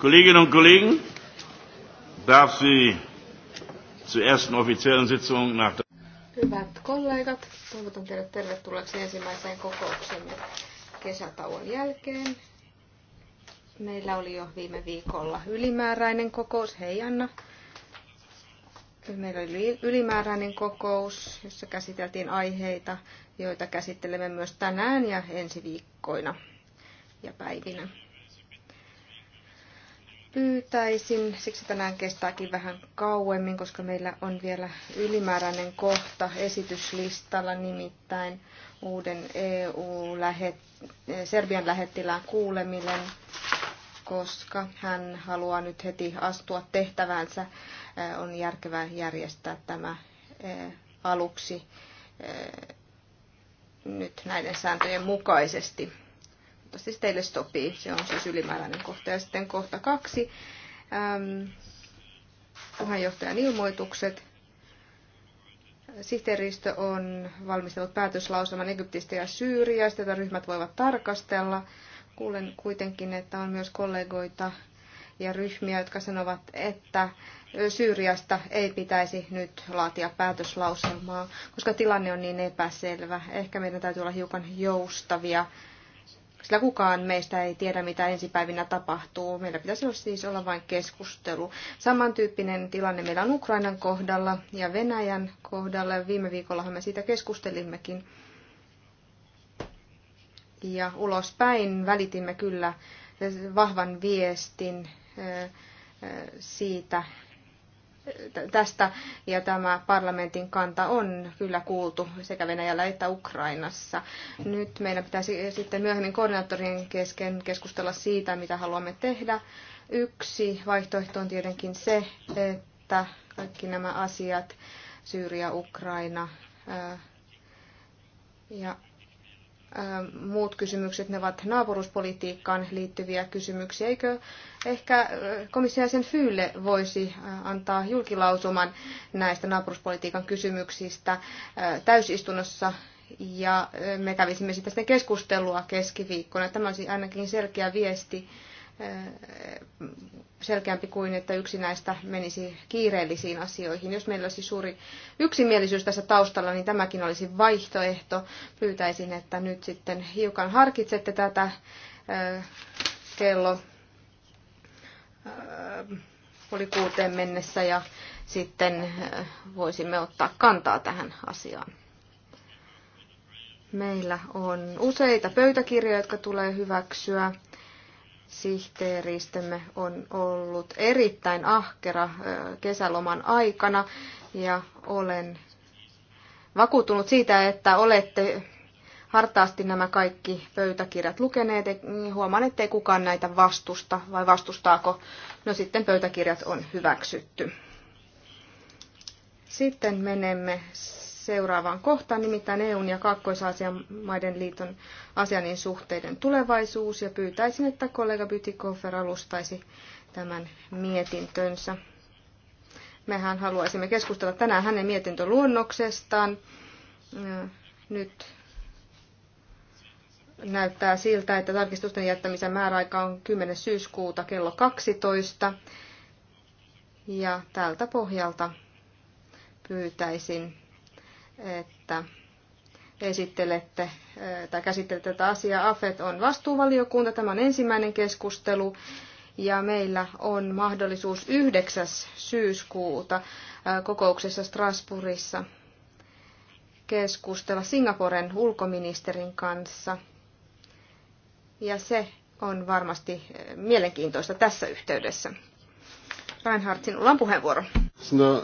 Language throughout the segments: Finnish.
Kolleginnen und Kollegen, darf Sie zur ersten offiziellen Sitzung nach der Hyvät kollegat, toivotan teidät tervetulleeksi ensimmäiseen kokouksemme kesätauon jälkeen. Meillä oli jo viime viikolla ylimääräinen kokous. Hei Anna. Meillä oli ylimääräinen kokous, jossa käsiteltiin aiheita, joita käsittelemme myös tänään ja ensi viikkoina ja päivinä pyytäisin, siksi tänään kestääkin vähän kauemmin, koska meillä on vielä ylimääräinen kohta esityslistalla, nimittäin uuden EU-lähet- Serbian lähettilään kuuleminen, koska hän haluaa nyt heti astua tehtävänsä. Äh, on järkevää järjestää tämä äh, aluksi äh, nyt näiden sääntöjen mukaisesti. Toivottavasti siis teille sopii. Se on siis ylimääräinen kohta. Ja sitten kohta kaksi. Ähm, puheenjohtajan ilmoitukset. Sihteeristö on valmistellut päätöslauselman Egyptistä ja Syyriasta, jota ryhmät voivat tarkastella. Kuulen kuitenkin, että on myös kollegoita ja ryhmiä, jotka sanovat, että Syyriasta ei pitäisi nyt laatia päätöslauselmaa, koska tilanne on niin epäselvä. Ehkä meidän täytyy olla hiukan joustavia sillä kukaan meistä ei tiedä, mitä ensipäivinä tapahtuu. Meillä pitäisi siis olla vain keskustelu. Samantyyppinen tilanne meillä on Ukrainan kohdalla ja Venäjän kohdalla. Viime viikollahan me siitä keskustelimmekin. Ja ulospäin välitimme kyllä vahvan viestin siitä, tästä, ja tämä parlamentin kanta on kyllä kuultu sekä Venäjällä että Ukrainassa. Nyt meidän pitäisi sitten myöhemmin koordinaattorien kesken keskustella siitä, mitä haluamme tehdä. Yksi vaihtoehto on tietenkin se, että kaikki nämä asiat, Syyria, Ukraina ja Ähm, muut kysymykset, ne ovat naapuruspolitiikkaan liittyviä kysymyksiä. Eikö ehkä äh, komission sen Fyylle voisi äh, antaa julkilausuman näistä naapuruspolitiikan kysymyksistä äh, täysistunnossa ja me kävisimme sitten keskustelua keskiviikkona. Tämä olisi ainakin selkeä viesti selkeämpi kuin, että yksi näistä menisi kiireellisiin asioihin. Jos meillä olisi suuri yksimielisyys tässä taustalla, niin tämäkin olisi vaihtoehto. Pyytäisin, että nyt sitten hiukan harkitsette tätä kello oli kuuteen mennessä ja sitten voisimme ottaa kantaa tähän asiaan. Meillä on useita pöytäkirjoja, jotka tulee hyväksyä sihteeristömme on ollut erittäin ahkera kesäloman aikana ja olen vakuuttunut siitä, että olette hartaasti nämä kaikki pöytäkirjat lukeneet. E, huomaan, ettei kukaan näitä vastusta vai vastustaako. No sitten pöytäkirjat on hyväksytty. Sitten menemme seuraavaan kohtaan, nimittäin EUn ja Kaakkois-Aasian maiden liiton asianin suhteiden tulevaisuus, ja pyytäisin, että kollega Bytikofer alustaisi tämän mietintönsä. Mehän haluaisimme keskustella tänään hänen mietintöluonnoksestaan. Äh, nyt näyttää siltä, että tarkistusten jättämisen määräaika on 10. syyskuuta kello 12. Ja tältä pohjalta pyytäisin että esittelette eh, tai käsittelette tätä asiaa. AFET on vastuuvaliokunta, tämä on ensimmäinen keskustelu ja meillä on mahdollisuus 9. syyskuuta eh, kokouksessa Strasbourgissa keskustella Singaporen ulkoministerin kanssa. Ja se on varmasti eh, mielenkiintoista tässä yhteydessä. Reinhard, sinulla on puheenvuoro. No.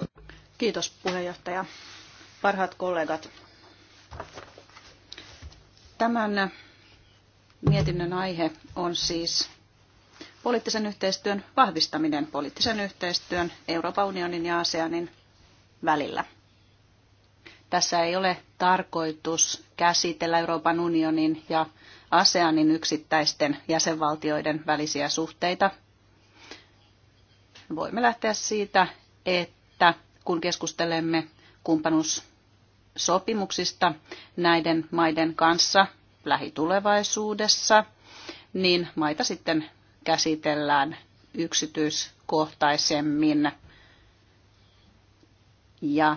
Kiitos puheenjohtaja. Parhaat kollegat, tämän mietinnön aihe on siis poliittisen yhteistyön vahvistaminen, poliittisen yhteistyön Euroopan unionin ja ASEANin välillä. Tässä ei ole tarkoitus käsitellä Euroopan unionin ja ASEANin yksittäisten jäsenvaltioiden välisiä suhteita. Voimme lähteä siitä, että kun keskustelemme kumppanuus- sopimuksista näiden maiden kanssa lähitulevaisuudessa, niin maita sitten käsitellään yksityiskohtaisemmin. Ja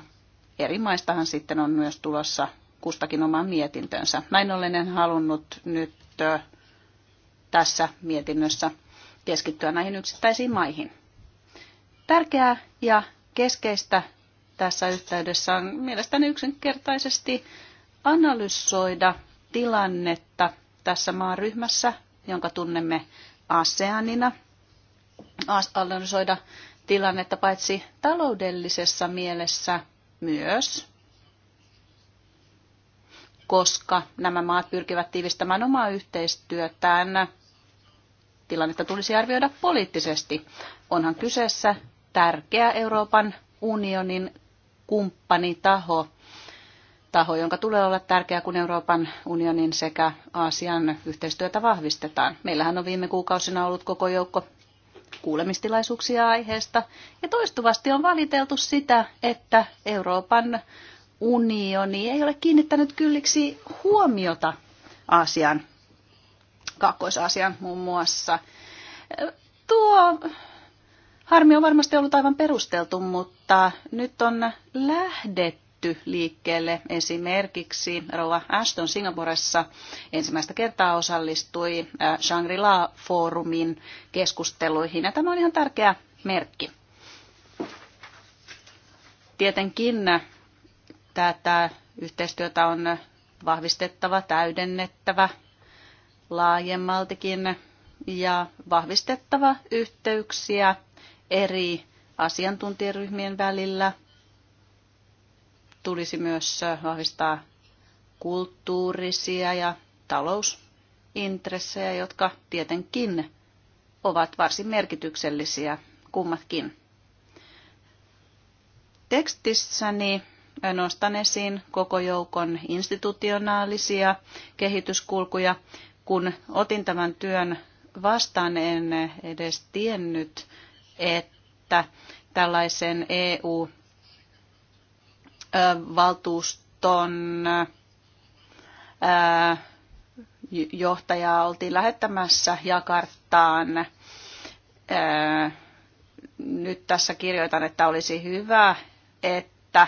eri maistahan sitten on myös tulossa kustakin oman mietintönsä. Näin ollen en halunnut nyt tässä mietinnössä keskittyä näihin yksittäisiin maihin. Tärkeää ja keskeistä tässä yhteydessä on mielestäni yksinkertaisesti analysoida tilannetta tässä maaryhmässä, jonka tunnemme ASEANina, analysoida tilannetta paitsi taloudellisessa mielessä myös, koska nämä maat pyrkivät tiivistämään omaa yhteistyötään. Tilannetta tulisi arvioida poliittisesti. Onhan kyseessä tärkeä Euroopan unionin kumppanitaho, taho, jonka tulee olla tärkeä, kun Euroopan unionin sekä Aasian yhteistyötä vahvistetaan. Meillähän on viime kuukausina ollut koko joukko kuulemistilaisuuksia aiheesta, ja toistuvasti on valiteltu sitä, että Euroopan unioni ei ole kiinnittänyt kylliksi huomiota Aasian, Kaakkois-Aasian muun muassa. Tuo Harmi on varmasti ollut aivan perusteltu, mutta nyt on lähdetty liikkeelle esimerkiksi Rova Ashton Singapuressa ensimmäistä kertaa osallistui äh, Shangri-La-foorumin keskusteluihin ja tämä on ihan tärkeä merkki. Tietenkin tätä yhteistyötä on vahvistettava, täydennettävä laajemmaltikin ja vahvistettava yhteyksiä eri asiantuntijaryhmien välillä. Tulisi myös äh, vahvistaa kulttuurisia ja talousintressejä, jotka tietenkin ovat varsin merkityksellisiä kummatkin. Tekstissäni äh, nostan esiin koko joukon institutionaalisia kehityskulkuja. Kun otin tämän työn vastaan, en edes tiennyt, että tällaisen EU-valtuuston johtajaa oltiin lähettämässä Jakarttaan. Nyt tässä kirjoitan, että olisi hyvä, että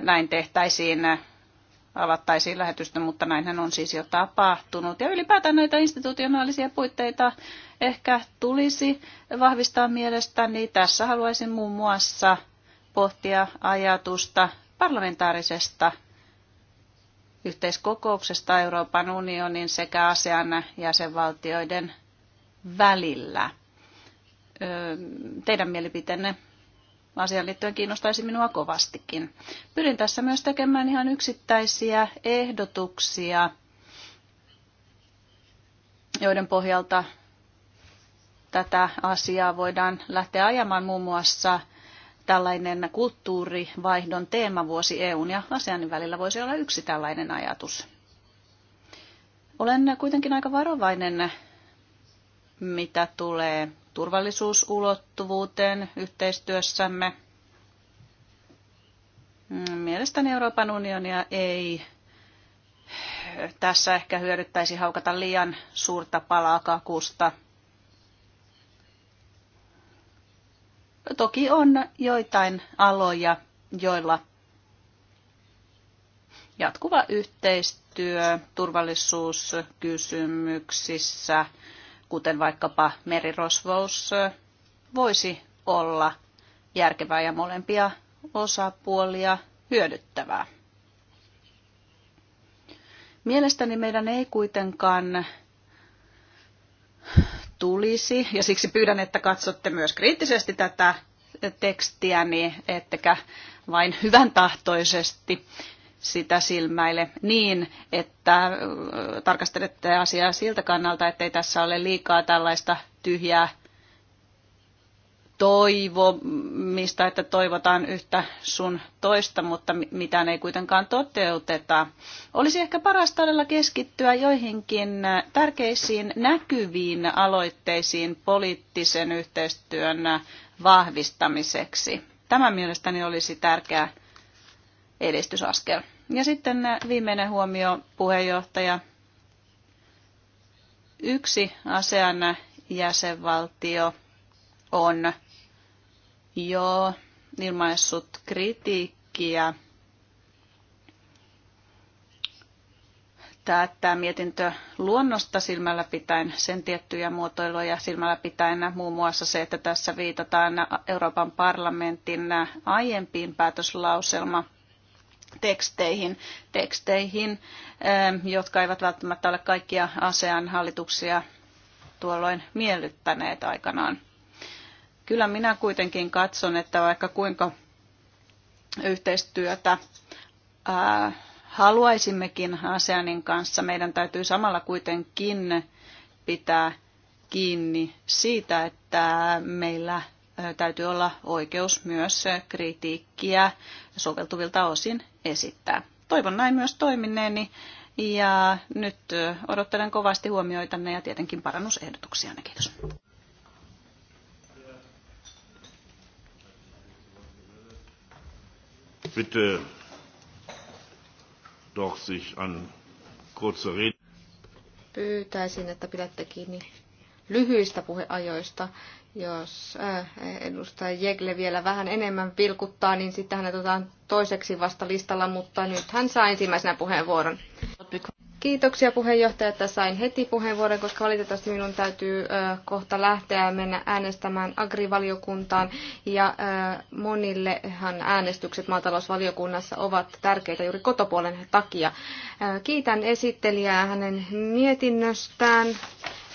näin tehtäisiin avattaisiin lähetystä, mutta näinhän on siis jo tapahtunut. Ja ylipäätään näitä institutionaalisia puitteita ehkä tulisi vahvistaa mielestäni. Tässä haluaisin muun muassa pohtia ajatusta parlamentaarisesta yhteiskokouksesta Euroopan unionin sekä ASEAN jäsenvaltioiden välillä. Teidän mielipiteenne asiaan liittyen kiinnostaisi minua kovastikin. Pyrin tässä myös tekemään ihan yksittäisiä ehdotuksia, joiden pohjalta tätä asiaa voidaan lähteä ajamaan muun muassa tällainen kulttuurivaihdon teemavuosi EUn ja ASEANin välillä voisi olla yksi tällainen ajatus. Olen kuitenkin aika varovainen, mitä tulee turvallisuusulottuvuuteen yhteistyössämme. Mm, mielestäni Euroopan unionia ei tässä ehkä hyödyttäisi haukata liian suurta palaa kakusta. Toki on joitain aloja, joilla jatkuva yhteistyö turvallisuuskysymyksissä – kuten vaikkapa merirosvous, voisi olla järkevää ja molempia osapuolia hyödyttävää. Mielestäni meidän ei kuitenkaan tulisi, ja siksi pyydän, että katsotte myös kriittisesti tätä tekstiä, niin ettekä vain hyvän tahtoisesti sitä silmäile niin, että tarkastelette asiaa siltä kannalta, ettei tässä ole liikaa tällaista tyhjää toivomista, että toivotaan yhtä sun toista, mutta mitään ei kuitenkaan toteuteta. Olisi ehkä paras todella keskittyä joihinkin tärkeisiin näkyviin aloitteisiin poliittisen yhteistyön vahvistamiseksi. Tämä mielestäni olisi tärkeä edistysaskel. Ja sitten äh, viimeinen huomio, puheenjohtaja. Yksi ASEAN jäsenvaltio on jo ilmaissut kritiikkiä tämä mietintö luonnosta silmällä pitäen, sen tiettyjä muotoiluja silmällä pitäen, muun muassa se, että tässä viitataan Euroopan parlamentin aiempiin päätöslauselma teksteihin, teksteihin ähm, jotka eivät välttämättä ole kaikkia ASEAN hallituksia tuolloin miellyttäneet aikanaan. Kyllä minä kuitenkin katson, että vaikka kuinka yhteistyötä ää, haluaisimmekin ASEANin kanssa, meidän täytyy samalla kuitenkin pitää kiinni siitä, että meillä täytyy olla oikeus myös kritiikkiä soveltuvilta osin esittää. Toivon näin myös toimineeni ja nyt odottelen kovasti huomioitanne ja tietenkin parannusehdotuksia. Kiitos. Bitte doch sich an kurze Reden. Pyytäisin, että pidätte kiinni lyhyistä puheajoista jos äh, edustaja Jegle vielä vähän enemmän vilkuttaa, niin sitten hän otetaan toiseksi vasta listalla, mutta nyt hän saa ensimmäisenä puheenvuoron. Kiitoksia puheenjohtaja, että sain heti puheenvuoron, koska valitettavasti minun täytyy äh, kohta lähteä ja mennä äänestämään agrivaliokuntaan. Ja äh, monillehan äänestykset maatalousvaliokunnassa ovat tärkeitä juuri kotopuolen takia. kiitän esittelijää hänen mietinnöstään.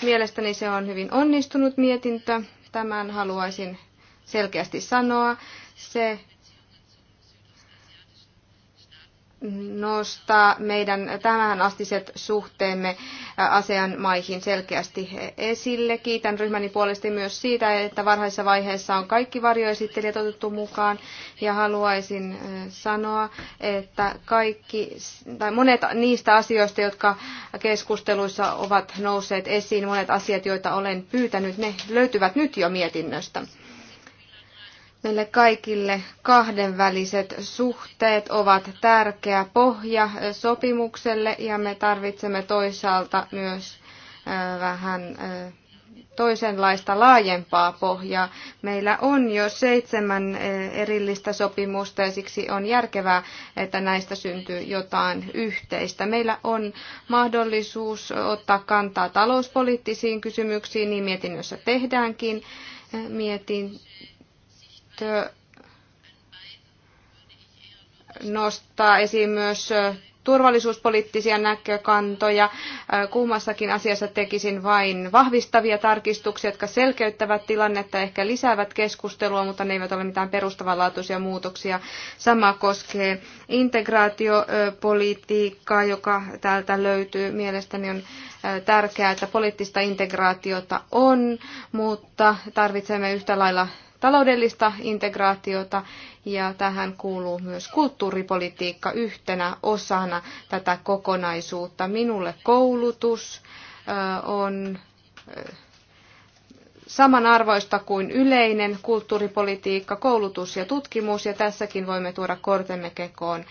Mielestäni se on hyvin onnistunut mietintö. Tämän haluaisin selkeästi sanoa. Se nostaa meidän tämähän astiset suhteemme ASEAN maihin selkeästi esille. Kiitän ryhmäni puolesta myös siitä, että varhaisessa vaiheessa on kaikki varjoesittelijät otettu mukaan ja haluaisin sanoa, että kaikki, tai monet niistä asioista, jotka keskusteluissa ovat nousseet esiin, monet asiat, joita olen pyytänyt, ne löytyvät nyt jo mietinnöstä. Meille kaikille kahdenväliset suhteet ovat tärkeä pohja sopimukselle ja me tarvitsemme toisaalta myös vähän toisenlaista laajempaa pohjaa. Meillä on jo seitsemän erillistä sopimusta ja siksi on järkevää, että näistä syntyy jotain yhteistä. Meillä on mahdollisuus ottaa kantaa talouspoliittisiin kysymyksiin, niin mietinnössä tehdäänkin. Mietin nostaa esiin myös turvallisuuspoliittisia näkökantoja. Kummassakin asiassa tekisin vain vahvistavia tarkistuksia, jotka selkeyttävät tilannetta, ehkä lisäävät keskustelua, mutta ne eivät ole mitään perustavanlaatuisia muutoksia. Sama koskee integraatiopolitiikkaa, joka täältä löytyy. Mielestäni on tärkeää, että poliittista integraatiota on, mutta tarvitsemme yhtä lailla taloudellista integraatiota ja tähän kuuluu myös kulttuuripolitiikka yhtenä osana tätä kokonaisuutta. Minulle koulutus on samanarvoista kuin yleinen kulttuuripolitiikka, koulutus ja tutkimus, ja tässäkin voimme tuoda kortemme kekoon.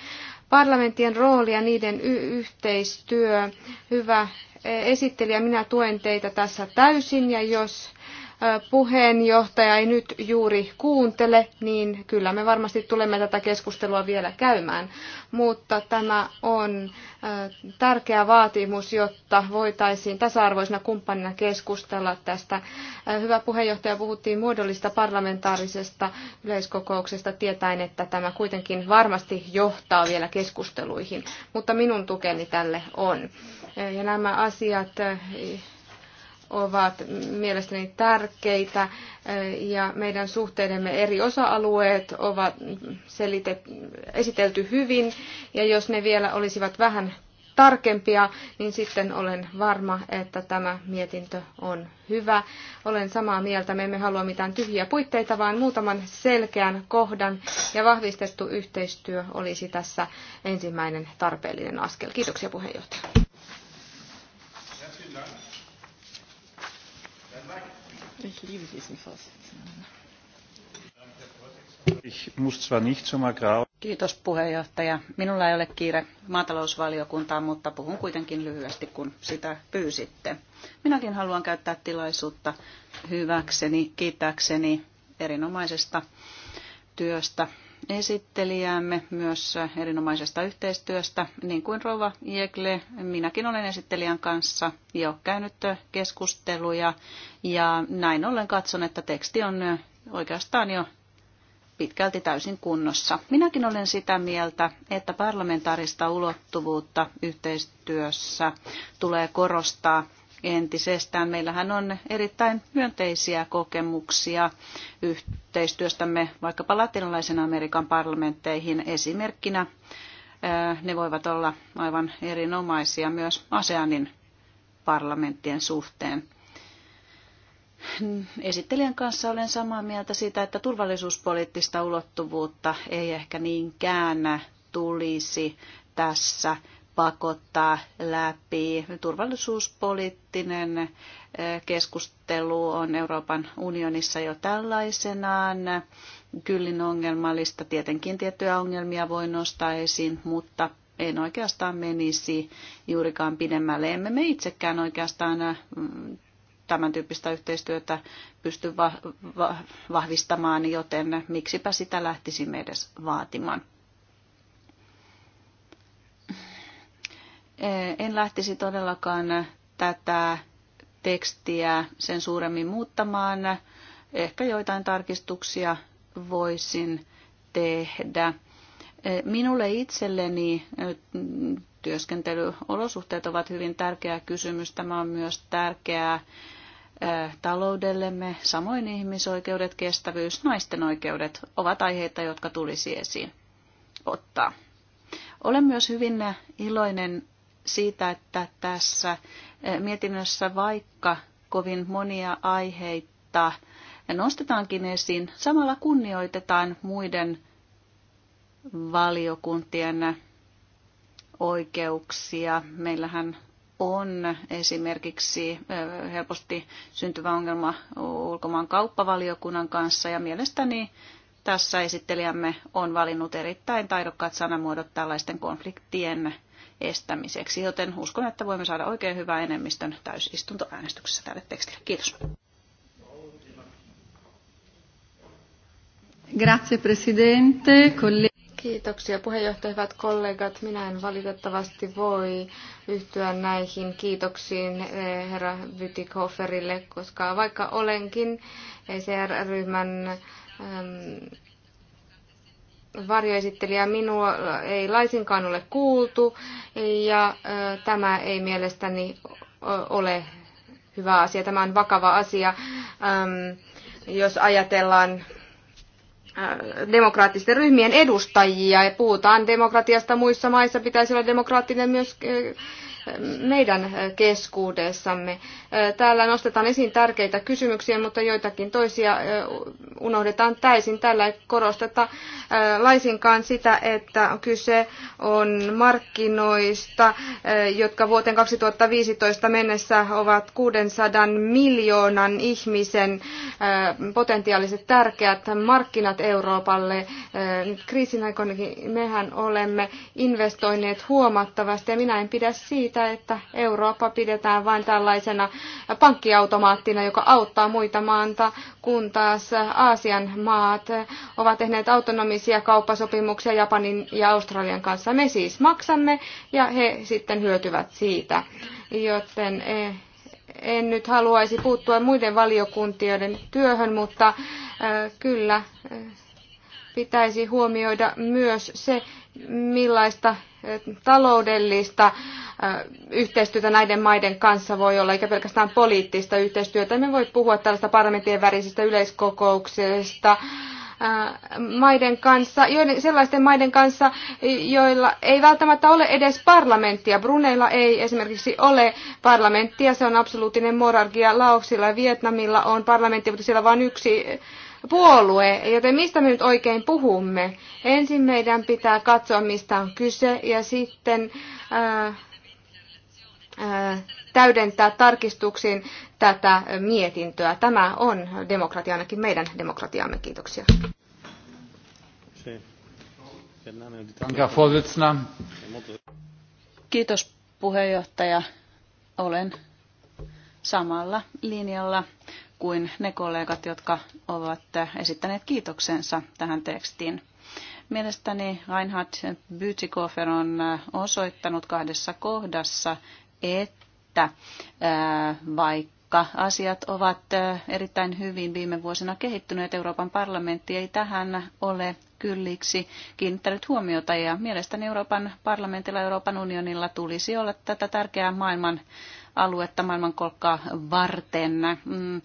Parlamenttien rooli ja niiden yhteistyö, hyvä e, esittelijä, minä tuen teitä tässä täysin, ja jos puheenjohtaja ei nyt juuri kuuntele, niin kyllä me varmasti tulemme tätä keskustelua vielä käymään. Mutta tämä on tärkeä vaatimus, jotta voitaisiin tasa-arvoisena kumppanina keskustella tästä. Hyvä puheenjohtaja, puhuttiin muodollista parlamentaarisesta yleiskokouksesta tietäen, että tämä kuitenkin varmasti johtaa vielä keskusteluihin. Mutta minun tukeni tälle on. Ja nämä asiat ovat mielestäni tärkeitä ja meidän suhteidemme eri osa-alueet ovat selitet, esitelty hyvin ja jos ne vielä olisivat vähän tarkempia, niin sitten olen varma, että tämä mietintö on hyvä. Olen samaa mieltä, me emme halua mitään tyhjiä puitteita, vaan muutaman selkeän kohdan ja vahvistettu yhteistyö olisi tässä ensimmäinen tarpeellinen askel. Kiitoksia puheenjohtaja. Ich liebe diesen Vorsitzenden. Kiitos puheenjohtaja. Minulla ei ole kiire maatalousvaliokuntaan, mutta puhun kuitenkin lyhyesti, kun sitä pyysitte. Minäkin haluan käyttää tilaisuutta hyväkseni, kiittääkseni erinomaisesta työstä esittelijäämme myös erinomaisesta yhteistyöstä. Niin kuin Rova Jekle, minäkin olen esittelijän kanssa jo käynyt keskusteluja ja näin ollen katson, että teksti on oikeastaan jo pitkälti täysin kunnossa. Minäkin olen sitä mieltä, että parlamentaarista ulottuvuutta yhteistyössä tulee korostaa entisestään. Meillähän on erittäin myönteisiä kokemuksia yhteistyöstämme vaikkapa latinalaisen Amerikan parlamentteihin esimerkkinä. Äh, ne voivat olla aivan erinomaisia myös ASEANin parlamenttien suhteen. Esittelijän kanssa olen samaa mieltä siitä, että turvallisuuspoliittista ulottuvuutta ei ehkä niinkään tulisi tässä pakottaa läpi. Turvallisuuspoliittinen eh, keskustelu on Euroopan unionissa jo tällaisenaan. Kyllin ongelmallista. Tietenkin tiettyjä ongelmia voi nostaa esiin, mutta en oikeastaan menisi juurikaan pidemmälle. Emme me itsekään oikeastaan eh, tämän tyyppistä yhteistyötä pysty vahvistamaan, joten miksipä sitä lähtisimme edes vaatimaan. Eh, en lähtisi todellakaan tätä tekstiä sen suuremmin muuttamaan. Ehkä joitain tarkistuksia voisin tehdä. Eh, minulle itselleni eh, työskentelyolosuhteet ovat hyvin tärkeä kysymys. Tämä on myös tärkeää taloudellemme, samoin ihmisoikeudet, kestävyys, naisten oikeudet ovat aiheita, jotka tulisi esiin ottaa. Olen myös hyvin iloinen siitä, että tässä eh, mietinnössä vaikka kovin monia aiheita nostetaankin esiin, samalla kunnioitetaan muiden valiokuntien oikeuksia. Meillähän on esimerkiksi eh, helposti syntyvä ongelma ulkomaan kauppavaliokunnan kanssa ja mielestäni tässä esittelijämme on valinnut erittäin taidokkaat sanamuodot tällaisten konfliktien estämiseksi, joten uskon, että voimme saada oikein hyvän enemmistön täysistuntoäänestyksessä tälle tekstille. Kiitos. Grazie Presidente, colleghi. Kiitoksia puheenjohtaja, hyvät kollegat. Minä en valitettavasti voi yhtyä näihin kiitoksiin eh, herra Vytikhoferille, koska vaikka olenkin ECR-ryhmän ehm, varjoesittelijä minua ei laisinkaan ole kuultu ja tämä ei mielestäni ole hyvä asia. Tämä on vakava asia, jos ajatellaan demokraattisten ryhmien edustajia ja puhutaan demokratiasta muissa maissa, pitäisi olla demokraattinen myös meidän keskuudessamme. Täällä nostetaan esiin tärkeitä kysymyksiä, mutta joitakin toisia unohdetaan täysin. Täällä ei korosteta laisinkaan sitä, että kyse on markkinoista, jotka vuoteen 2015 mennessä ovat 600 miljoonan ihmisen potentiaaliset tärkeät markkinat Euroopalle. Kriisin aikoinakin mehän olemme investoineet huomattavasti ja minä en pidä siitä, siitä, että Eurooppa pidetään vain tällaisena pankkiautomaattina, joka auttaa muita maanta, kun taas Aasian maat ovat tehneet autonomisia kauppasopimuksia Japanin ja Australian kanssa. Me siis maksamme ja he sitten hyötyvät siitä, joten eh, en nyt haluaisi puuttua muiden valiokuntien työhön, mutta eh, kyllä eh, pitäisi huomioida myös se, millaista taloudellista äh, yhteistyötä näiden maiden kanssa voi olla, eikä pelkästään poliittista yhteistyötä. Me voi puhua tällaista parlamenttien värisistä yleiskokouksista äh, maiden kanssa, joiden, sellaisten maiden kanssa, joilla ei välttämättä ole edes parlamenttia. Bruneilla ei esimerkiksi ole parlamenttia, se on absoluuttinen monarkia. Laoksilla ja Vietnamilla on parlamentti, mutta siellä on vain yksi puolue, joten mistä me nyt oikein puhumme? Ensin meidän pitää katsoa, mistä on kyse, ja sitten ää, äh, ää, äh, täydentää tarkistuksiin tätä mietintöä. Tämä on demokratia, ainakin meidän demokratiamme. Kiitoksia. Kiitos puheenjohtaja. Olen samalla linjalla kuin ne kollegat, jotka ovat esittäneet kiitoksensa tähän tekstiin. Mielestäni Reinhard Bütikofer on osoittanut kahdessa kohdassa, että vaikka asiat ovat erittäin hyvin viime vuosina kehittyneet, Euroopan parlamentti ei tähän ole kylliksi kiinnittänyt huomiota ja mielestäni Euroopan parlamentilla Euroopan unionilla tulisi olla tätä tärkeää maailman aluetta maailmankolkkaa varten mm,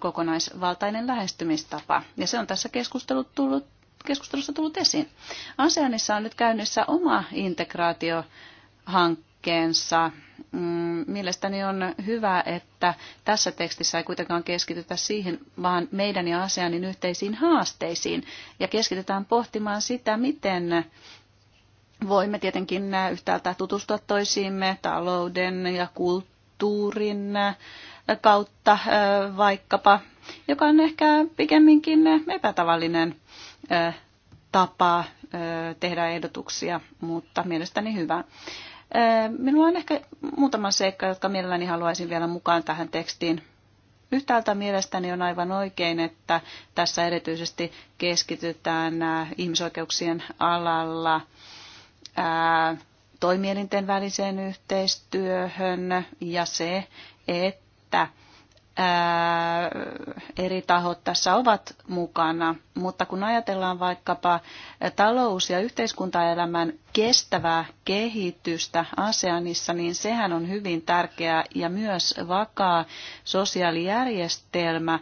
kokonaisvaltainen lähestymistapa. Ja se on tässä keskustelut tullut, keskustelussa tullut esiin. ASEANissa on nyt käynnissä oma integraatiohankkeensa mm, Mielestäni on hyvä, että tässä tekstissä ei kuitenkaan keskitytä siihen, vaan meidän ja ASEANin yhteisiin haasteisiin. Ja keskitytään pohtimaan sitä, miten voimme tietenkin yhtäältä tutustua toisiimme talouden ja kulttuurin kautta vaikkapa, joka on ehkä pikemminkin epätavallinen tapa tehdä ehdotuksia, mutta mielestäni hyvä. Minulla on ehkä muutama seikka, jotka mielelläni haluaisin vielä mukaan tähän tekstiin. Yhtäältä mielestäni on aivan oikein, että tässä erityisesti keskitytään ihmisoikeuksien alalla toimielinten väliseen yhteistyöhön ja se, että että eri tahot tässä ovat mukana, mutta kun ajatellaan vaikkapa talous- ja yhteiskuntaelämän kestävää kehitystä ASEANissa, niin sehän on hyvin tärkeää ja myös vakaa sosiaalijärjestelmä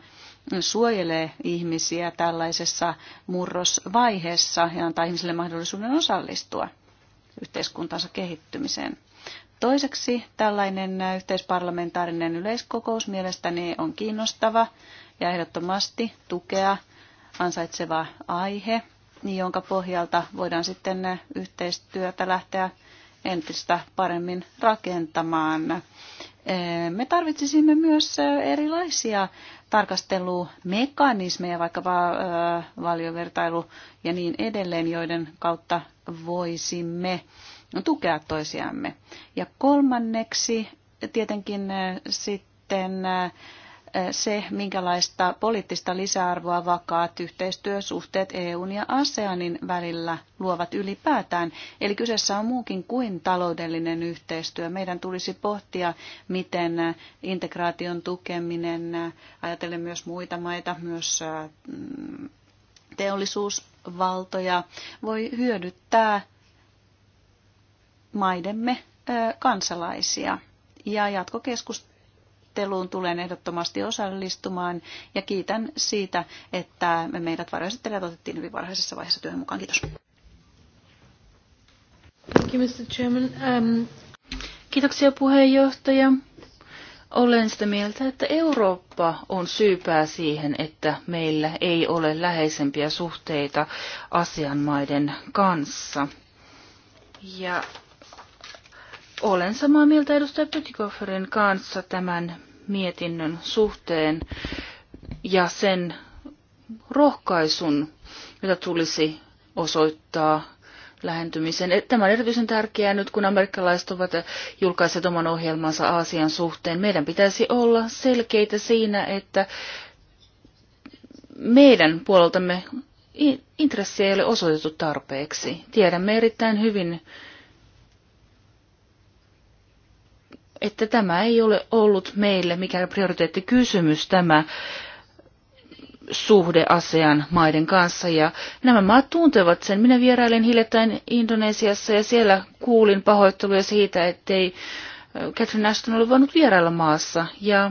suojelee ihmisiä tällaisessa murrosvaiheessa ja antaa ihmisille mahdollisuuden osallistua yhteiskuntansa kehittymiseen. Toiseksi tällainen yhteisparlamentaarinen yleiskokous mielestäni on kiinnostava ja ehdottomasti tukea ansaitseva aihe, jonka pohjalta voidaan sitten yhteistyötä lähteä entistä paremmin rakentamaan. Me tarvitsisimme myös erilaisia tarkastelumekanismeja, vaikkapa valiovertailu ja niin edelleen, joiden kautta voisimme No, tukea toisiamme. Ja kolmanneksi tietenkin sitten se, minkälaista poliittista lisäarvoa vakaat yhteistyösuhteet EUn ja ASEANin välillä luovat ylipäätään. Eli kyseessä on muukin kuin taloudellinen yhteistyö. Meidän tulisi pohtia, miten integraation tukeminen, ajatellen myös muita maita, myös mm, teollisuusvaltoja, voi hyödyttää maidemme kansalaisia. Ja jatkokeskusteluun tulen ehdottomasti osallistumaan ja kiitän siitä, että me meidät varoisittelijat otettiin hyvin varhaisessa vaiheessa työhön mukaan. Kiitos. Thank you, Mr. Chairman. Um, kiitoksia puheenjohtaja. Olen sitä mieltä, että Eurooppa on syypää siihen, että meillä ei ole läheisempiä suhteita asianmaiden kanssa. Ja olen samaa mieltä edustaja Pytikofferin kanssa tämän mietinnön suhteen ja sen rohkaisun, jota tulisi osoittaa lähentymisen. Tämä on erityisen tärkeää nyt, kun amerikkalaiset ovat julkaiset oman ohjelmansa Aasian suhteen. Meidän pitäisi olla selkeitä siinä, että meidän puoleltamme intressiä ei ole osoitettu tarpeeksi. Tiedämme erittäin hyvin, että tämä ei ole ollut meille mikään prioriteettikysymys tämä suhde ASEAN maiden kanssa. Ja nämä maat tuntevat sen. Minä vierailin hiljattain Indonesiassa ja siellä kuulin pahoitteluja siitä, ettei Catherine Ashton ole voinut vierailla maassa. Ja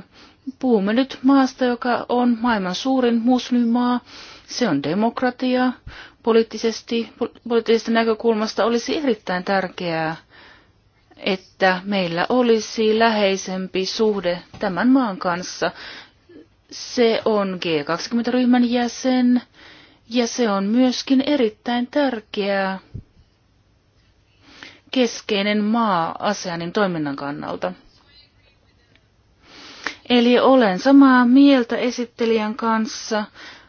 puhumme nyt maasta, joka on maailman suurin muslimimaa. Se on demokratia. Poliittisesti, poliittisesta näkökulmasta olisi erittäin tärkeää että meillä olisi läheisempi suhde tämän maan kanssa. Se on G20-ryhmän jäsen ja se on myöskin erittäin tärkeää keskeinen maa ASEANin toiminnan kannalta. Eli olen samaa mieltä esittelijän kanssa.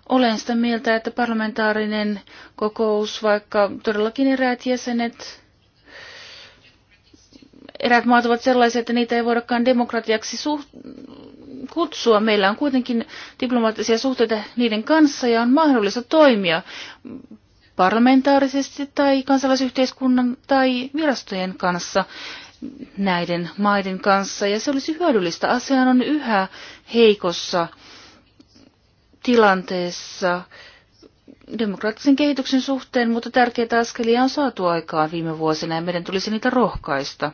Olen sitä mieltä, että parlamentaarinen kokous, vaikka todellakin eräät jäsenet eräät maat ovat sellaisia, että niitä ei voidakaan demokratiaksi suht- kutsua. Meillä on kuitenkin diplomaattisia suhteita niiden kanssa ja on mahdollista toimia parlamentaarisesti tai kansalaisyhteiskunnan tai virastojen kanssa näiden maiden kanssa. Ja se olisi hyödyllistä. Asia on yhä heikossa tilanteessa demokraattisen kehityksen suhteen, mutta tärkeitä askelia on saatu aikaan viime vuosina ja meidän tulisi niitä rohkaista.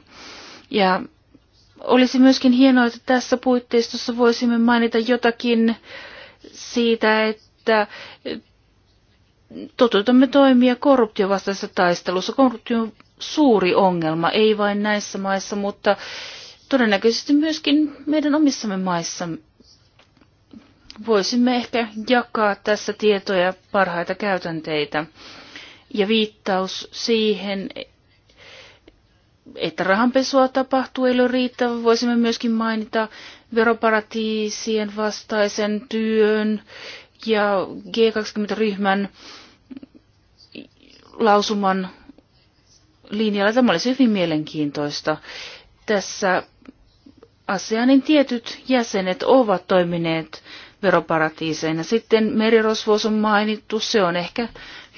Ja olisi myöskin hienoa, että tässä puitteistossa voisimme mainita jotakin siitä, että toteutamme toimia korruptiovastaisessa taistelussa. Korruptio on suuri ongelma, ei vain näissä maissa, mutta todennäköisesti myöskin meidän omissamme maissa. Voisimme ehkä jakaa tässä tietoja parhaita käytänteitä. Ja viittaus siihen, että rahanpesua tapahtuu, ei ole riittävä. Voisimme myöskin mainita veroparatiisien vastaisen työn ja G20-ryhmän lausuman linjalla. Tämä olisi hyvin mielenkiintoista. Tässä ASEANin tietyt jäsenet ovat toimineet veroparatiiseina. Sitten merirosvous on mainittu. Se on ehkä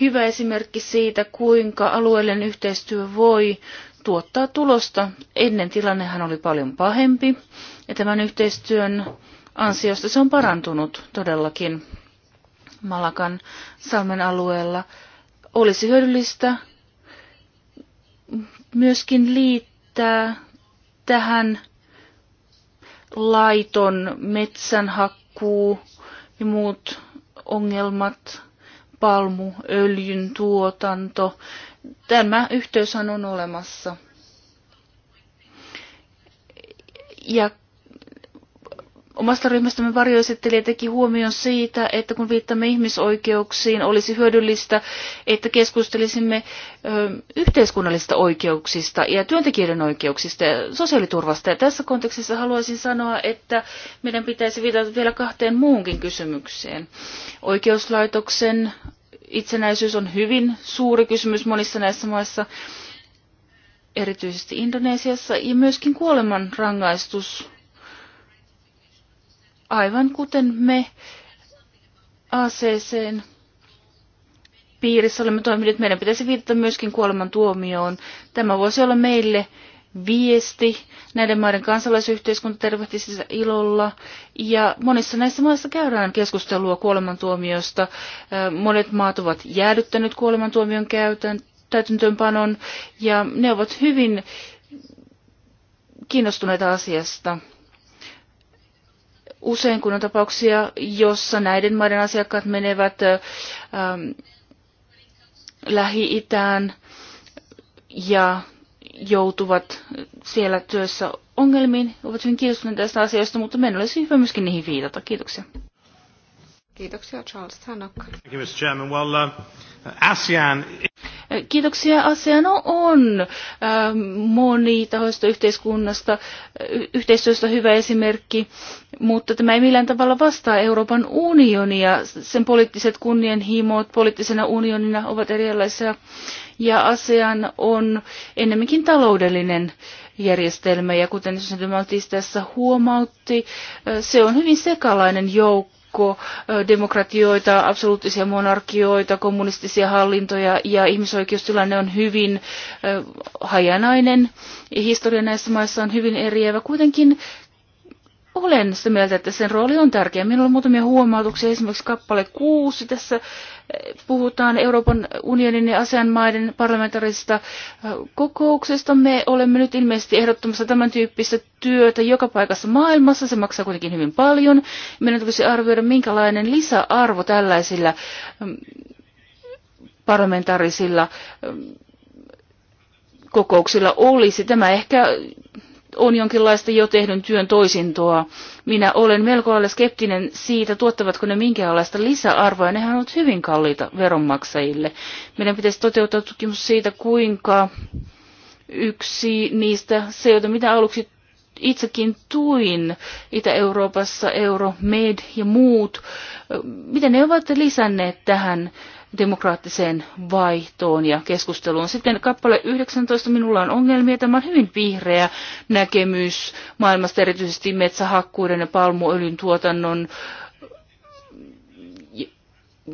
hyvä esimerkki siitä, kuinka alueellinen yhteistyö voi tuottaa tulosta. Ennen tilannehan oli paljon pahempi ja tämän yhteistyön ansiosta se on parantunut todellakin Malakan salmen alueella. Olisi hyödyllistä myöskin liittää tähän laiton metsänhakkuu ja muut ongelmat, palmuöljyn tuotanto, Tämä yhteys on olemassa. Ja omasta ryhmästämme varjoesittelijä teki huomion siitä, että kun viittamme ihmisoikeuksiin, olisi hyödyllistä, että keskustelisimme ö, yhteiskunnallisista oikeuksista ja työntekijöiden oikeuksista ja sosiaaliturvasta. Ja tässä kontekstissa haluaisin sanoa, että meidän pitäisi viitata vielä kahteen muunkin kysymykseen. Oikeuslaitoksen itsenäisyys on hyvin suuri kysymys monissa näissä maissa, erityisesti Indonesiassa, ja myöskin kuolemanrangaistus. aivan kuten me ACCn piirissä olemme toimineet, meidän pitäisi viitata myöskin kuoleman tuomioon. Tämä voisi olla meille viesti. Näiden maiden kansalaisyhteiskunta tervehti sitä ilolla. Ja monissa näissä maissa käydään keskustelua kuolemantuomiosta. Monet maat ovat jäädyttäneet kuolemantuomion käytön, täytäntöönpanon ja ne ovat hyvin kiinnostuneita asiasta. Usein kun on tapauksia, jossa näiden maiden asiakkaat menevät ähm, Lähi-Itään ja joutuvat siellä työssä ongelmiin, ovat hyvin kiinnostuneita tästä asiasta, mutta meidän olisi hyvä myöskin niihin viitata. Kiitoksia. Kiitoksia Charles uh, eh, Kiitoksia. ASEAN on ähm, monitahoista yhteiskunnasta, yhteistyöstä hyvä esimerkki, mutta tämä ei millään tavalla vastaa Euroopan unionia. Sen poliittiset kunnianhimot poliittisena unionina ovat erilaisia ja ASEAN on ennemminkin taloudellinen järjestelmä ja kuten Sosiaalidemokraatit tässä huomautti, äh, se on hyvin sekalainen joukko demokratioita, absoluuttisia monarkioita, kommunistisia hallintoja ja ihmisoikeustilanne on hyvin hajanainen. Historia näissä maissa on hyvin eriävä. Kuitenkin olen sitä mieltä, että sen rooli on tärkeä. Minulla on muutamia huomautuksia, esimerkiksi kappale 6 tässä puhutaan Euroopan unionin ja maiden parlamentaarisesta äh, kokouksesta. Me olemme nyt ilmeisesti ehdottamassa tämän tyyppistä työtä joka paikassa maailmassa. Se maksaa kuitenkin hyvin paljon. Meidän tulisi arvioida, minkälainen lisäarvo tällaisilla mm, parlamentaarisilla mm, kokouksilla olisi. Tämä ehkä on jonkinlaista jo tehdyn työn toisintoa. Minä olen melko lailla skeptinen siitä, tuottavatko ne minkäänlaista lisäarvoa. Nehän ovat hyvin kalliita veronmaksajille. Meidän pitäisi toteuttaa tutkimus siitä, kuinka yksi niistä, se, jota mitä aluksi itsekin tuin Itä-Euroopassa, Euromed ja muut, miten ne ovat lisänneet tähän demokraattiseen vaihtoon ja keskusteluun. Sitten kappale 19, minulla on ongelmia. Tämä on hyvin vihreä näkemys maailmasta, erityisesti metsähakkuiden ja palmuöljyn tuotannon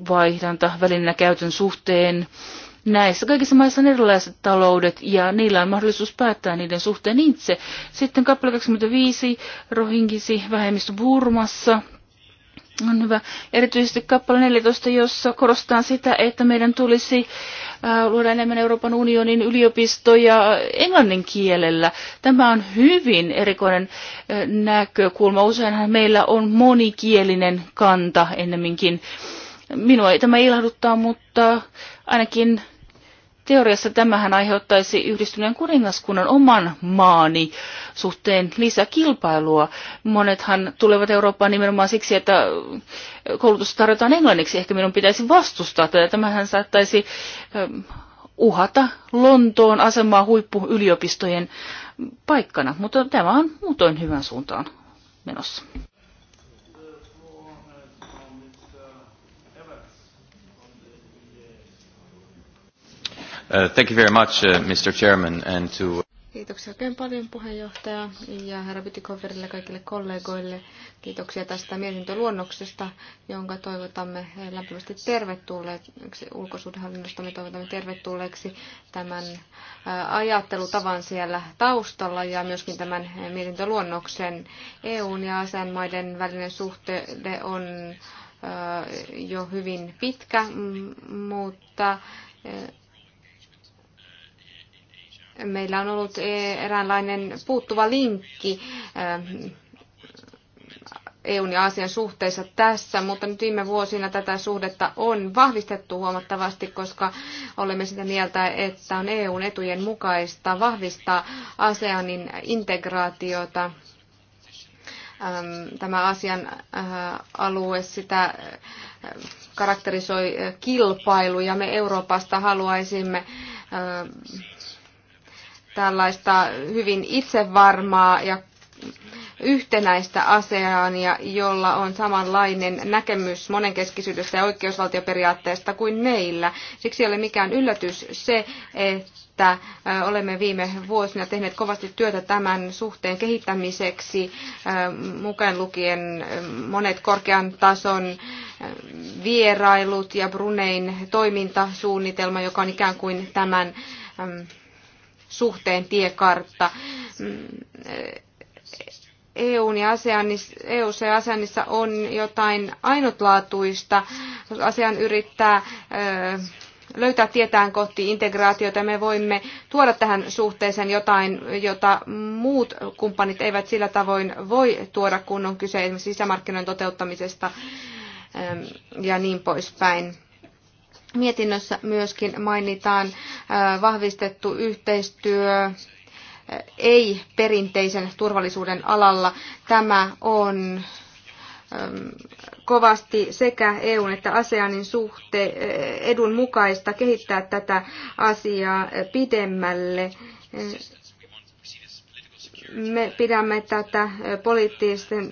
vaihdanta välinnä käytön suhteen. Näissä kaikissa maissa on erilaiset taloudet ja niillä on mahdollisuus päättää niiden suhteen itse. Sitten kappale 25, Rohingisi vähemmistö Burmassa. On hyvä. Erityisesti kappale 14, jossa korostaa sitä, että meidän tulisi luoda enemmän Euroopan unionin yliopistoja englannin kielellä. Tämä on hyvin erikoinen näkökulma. Useinhan meillä on monikielinen kanta ennemminkin. Minua ei tämä ilahduttaa, mutta ainakin Teoriassa tämähän aiheuttaisi yhdistyneen kuningaskunnan oman maani suhteen lisäkilpailua. Monethan tulevat Eurooppaan nimenomaan siksi, että koulutus tarjotaan englanniksi. Ehkä minun pitäisi vastustaa tätä. Tämähän saattaisi ähm, uhata Lontoon asemaa huippuyliopistojen paikkana, mutta tämä on muutoin hyvän suuntaan menossa. Uh, thank you very much, uh, Mr. Chairman, and to... Kiitoksia oikein paljon puheenjohtaja ja herra Bytikoverille kaikille kollegoille. Kiitoksia tästä mietintöluonnoksesta, jonka toivotamme lämpimästi tervetulleeksi. Ulkosuudenhallinnosta me toivotamme tervetulleeksi tämän äh, ajattelutavan siellä taustalla ja myöskin tämän mietintöluonnoksen. EUn ja ASEAN-maiden välinen suhte on äh, jo hyvin pitkä, mutta äh, meillä on ollut eh, eräänlainen puuttuva linkki eh, EUn ja Aasian suhteissa tässä, mutta nyt viime vuosina tätä suhdetta on vahvistettu huomattavasti, koska olemme sitä mieltä, että on EUn etujen mukaista vahvistaa ASEANin integraatiota. Tämä asian äh, alue sitä äh, karakterisoi äh, kilpailu ja me Euroopasta haluaisimme tällaista hyvin itsevarmaa ja yhtenäistä ja jolla on samanlainen näkemys monenkeskisyydestä ja oikeusvaltioperiaatteesta kuin meillä. Siksi ei ole mikään yllätys se, että olemme viime vuosina tehneet kovasti työtä tämän suhteen kehittämiseksi, mukaan lukien monet korkean tason vierailut ja Brunein toimintasuunnitelma, joka on ikään kuin tämän suhteen tiekartta. EUn ja ASEANissa, EUssa ja ASEANissa on jotain ainutlaatuista. ASEAN yrittää löytää tietään kohti integraatiota. Me voimme tuoda tähän suhteeseen jotain, jota muut kumppanit eivät sillä tavoin voi tuoda, kun on kyse esimerkiksi sisämarkkinoiden toteuttamisesta ja niin poispäin. Mietinnössä myöskin mainitaan vahvistettu yhteistyö ei-perinteisen turvallisuuden alalla. Tämä on kovasti sekä EUn että ASEANin suhteen edun mukaista kehittää tätä asiaa pidemmälle. Me pidämme tätä poliittisten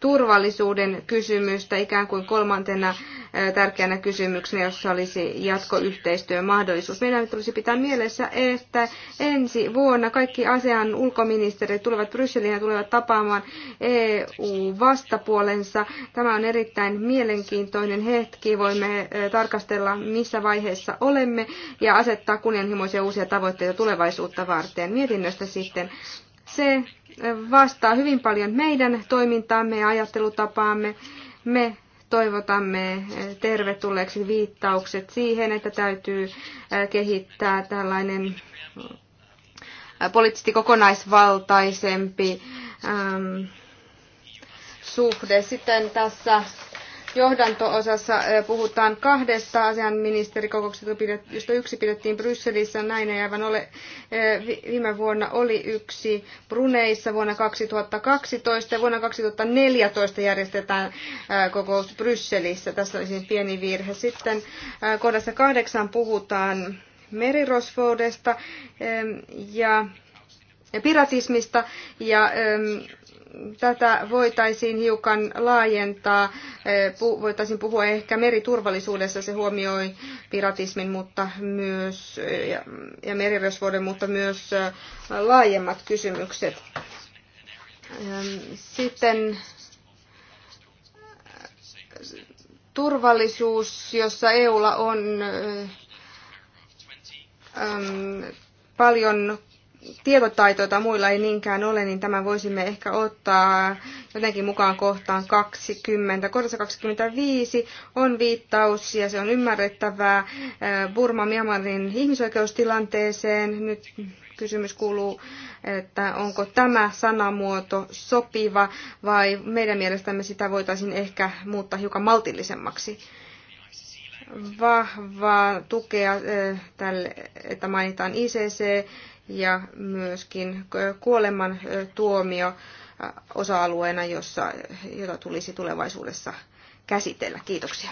turvallisuuden kysymystä ikään kuin kolmantena tärkeänä kysymyksenä, jossa olisi jatkoyhteistyön mahdollisuus. Meidän tulisi pitää mielessä, että ensi vuonna kaikki ASEAN ulkoministerit tulevat Brysseliin ja tulevat tapaamaan EU-vastapuolensa. Tämä on erittäin mielenkiintoinen hetki. Voimme tarkastella, missä vaiheessa olemme ja asettaa kunnianhimoisia uusia tavoitteita tulevaisuutta varten. Mietinnöstä sitten se vastaa hyvin paljon meidän toimintaamme ja ajattelutapaamme. Me toivotamme tervetulleeksi viittaukset siihen, että täytyy kehittää tällainen poliittisesti kokonaisvaltaisempi suhde. Sitten tässä johdanto-osassa eh, puhutaan kahdesta asianministerikokouksesta, josta yksi pidettiin Brysselissä, näin ei aivan ole. Eh, viime vuonna oli yksi Bruneissa vuonna 2012 ja vuonna 2014 järjestetään eh, kokous Brysselissä. Tässä oli siis pieni virhe. Sitten kohdassa kahdeksan puhutaan merirosvoudesta ja piratismista ja tätä voitaisiin hiukan laajentaa. Eh, voitaisiin puhua ehkä meriturvallisuudessa, se huomioi piratismin mutta myös, eh, ja, ja merirosvuoden, mutta myös eh, laajemmat kysymykset. Ehm, sitten turvallisuus, jossa EUlla on ehm, paljon Tietotaitoa tai muilla ei niinkään ole, niin tämä voisimme ehkä ottaa jotenkin mukaan kohtaan 20. Kohdassa 25 on viittaus ja se on ymmärrettävää eh, Burma Myanmarin ihmisoikeustilanteeseen. Nyt kysymys kuuluu, että onko tämä sanamuoto sopiva vai meidän mielestämme sitä voitaisiin ehkä muuttaa hiukan maltillisemmaksi vahvaa tukea eh, tälle, että mainitaan ICC ja myöskin kuoleman tuomio osa-alueena, jossa, jota tulisi tulevaisuudessa käsitellä. Kiitoksia.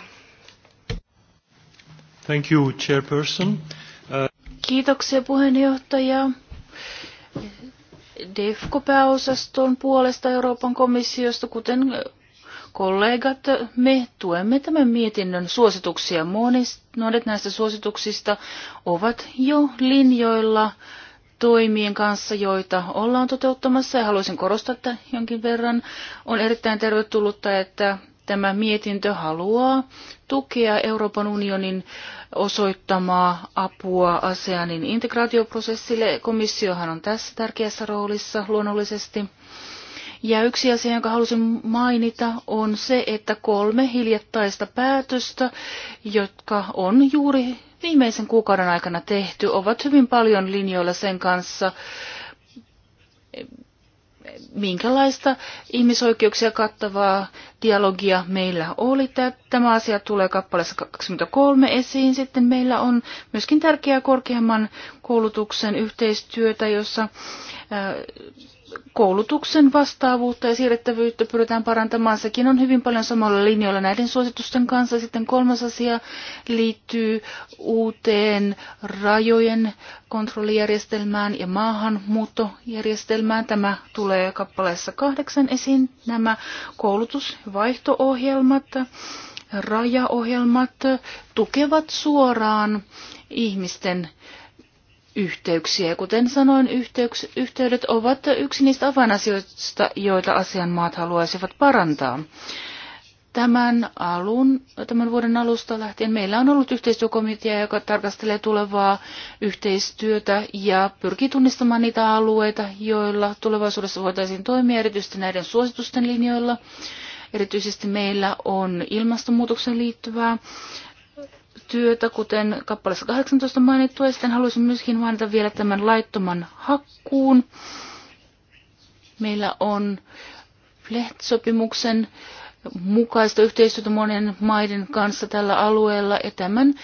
Thank you, Chairperson. Uh... Kiitoksia puheenjohtaja. DEFCO-pääosaston puolesta Euroopan komissiosta, kuten kollegat, me tuemme tämän mietinnön suosituksia. Monet näistä suosituksista ovat jo linjoilla toimien kanssa, joita ollaan toteuttamassa, ja haluaisin korostaa että jonkin verran, on erittäin tervetullutta, että tämä mietintö haluaa tukea Euroopan unionin osoittamaa apua ASEANin integraatioprosessille. Komissiohan on tässä tärkeässä roolissa luonnollisesti. Ja yksi asia, jonka halusin mainita, on se, että kolme hiljattaista päätöstä, jotka on juuri viimeisen kuukauden aikana tehty ovat hyvin paljon linjoilla sen kanssa, minkälaista ihmisoikeuksia kattavaa dialogia meillä oli. Tämä asia tulee kappaleessa 23 esiin. Sitten meillä on myöskin tärkeää korkeamman koulutuksen yhteistyötä, jossa koulutuksen vastaavuutta ja siirrettävyyttä pyritään parantamaan. Sekin on hyvin paljon samalla linjoilla näiden suositusten kanssa. Sitten kolmas asia liittyy uuteen rajojen kontrollijärjestelmään ja maahanmuuttojärjestelmään. Tämä tulee kappaleessa kahdeksan esiin. Nämä koulutus- ohjelmat rajaohjelmat tukevat suoraan ihmisten yhteyksiä. Kuten sanoin, yhteyks, yhteydet ovat yksi niistä avainasioista, joita asianmaat haluaisivat parantaa. Tämän, alun, tämän vuoden alusta lähtien meillä on ollut yhteistyökomitea, joka tarkastelee tulevaa yhteistyötä ja pyrkii tunnistamaan niitä alueita, joilla tulevaisuudessa voitaisiin toimia erityisesti näiden suositusten linjoilla. Erityisesti meillä on ilmastonmuutoksen liittyvää työtä, kuten kappaleessa 18 mainittu, Ja sitten haluaisin myöskin mainita vielä tämän laittoman hakkuun. Meillä on Fleht-sopimuksen mukaista yhteistyötä monen maiden kanssa tällä alueella ja tämän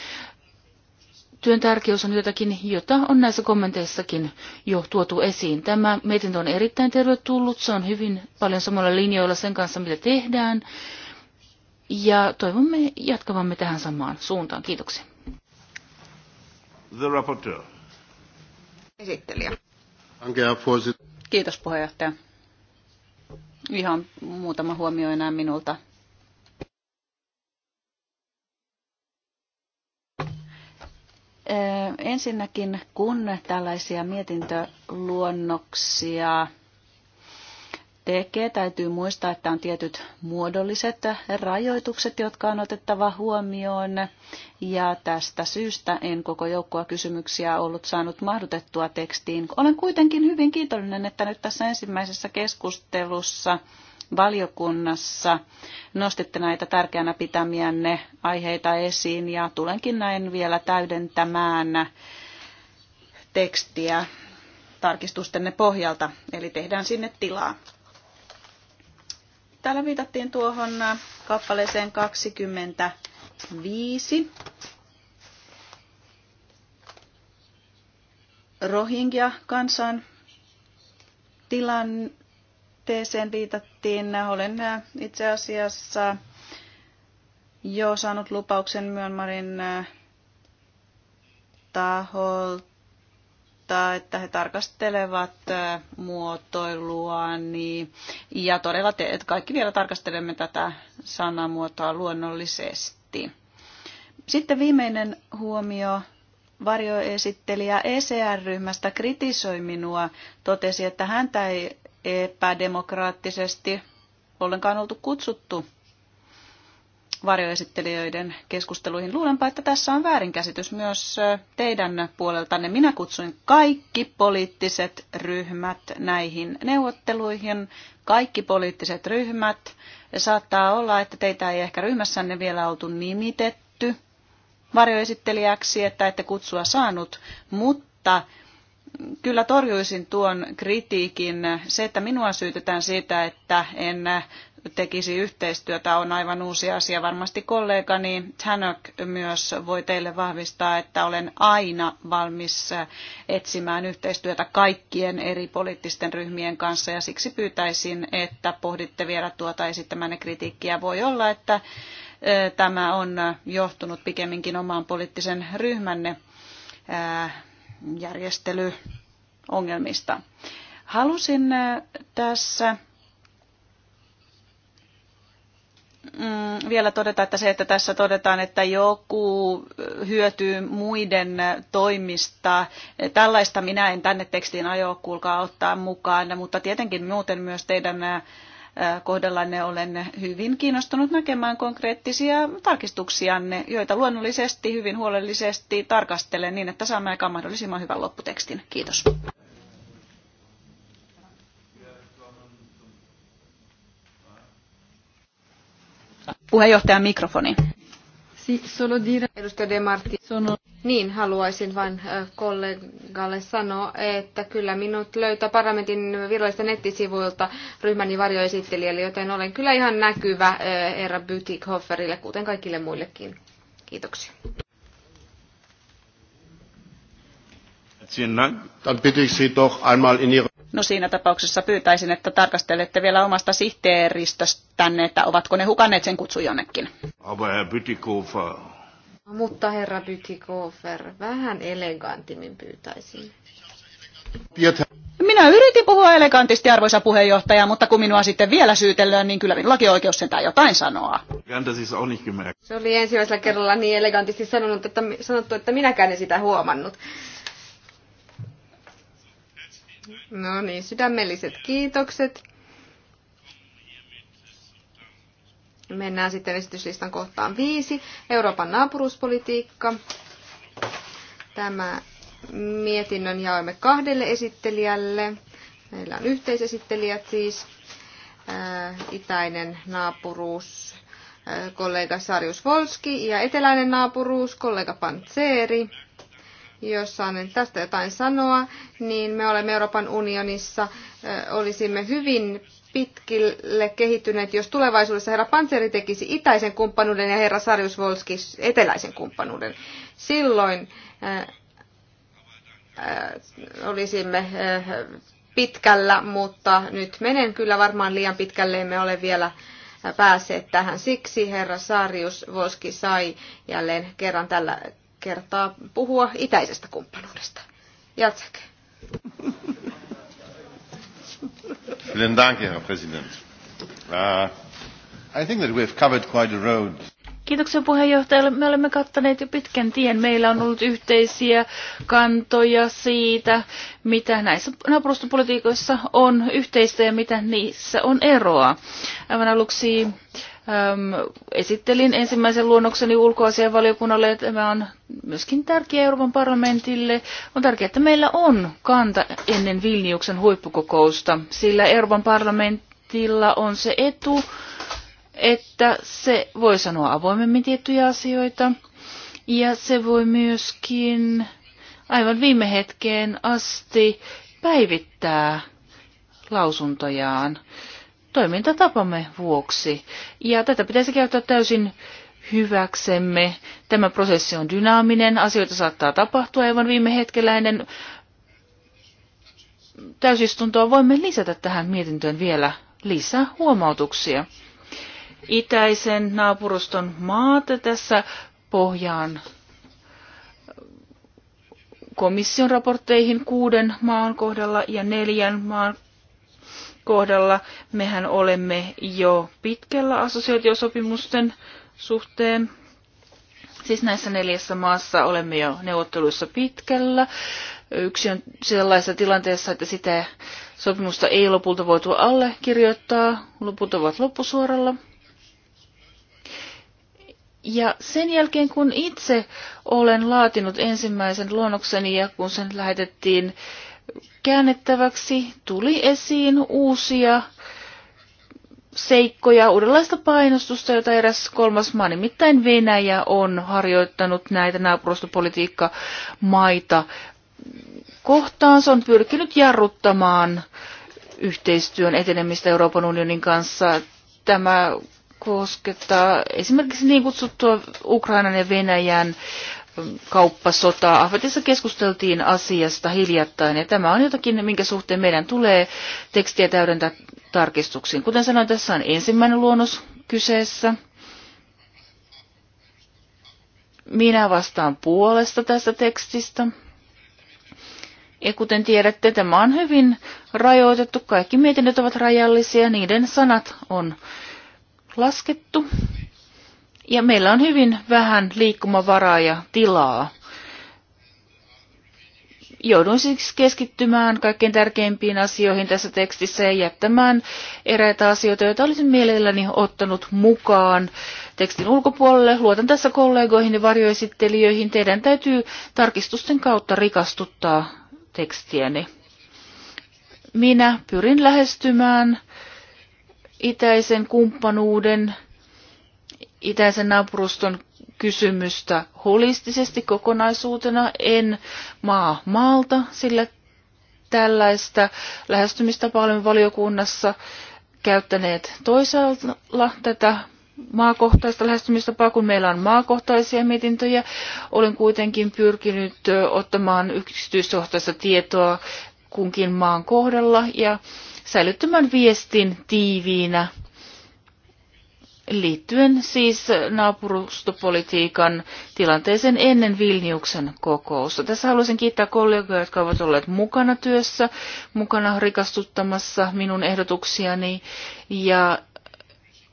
työn tärkeys on jotakin, jota on näissä kommenteissakin jo tuotu esiin. Tämä mietintö on erittäin tervetullut, se on hyvin paljon samalla linjoilla sen kanssa, mitä tehdään ja toivomme jatkavamme tähän samaan suuntaan. Kiitoksia. The rapporteur. Esittelijä. Kiitos puheenjohtaja. Ihan muutama huomio enää minulta. Ensinnäkin, kun tällaisia mietintöluonnoksia tekee, täytyy muistaa, että on tietyt muodolliset rajoitukset, jotka on otettava huomioon. Ja tästä syystä en koko joukkoa kysymyksiä ollut saanut mahdutettua tekstiin. Olen kuitenkin hyvin kiitollinen, että nyt tässä ensimmäisessä keskustelussa valiokunnassa nostitte näitä tärkeänä pitämiänne aiheita esiin ja tulenkin näin vielä täydentämään tekstiä tarkistustenne pohjalta, eli tehdään sinne tilaa. Täällä viitattiin tuohon kappaleeseen 25. Rohingya kansan tilanteeseen viitattiin. Olen itse asiassa jo saanut lupauksen Myönmarin taholta ehdottaa, että he tarkastelevat muotoiluaan niin, ja todella te, että kaikki vielä tarkastelemme tätä sanamuotoa luonnollisesti. Sitten viimeinen huomio varjoesittelijä ECR-ryhmästä kritisoi minua, totesi, että häntä ei epädemokraattisesti ollenkaan oltu kutsuttu varjoesittelijöiden keskusteluihin. Luulenpa, että tässä on väärinkäsitys myös teidän puoleltanne. Minä kutsuin kaikki poliittiset ryhmät näihin neuvotteluihin, kaikki poliittiset ryhmät. Saattaa olla, että teitä ei ehkä ryhmässänne vielä oltu nimitetty varjoesittelijäksi, että ette kutsua saanut, mutta kyllä torjuisin tuon kritiikin. Se, että minua syytetään siitä, että en tekisi yhteistyötä on aivan uusi asia. Varmasti kollegani Tanok myös voi teille vahvistaa, että olen aina valmis etsimään yhteistyötä kaikkien eri poliittisten ryhmien kanssa ja siksi pyytäisin, että pohditte vielä tuota esittämänne kritiikkiä. Voi olla, että tämä on johtunut pikemminkin omaan poliittisen ryhmänne järjestelyongelmista. Halusin tässä mm, vielä todeta, että se, että tässä todetaan, että joku hyötyy muiden toimista, tällaista minä en tänne tekstiin ajo, kuulkaa ottaa mukaan, mutta tietenkin muuten myös teidän kohdallanne olen hyvin kiinnostunut näkemään konkreettisia tarkistuksianne, joita luonnollisesti hyvin huolellisesti tarkastelen niin, että saamme aikaan mahdollisimman hyvän lopputekstin. Kiitos. Puheenjohtajan mikrofoni. Edustaja Demartti, niin haluaisin vain kollegalle sanoa, että kyllä minut löytää parlamentin virallista nettisivuilta ryhmäni varjoesittelijälle, joten olen kyllä ihan näkyvä herra Bütikhofferille, kuten kaikille muillekin. Kiitoksia. No siinä tapauksessa pyytäisin, että tarkastelette vielä omasta sihteeristöstänne, että ovatko ne hukanneet sen kutsu jonnekin. No, mutta herra Bytikofer, vähän elegantimmin pyytäisin. Minä yritin puhua elegantisti, arvoisa puheenjohtaja, mutta kun minua sitten vielä syytellään, niin kyllä minullakin oikeus sentään jotain sanoa. Se oli ensimmäisellä kerralla niin elegantisti sanonut, että, sanottu, että minäkään en sitä huomannut. No niin, sydämelliset kiitokset. Mennään sitten esityslistan kohtaan viisi. Euroopan naapuruuspolitiikka. Tämä mietinnön jaoimme kahdelle esittelijälle. Meillä on yhteisesittelijät siis. Äh, itäinen naapuruus, äh, kollega Sarjus Volski ja eteläinen naapuruus, kollega Pantseeri jos saan tästä jotain sanoa, niin me olemme Euroopan unionissa, olisimme hyvin pitkille kehittyneet, jos tulevaisuudessa herra Panzeri tekisi itäisen kumppanuuden ja herra Volski eteläisen kumppanuuden. Silloin olisimme pitkällä, mutta nyt menen kyllä varmaan liian pitkälle, emme ole vielä päässeet tähän. Siksi herra Sarjus Volski sai jälleen kerran tällä kertaa puhua itäisestä kumppanuudesta. Jatsek. Vielen Dank, Herr Präsident. Uh, I think that we have covered quite a road. Kiitoksia puheenjohtajalle. Me olemme kattaneet jo pitkän tien. Meillä on ollut yhteisiä kantoja siitä, mitä näissä naapurustopolitiikoissa on yhteistä ja mitä niissä on eroa. Aivan aluksi äh, Öm, ähm, esittelin ensimmäisen luonnokseni ulkoasianvaliokunnalle, ja tämä on myöskin tärkeä Euroopan parlamentille. On tärkeää, että meillä on kanta ennen Vilniuksen huippukokousta, sillä Euroopan parlamentilla on se etu, että se voi sanoa avoimemmin tiettyjä asioita, ja se voi myöskin aivan viime hetkeen asti päivittää lausuntojaan toimintatapamme vuoksi. Ja tätä pitäisi käyttää täysin hyväksemme. Tämä prosessi on dynaaminen, asioita saattaa tapahtua aivan viime hetkellä ennen täysistuntoa voimme lisätä tähän mietintöön vielä lisää huomautuksia. Itäisen naapuruston maat tässä pohjaan komission raportteihin kuuden maan kohdalla ja neljän maan kohdalla mehän olemme jo pitkällä assosiaatiosopimusten suhteen. Siis näissä neljässä maassa olemme jo neuvotteluissa pitkällä. Yksi on sellaisessa tilanteessa, että sitä sopimusta ei lopulta voitu allekirjoittaa. Loput ovat loppusuoralla. Ja sen jälkeen, kun itse olen laatinut ensimmäisen luonnokseni ja kun sen lähetettiin käännettäväksi tuli esiin uusia seikkoja, uudenlaista painostusta, jota eräs kolmas maa, nimittäin Venäjä, on harjoittanut näitä naapurustopolitiikka-maita kohtaan. Se on pyrkinyt jarruttamaan yhteistyön etenemistä Euroopan unionin kanssa. Tämä koskettaa esimerkiksi niin kutsuttua Ukrainan ja Venäjän kauppasota. Ahvetissa keskusteltiin asiasta hiljattain ja tämä on jotakin, minkä suhteen meidän tulee tekstiä täydentää tarkistuksiin. Kuten sanoin, tässä on ensimmäinen luonnos kyseessä. Minä vastaan puolesta tästä tekstistä. Ja kuten tiedätte, tämä on hyvin rajoitettu. Kaikki mietinnöt ovat rajallisia, niiden sanat on laskettu. Ja meillä on hyvin vähän liikkumavaraa ja tilaa. Joudun siksi keskittymään kaikkein tärkeimpiin asioihin tässä tekstissä ja jättämään eräitä asioita, joita olisin mielelläni ottanut mukaan tekstin ulkopuolelle. Luotan tässä kollegoihin ja varjoesittelijöihin. Teidän täytyy tarkistusten kautta rikastuttaa tekstiäni. Minä pyrin lähestymään itäisen kumppanuuden itäisen naapuruston kysymystä holistisesti kokonaisuutena, en maa maalta, sillä tällaista lähestymistapaa paljon valiokunnassa käyttäneet Toisaalta tätä maakohtaista lähestymistapaa, kun meillä on maakohtaisia mietintöjä. Olen kuitenkin pyrkinyt ottamaan yksityiskohtaista tietoa kunkin maan kohdalla ja säilyttämään viestin tiiviinä liittyen siis naapurustopolitiikan tilanteeseen ennen Vilniuksen kokousta. Tässä haluaisin kiittää kollegoja, jotka ovat olleet mukana työssä, mukana rikastuttamassa minun ehdotuksiani ja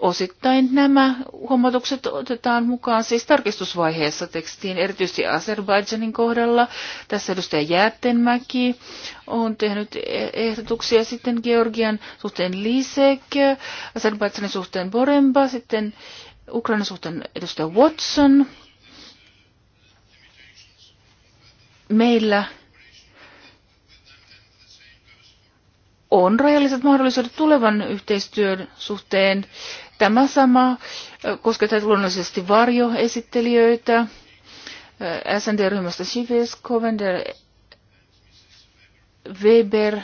Osittain nämä huomautukset otetaan mukaan siis tarkistusvaiheessa tekstiin, erityisesti Azerbaidžanin kohdalla. Tässä edustaja Jäättenmäki on tehnyt e- ehdotuksia sitten Georgian suhteen Lisek, Azerbaidžanin suhteen Boremba, sitten Ukrainan suhteen edustaja Watson. Meillä on rajalliset mahdollisuudet tulevan yhteistyön suhteen Tämä sama koskettaa luonnollisesti varjoesittelijöitä. SND-ryhmästä Sives, Kovender, Weber,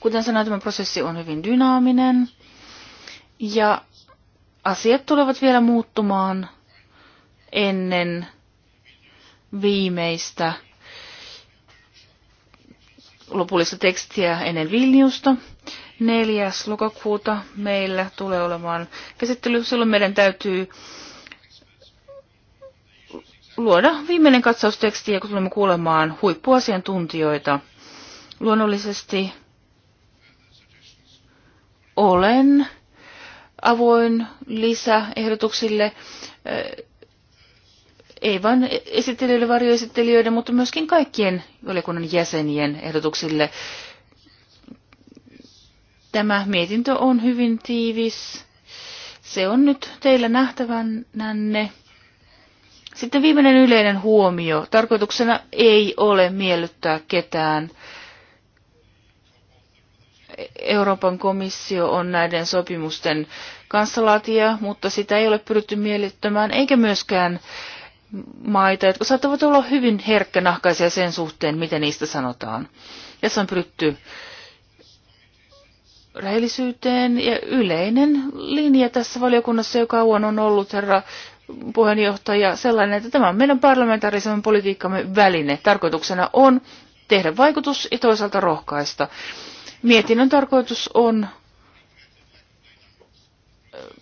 Kuten sanoin, tämä prosessi on hyvin dynaaminen ja asiat tulevat vielä muuttumaan ennen viimeistä lopullista tekstiä ennen Vilniusta. 4. lokakuuta meillä tulee olemaan käsittely. Silloin meidän täytyy luoda viimeinen katsausteksti, ja kun tulemme kuulemaan huippuasiantuntijoita. Luonnollisesti olen avoin lisäehdotuksille ei vain esittelijöiden, varjoesittelijöiden, mutta myöskin kaikkien valiokunnan jäsenien ehdotuksille. Tämä mietintö on hyvin tiivis. Se on nyt teillä nähtävänänne. Sitten viimeinen yleinen huomio. Tarkoituksena ei ole miellyttää ketään. Euroopan komissio on näiden sopimusten kanssalaatia, mutta sitä ei ole pyritty miellyttämään, eikä myöskään äh, maita, jotka saattavat olla hyvin herkkänahkaisia sen suhteen, miten niistä sanotaan. ja se on pyritty rehellisyyteen ja yleinen linja tässä valiokunnassa, joka on ollut herra puheenjohtaja sellainen, että tämä on meidän parlamentaarisen politiikkamme väline. Tarkoituksena on tehdä vaikutus ja toisaalta rohkaista. Mietinnön tarkoitus on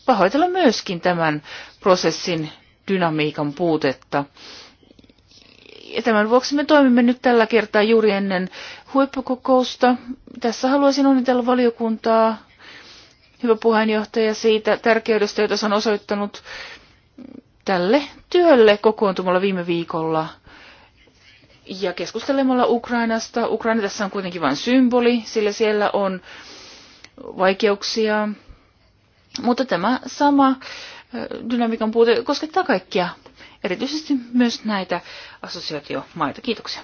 pahoitella myöskin tämän prosessin dynamiikan puutetta. Ja tämän vuoksi me toimimme nyt tällä kertaa juuri ennen huippukokousta. Tässä haluaisin onnitella valiokuntaa, hyvä puheenjohtaja, siitä tärkeydestä, jota se on osoittanut tälle työlle kokoontumalla viime viikolla ja keskustelemalla Ukrainasta. Ukraina tässä on kuitenkin vain symboli, sillä siellä on vaikeuksia. Mutta tämä sama dynamiikan puute koskettaa kaikkia, erityisesti myös näitä assosiaatiomaita. Kiitoksia.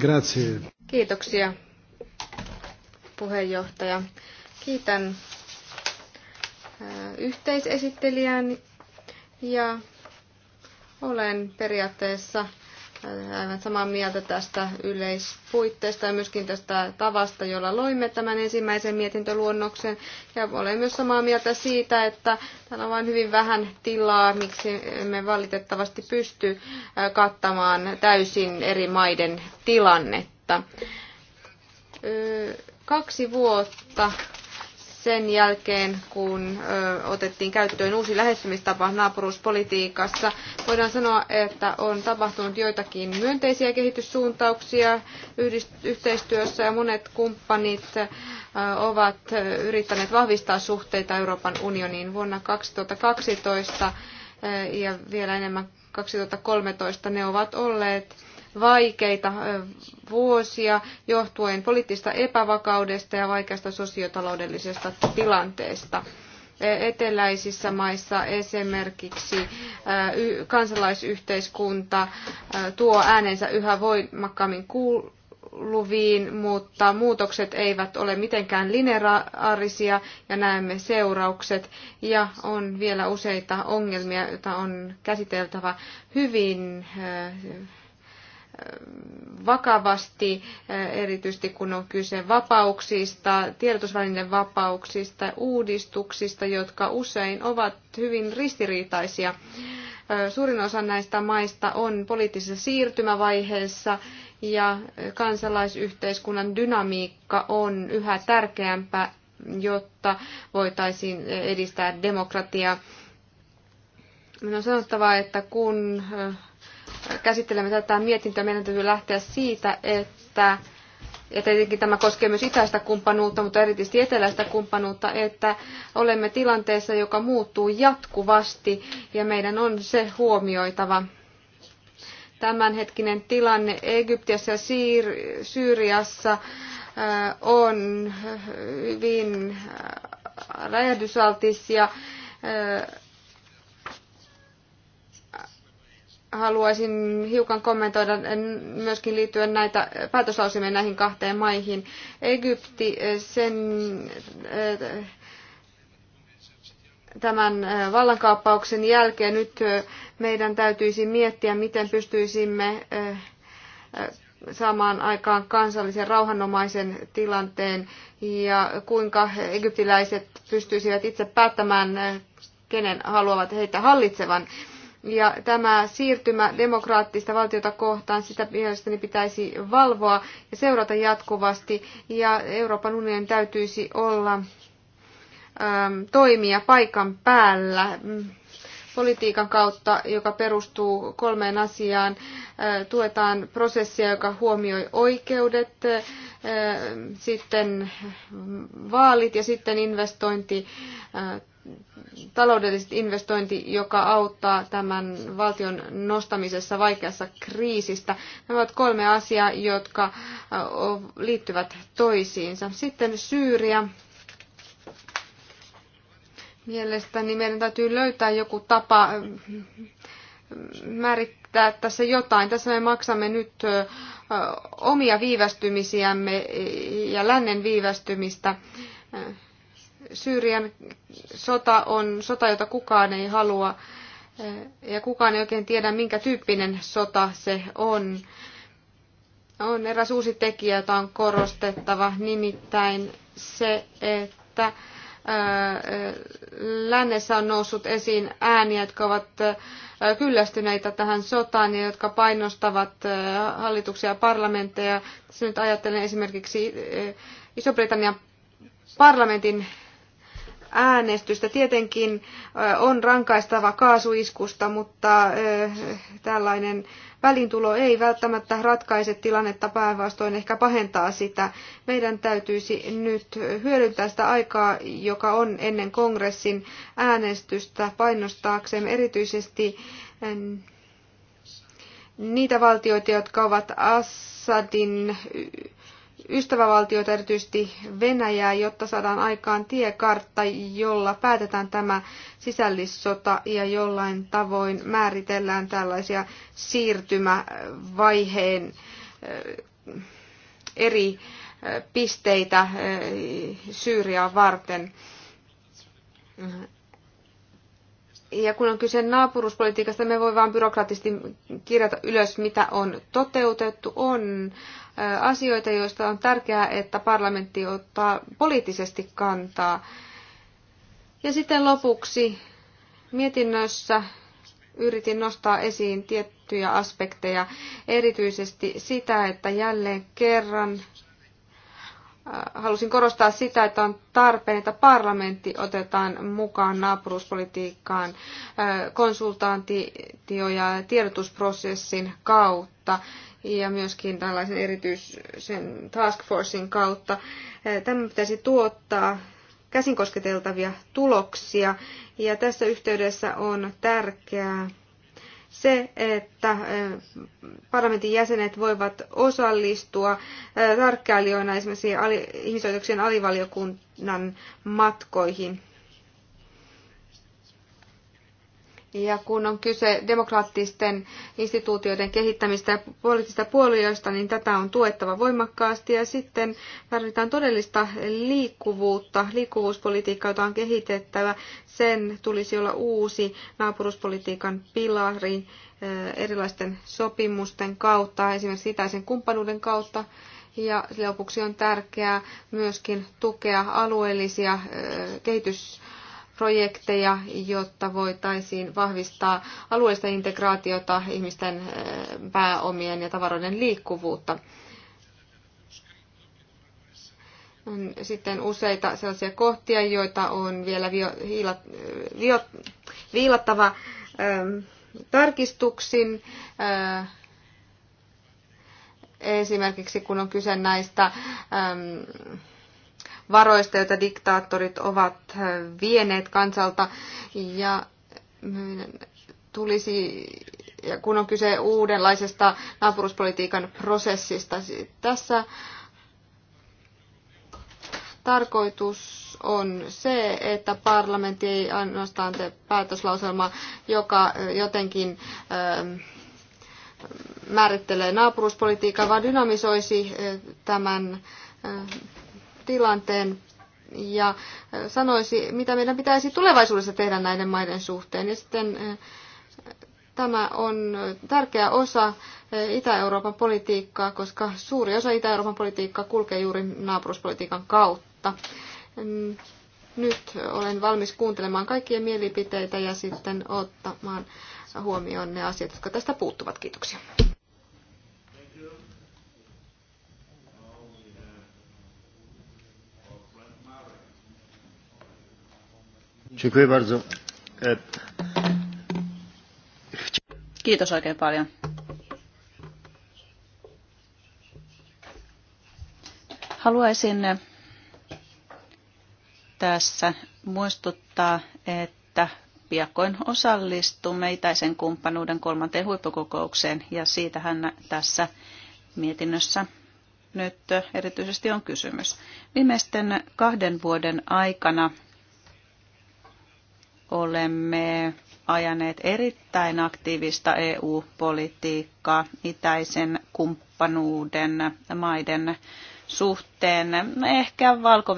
Grazie. Kiitoksia, puheenjohtaja. Kiitän yhteisesittelijän ja olen periaatteessa aivan samaa mieltä tästä yleispuitteesta ja myöskin tästä tavasta, jolla loimme tämän ensimmäisen mietintöluonnoksen. Ja olen myös samaa mieltä siitä, että täällä on vain hyvin vähän tilaa, miksi me valitettavasti pysty kattamaan täysin eri maiden tilannetta. Kaksi vuotta sen jälkeen, kun otettiin käyttöön uusi lähestymistapa naapuruuspolitiikassa. Voidaan sanoa, että on tapahtunut joitakin myönteisiä kehityssuuntauksia yhteistyössä ja monet kumppanit ovat yrittäneet vahvistaa suhteita Euroopan unioniin vuonna 2012 ja vielä enemmän 2013 ne ovat olleet vaikeita vuosia johtuen poliittista epävakaudesta ja vaikeasta sosiotaloudellisesta tilanteesta. E, eteläisissä maissa esimerkiksi kansalaisyhteiskunta tuo äänensä yhä voimakkaammin kuuluviin mutta muutokset eivät ole mitenkään lineaarisia ja näemme seuraukset. Ja on vielä useita ongelmia, joita on käsiteltävä hyvin vakavasti, eh, erityisesti kun on kyse vapauksista, tiedotusvälineen vapauksista, uudistuksista, jotka usein ovat hyvin ristiriitaisia. Eh, suurin osa näistä maista on poliittisessa siirtymävaiheessa ja kansalaisyhteiskunnan dynamiikka on yhä tärkeämpää, jotta voitaisiin edistää demokratiaa. Minun on sanottava, että kun eh, käsittelemme tätä mietintöä, meidän täytyy lähteä siitä, että ja tietenkin tämä koskee myös itäistä kumppanuutta, mutta erityisesti eteläistä kumppanuutta, että olemme tilanteessa, joka muuttuu jatkuvasti ja meidän on se huomioitava. Tämänhetkinen tilanne Egyptissä ja Syyriassa äh, on hyvin äh, räjähdysaltis ja äh, haluaisin hiukan kommentoida myöskin liittyen näitä päätöslausimia näihin kahteen maihin. Egypti, eh, sen, eh, tämän eh, vallankaappauksen jälkeen nyt meidän täytyisi miettiä, miten pystyisimme saamaan aikaan kansallisen rauhanomaisen tilanteen ja kuinka egyptiläiset pystyisivät itse päättämään, kenen haluavat heitä hallitsevan ja tämä siirtymä demokraattista valtiota kohtaan, sitä mielestäni pitäisi valvoa ja seurata jatkuvasti. Ja Euroopan unionin täytyisi olla toimia paikan päällä mm, politiikan kautta, joka perustuu kolmeen asiaan. Tuetaan prosessia, joka huomioi oikeudet, sitten vaalit ja sitten investointi Taloudellisesti investointi, joka auttaa tämän valtion nostamisessa vaikeassa kriisistä. Nämä ovat kolme asiaa, jotka liittyvät toisiinsa. Sitten Syyria. Mielestäni meidän täytyy löytää joku tapa määrittää tässä jotain. Tässä me maksamme nyt omia viivästymisiämme ja lännen viivästymistä. Syyrian sota on sota, jota kukaan ei halua eh, ja kukaan ei oikein tiedä, minkä tyyppinen sota se on. On eräs uusi tekijä, jota on korostettava, nimittäin se, että eh, lännessä on noussut esiin ääniä, jotka ovat eh, kyllästyneitä tähän sotaan ja jotka painostavat hallituksia ja parlamentteja. Tässä nyt ajattelen esimerkiksi Iso-Britannian parlamentin äänestystä. Tietenkin on rankaistava kaasuiskusta, mutta tällainen välintulo ei välttämättä ratkaise tilannetta päinvastoin, ehkä pahentaa sitä. Meidän täytyisi nyt hyödyntää sitä aikaa, joka on ennen kongressin äänestystä painostaaksemme erityisesti niitä valtioita, jotka ovat Assadin ystävävaltioita, erityisesti Venäjää, jotta saadaan aikaan tiekartta, jolla päätetään tämä sisällissota ja jollain tavoin määritellään tällaisia siirtymävaiheen eh, eri eh, pisteitä eh, Syyriaa varten. Ja kun on kyse naapuruspolitiikasta, me voi vain byrokraattisesti kirjata ylös, mitä on toteutettu. On asioita, joista on tärkeää, että parlamentti ottaa poliittisesti kantaa. Ja sitten lopuksi mietinnössä yritin nostaa esiin tiettyjä aspekteja, erityisesti sitä, että jälleen kerran äh, halusin korostaa sitä, että on tarpeen, että parlamentti otetaan mukaan naapuruuspolitiikkaan äh, konsultaatio- ja tiedotusprosessin kautta ja myöskin tällaisen erityisen task forcein kautta. Tämä pitäisi tuottaa käsin kosketeltavia tuloksia ja tässä yhteydessä on tärkeää se, että parlamentin jäsenet voivat osallistua tarkkailijoina esimerkiksi ihmisoikeuksien alivaliokunnan matkoihin. Ja kun on kyse demokraattisten instituutioiden kehittämistä ja poliittisista puolueista, niin tätä on tuettava voimakkaasti. Ja sitten tarvitaan todellista liikkuvuutta, liikkuvuuspolitiikkaa, jota on kehitettävä. Sen tulisi olla uusi naapuruspolitiikan pilari eh, erilaisten sopimusten kautta, esimerkiksi itäisen kumppanuuden kautta. Ja lopuksi on tärkeää myöskin tukea alueellisia eh, kehitys projekteja, jotta voitaisiin vahvistaa alueellista integraatiota, ihmisten eh, pääomien ja tavaroiden liikkuvuutta. On sitten useita sellaisia kohtia, joita on vielä vio, eh, vio, viilattava ehm, tarkistuksin. Eh, esimerkiksi kun on kyse näistä ehm, varoista, joita diktaattorit ovat äh, vieneet kansalta. Ja tulisi, kun on kyse uudenlaisesta naapuruspolitiikan prosessista, tässä tarkoitus on se, että parlamentti ei ainoastaan tee päätöslauselma, joka äh, jotenkin ähm, määrittelee naapuruspolitiikkaa, vaan dynamisoisi äh, tämän tilanteen ja äh, sanoisi, mitä meidän pitäisi tulevaisuudessa tehdä näiden maiden suhteen. Ja sitten äh, tämä on tärkeä osa äh, Itä-Euroopan politiikkaa, koska suuri osa Itä-Euroopan politiikkaa kulkee juuri naapuruspolitiikan kautta. Ähm, nyt olen valmis kuuntelemaan kaikkien mielipiteitä ja sitten ottamaan huomioon ne asiat, jotka tästä puuttuvat. Kiitoksia. Dziękuję bardzo. E, Kiitos oikein paljon. Haluaisin tässä muistuttaa, että piakkoin osallistumme itäisen kumppanuuden kolmanteen huippukokoukseen ja siitähän tässä mietinnössä nyt erityisesti on kysymys. Viimeisten kahden vuoden aikana olemme ajaneet erittäin aktiivista EU-politiikkaa itäisen kumppanuuden maiden suhteen, ehkä valko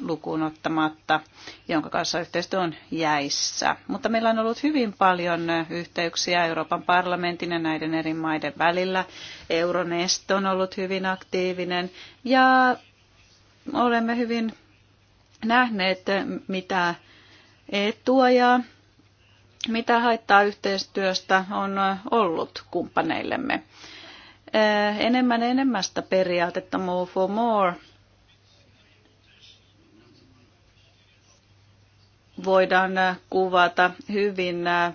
lukuun ottamatta, jonka kanssa yhteistyö on jäissä. Mutta meillä on ollut hyvin paljon yhteyksiä Euroopan parlamentin ja näiden eri maiden välillä. Euronest on ollut hyvin aktiivinen ja olemme hyvin nähneet, mitä etua ja mitä haittaa yhteistyöstä on ollut kumppaneillemme. Äh, enemmän enemmästä periaatetta More for More voidaan äh, kuvata hyvin äh,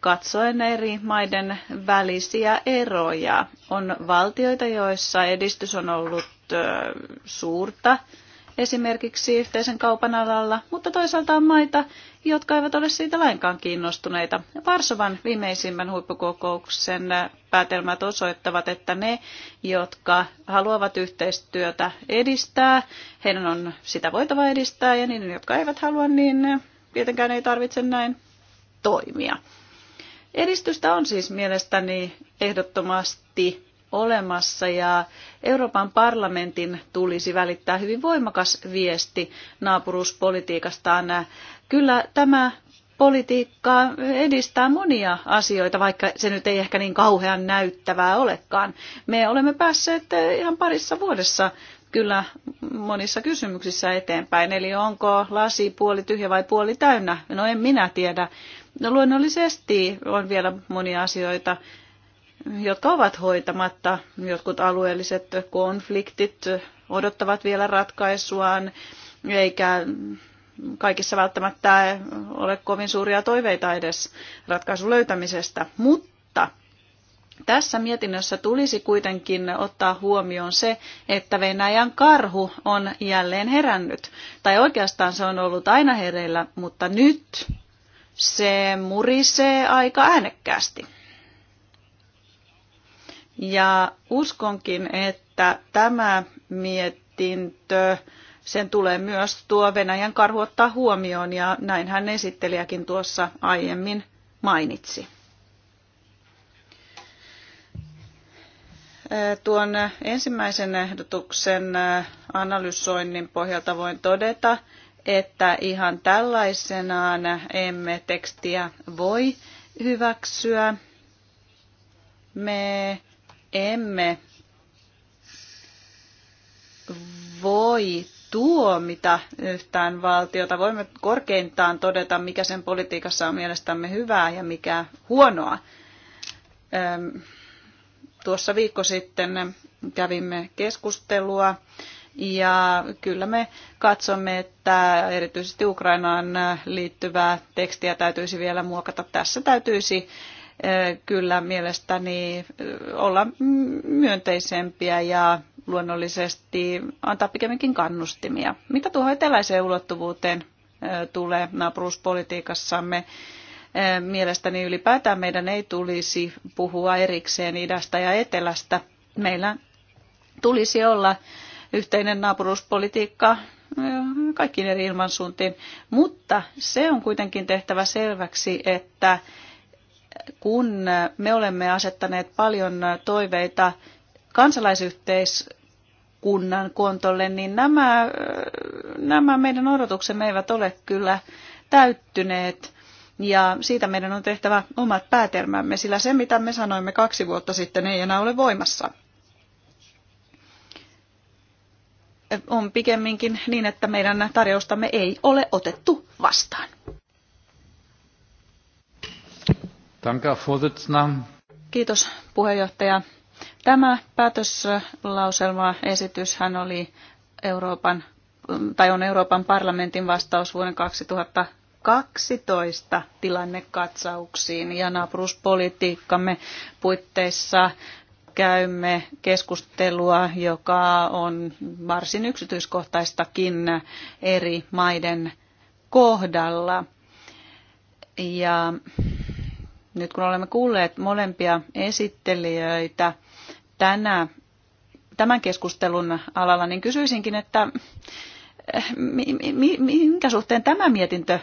katsoen eri maiden välisiä eroja. On valtioita, joissa edistys on ollut suurta esimerkiksi yhteisen kaupan alalla, mutta toisaalta on maita, jotka eivät ole siitä lainkaan kiinnostuneita. Varsovan viimeisimmän huippukokouksen päätelmät osoittavat, että ne, jotka haluavat yhteistyötä edistää, heidän on sitä voitava edistää, ja niiden, jotka eivät halua, niin tietenkään ei tarvitse näin toimia. Edistystä on siis mielestäni ehdottomasti olemassa ja Euroopan parlamentin tulisi välittää hyvin voimakas viesti naapuruuspolitiikastaan. Kyllä tämä politiikka edistää monia asioita, vaikka se nyt ei ehkä niin kauhean näyttävää olekaan. Me olemme päässeet ihan parissa vuodessa kyllä monissa kysymyksissä eteenpäin. Eli onko lasi puoli tyhjä vai puoli täynnä? No en minä tiedä. No luonnollisesti on vielä monia asioita, jotka ovat hoitamatta. Jotkut alueelliset konfliktit odottavat vielä ratkaisuaan, eikä kaikissa välttämättä ole kovin suuria toiveita edes ratkaisun löytämisestä. Mutta tässä mietinnössä tulisi kuitenkin ottaa huomioon se, että Venäjän karhu on jälleen herännyt. Tai oikeastaan se on ollut aina hereillä, mutta nyt se murisee aika äänekkäästi. Ja uskonkin, että tämä mietintö, sen tulee myös tuo Venäjän karhu ottaa huomioon ja hän esittelijäkin tuossa aiemmin mainitsi. Tuon ensimmäisen ehdotuksen analysoinnin pohjalta voin todeta, että ihan tällaisenaan emme tekstiä voi hyväksyä. Me emme voi tuomita yhtään valtiota. Voimme korkeintaan todeta, mikä sen politiikassa on mielestämme hyvää ja mikä huonoa. Tuossa viikko sitten kävimme keskustelua ja kyllä me katsomme, että erityisesti Ukrainaan liittyvää tekstiä täytyisi vielä muokata. Tässä täytyisi kyllä mielestäni olla myönteisempiä ja luonnollisesti antaa pikemminkin kannustimia. Mitä tuohon eteläiseen ulottuvuuteen tulee naapuruuspolitiikassamme, mielestäni ylipäätään meidän ei tulisi puhua erikseen idästä ja etelästä. Meillä tulisi olla yhteinen naapuruuspolitiikka kaikkiin eri ilmansuuntiin, mutta se on kuitenkin tehtävä selväksi, että kun me olemme asettaneet paljon toiveita kansalaisyhteiskunnan kontolle, niin nämä, nämä meidän odotuksemme eivät ole kyllä täyttyneet. Ja siitä meidän on tehtävä omat päätelmämme, sillä se mitä me sanoimme kaksi vuotta sitten ei enää ole voimassa. On pikemminkin niin, että meidän tarjoustamme ei ole otettu vastaan. Kiitos puheenjohtaja. Tämä päätöslauselma esityshän oli Euroopan, tai on Euroopan parlamentin vastaus vuoden 2012 tilannekatsauksiin ja naapuruspolitiikkamme puitteissa käymme keskustelua, joka on varsin yksityiskohtaistakin eri maiden kohdalla. Ja nyt kun olemme kuulleet molempia esittelijöitä tänä, tämän keskustelun alalla, niin kysyisinkin, että eh, minkä suhteen tämä mietintö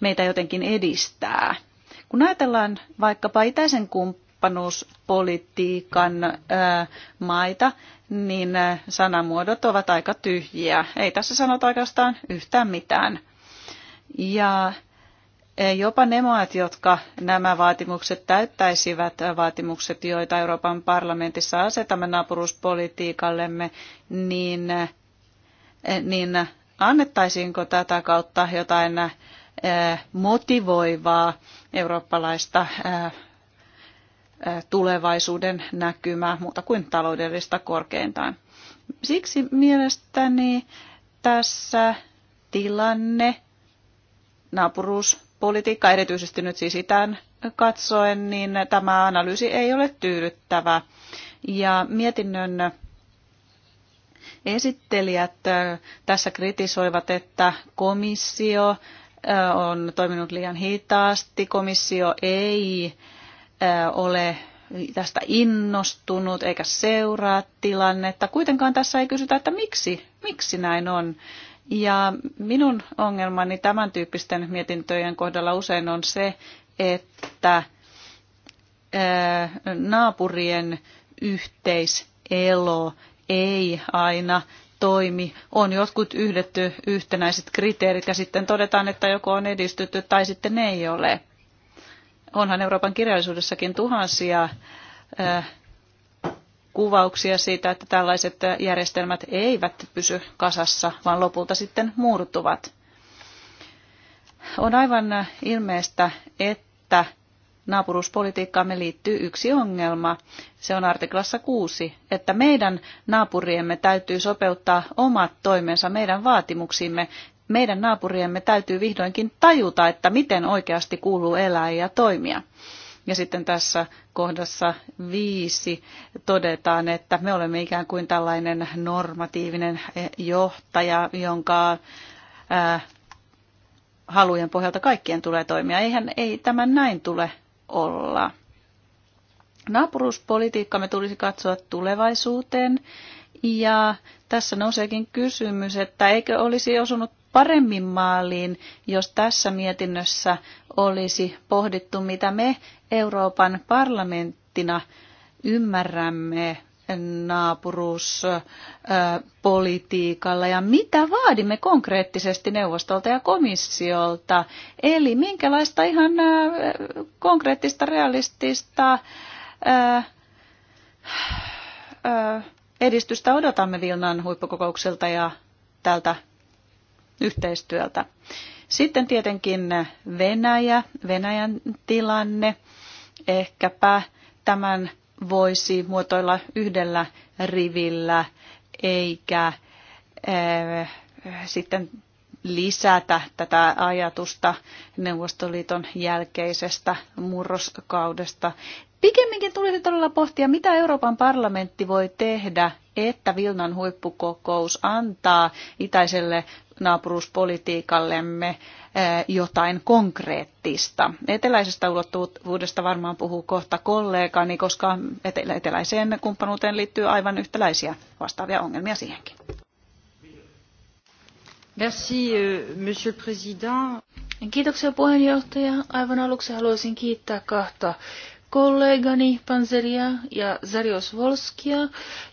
meitä jotenkin edistää? Kun ajatellaan vaikkapa itäisen kumppanuuspolitiikan eh, maita, niin eh, sanamuodot ovat aika tyhjiä. Ei tässä sanota oikeastaan yhtään mitään. Ja Jopa ne maat, jotka nämä vaatimukset täyttäisivät, vaatimukset, joita Euroopan parlamentissa asetamme naapuruuspolitiikallemme, niin, niin annettaisiinko tätä kautta jotain motivoivaa eurooppalaista tulevaisuuden näkymää muuta kuin taloudellista korkeintaan. Siksi mielestäni tässä tilanne naapuruus politiikka, erityisesti nyt siis itään katsoen, niin tämä analyysi ei ole tyydyttävä. Ja mietinnön esittelijät tässä kritisoivat, että komissio on toiminut liian hitaasti, komissio ei ole tästä innostunut eikä seuraa tilannetta. Kuitenkaan tässä ei kysytä, että miksi, miksi näin on. Ja minun ongelmani tämän tyyppisten mietintöjen kohdalla usein on se, että naapurien yhteiselo ei aina toimi. On jotkut yhdetty yhtenäiset kriteerit ja sitten todetaan, että joko on edistytty tai sitten ei ole. Onhan Euroopan kirjallisuudessakin tuhansia kuvauksia siitä, että tällaiset järjestelmät eivät pysy kasassa, vaan lopulta sitten murtuvat. On aivan ilmeistä, että naapuruuspolitiikkaamme liittyy yksi ongelma. Se on artiklassa 6, että meidän naapuriemme täytyy sopeuttaa omat toimensa meidän vaatimuksimme. Meidän naapuriemme täytyy vihdoinkin tajuta, että miten oikeasti kuuluu elää ja toimia. Ja sitten tässä kohdassa viisi todetaan, että me olemme ikään kuin tällainen normatiivinen eh, johtaja, jonka ää, eh, halujen pohjalta kaikkien tulee toimia. Eihän ei tämän näin tule olla. me tulisi katsoa tulevaisuuteen ja tässä nouseekin kysymys, että eikö olisi osunut paremmin maaliin, jos tässä mietinnössä olisi pohdittu, mitä me Euroopan parlamenttina ymmärrämme naapuruuspolitiikalla ja mitä vaadimme konkreettisesti neuvostolta ja komissiolta. Eli minkälaista ihan konkreettista, realistista edistystä odotamme Vilnan huippukokoukselta ja tältä yhteistyöltä. Sitten tietenkin Venäjä, Venäjän tilanne. Ehkäpä tämän voisi muotoilla yhdellä rivillä eikä eh, sitten lisätä tätä ajatusta Neuvostoliiton jälkeisestä murroskaudesta. Pikemminkin tulisi todella pohtia, mitä Euroopan parlamentti voi tehdä, että Vilnan huippukokous antaa itäiselle naapuruuspolitiikallemme eh, jotain konkreettista. Eteläisestä ulottuvuudesta varmaan puhuu kohta kollegani, koska eteläiseen kumppanuuteen liittyy aivan yhtäläisiä vastaavia ongelmia siihenkin. Merci, euh, monsieur le président. Kiitoksia puheenjohtaja. Aivan aluksi haluaisin kiittää kahta kollegani Panzeria ja Zarios Volskia.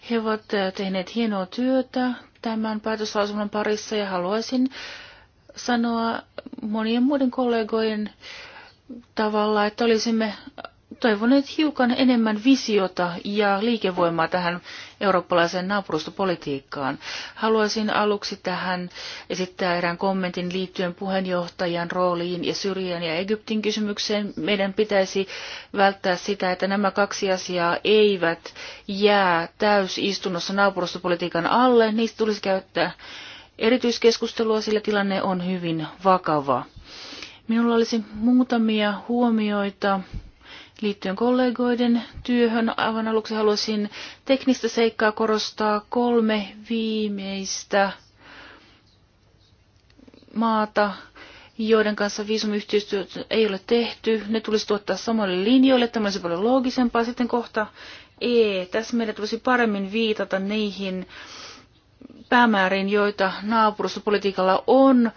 He ovat eh, tehneet hienoa työtä tämän päätöslausunnon parissa ja haluaisin sanoa monien muiden kollegojen tavalla, että olisimme toivoneet hiukan enemmän visiota ja liikevoimaa tähän eurooppalaiseen naapurustopolitiikkaan. Haluaisin aluksi tähän esittää erään kommentin liittyen puheenjohtajan rooliin ja Syyrian ja Egyptin kysymykseen. Meidän pitäisi välttää sitä, että nämä kaksi asiaa eivät jää täysistunnossa naapurustopolitiikan alle. Niistä tulisi käyttää erityiskeskustelua, sillä tilanne on hyvin vakava. Minulla olisi muutamia huomioita liittyen kollegoiden työhön. Aivan aluksi haluaisin teknistä seikkaa korostaa kolme viimeistä maata, joiden kanssa viisumiyhteistyötä ei ole tehty. Ne tulisi tuottaa samoille linjoille. Tämä olisi paljon loogisempaa. Sitten kohta E. Tässä meidän tulisi paremmin viitata niihin päämääriin, joita naapurustopolitiikalla on.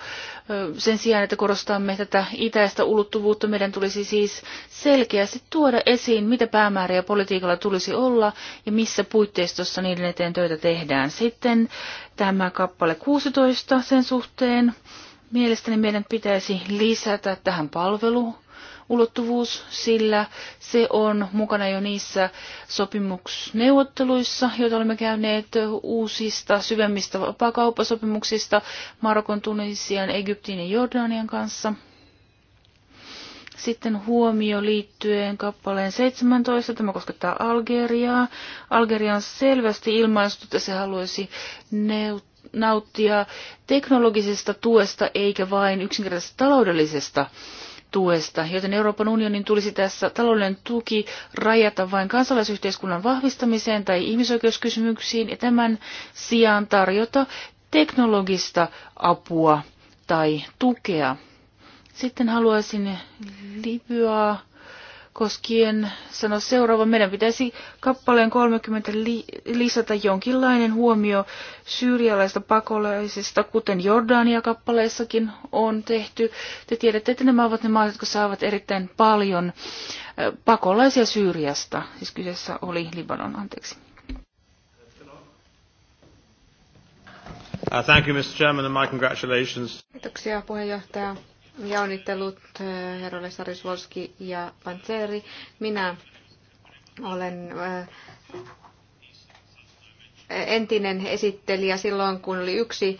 Sen sijaan, että korostamme tätä itäistä ulottuvuutta, meidän tulisi siis selkeästi tuoda esiin, mitä päämääriä politiikalla tulisi olla ja missä puitteistossa niiden eteen töitä tehdään. Sitten tämä kappale 16 sen suhteen. Mielestäni meidän pitäisi lisätä tähän palvelu ulottuvuus, sillä se on mukana jo niissä sopimusneuvotteluissa, joita olemme käyneet uusista syvemmistä vapaakauppasopimuksista Marokon, Tunisian, Egyptin ja Jordanian kanssa. Sitten huomio liittyen kappaleen 17. Tämä koskettaa Algeriaa. Algeria on selvästi ilmaistu, että se haluaisi nauttia teknologisesta tuesta eikä vain yksinkertaisesta taloudellisesta tuesta, joten Euroopan unionin tulisi tässä taloudellinen tuki rajata vain kansalaisyhteiskunnan vahvistamiseen tai ihmisoikeuskysymyksiin ja tämän sijaan tarjota teknologista apua tai tukea. Sitten haluaisin Libyaa koskien sanoa seuraava. Meidän pitäisi kappaleen 30 li- lisätä jonkinlainen huomio syyrialaista pakolaisista, kuten Jordania kappaleessakin on tehty. Te tiedätte, että nämä ovat ne maat, jotka saavat erittäin paljon pakolaisia Syyriasta. Siis kyseessä oli Libanon, anteeksi. Uh, thank you, Mr. Chairman, and my congratulations. Kiitoksia puheenjohtaja ja onnittelut eh, herroille Sarisvolski ja Panzeri. Minä olen eh, entinen esittelijä silloin, kun oli yksi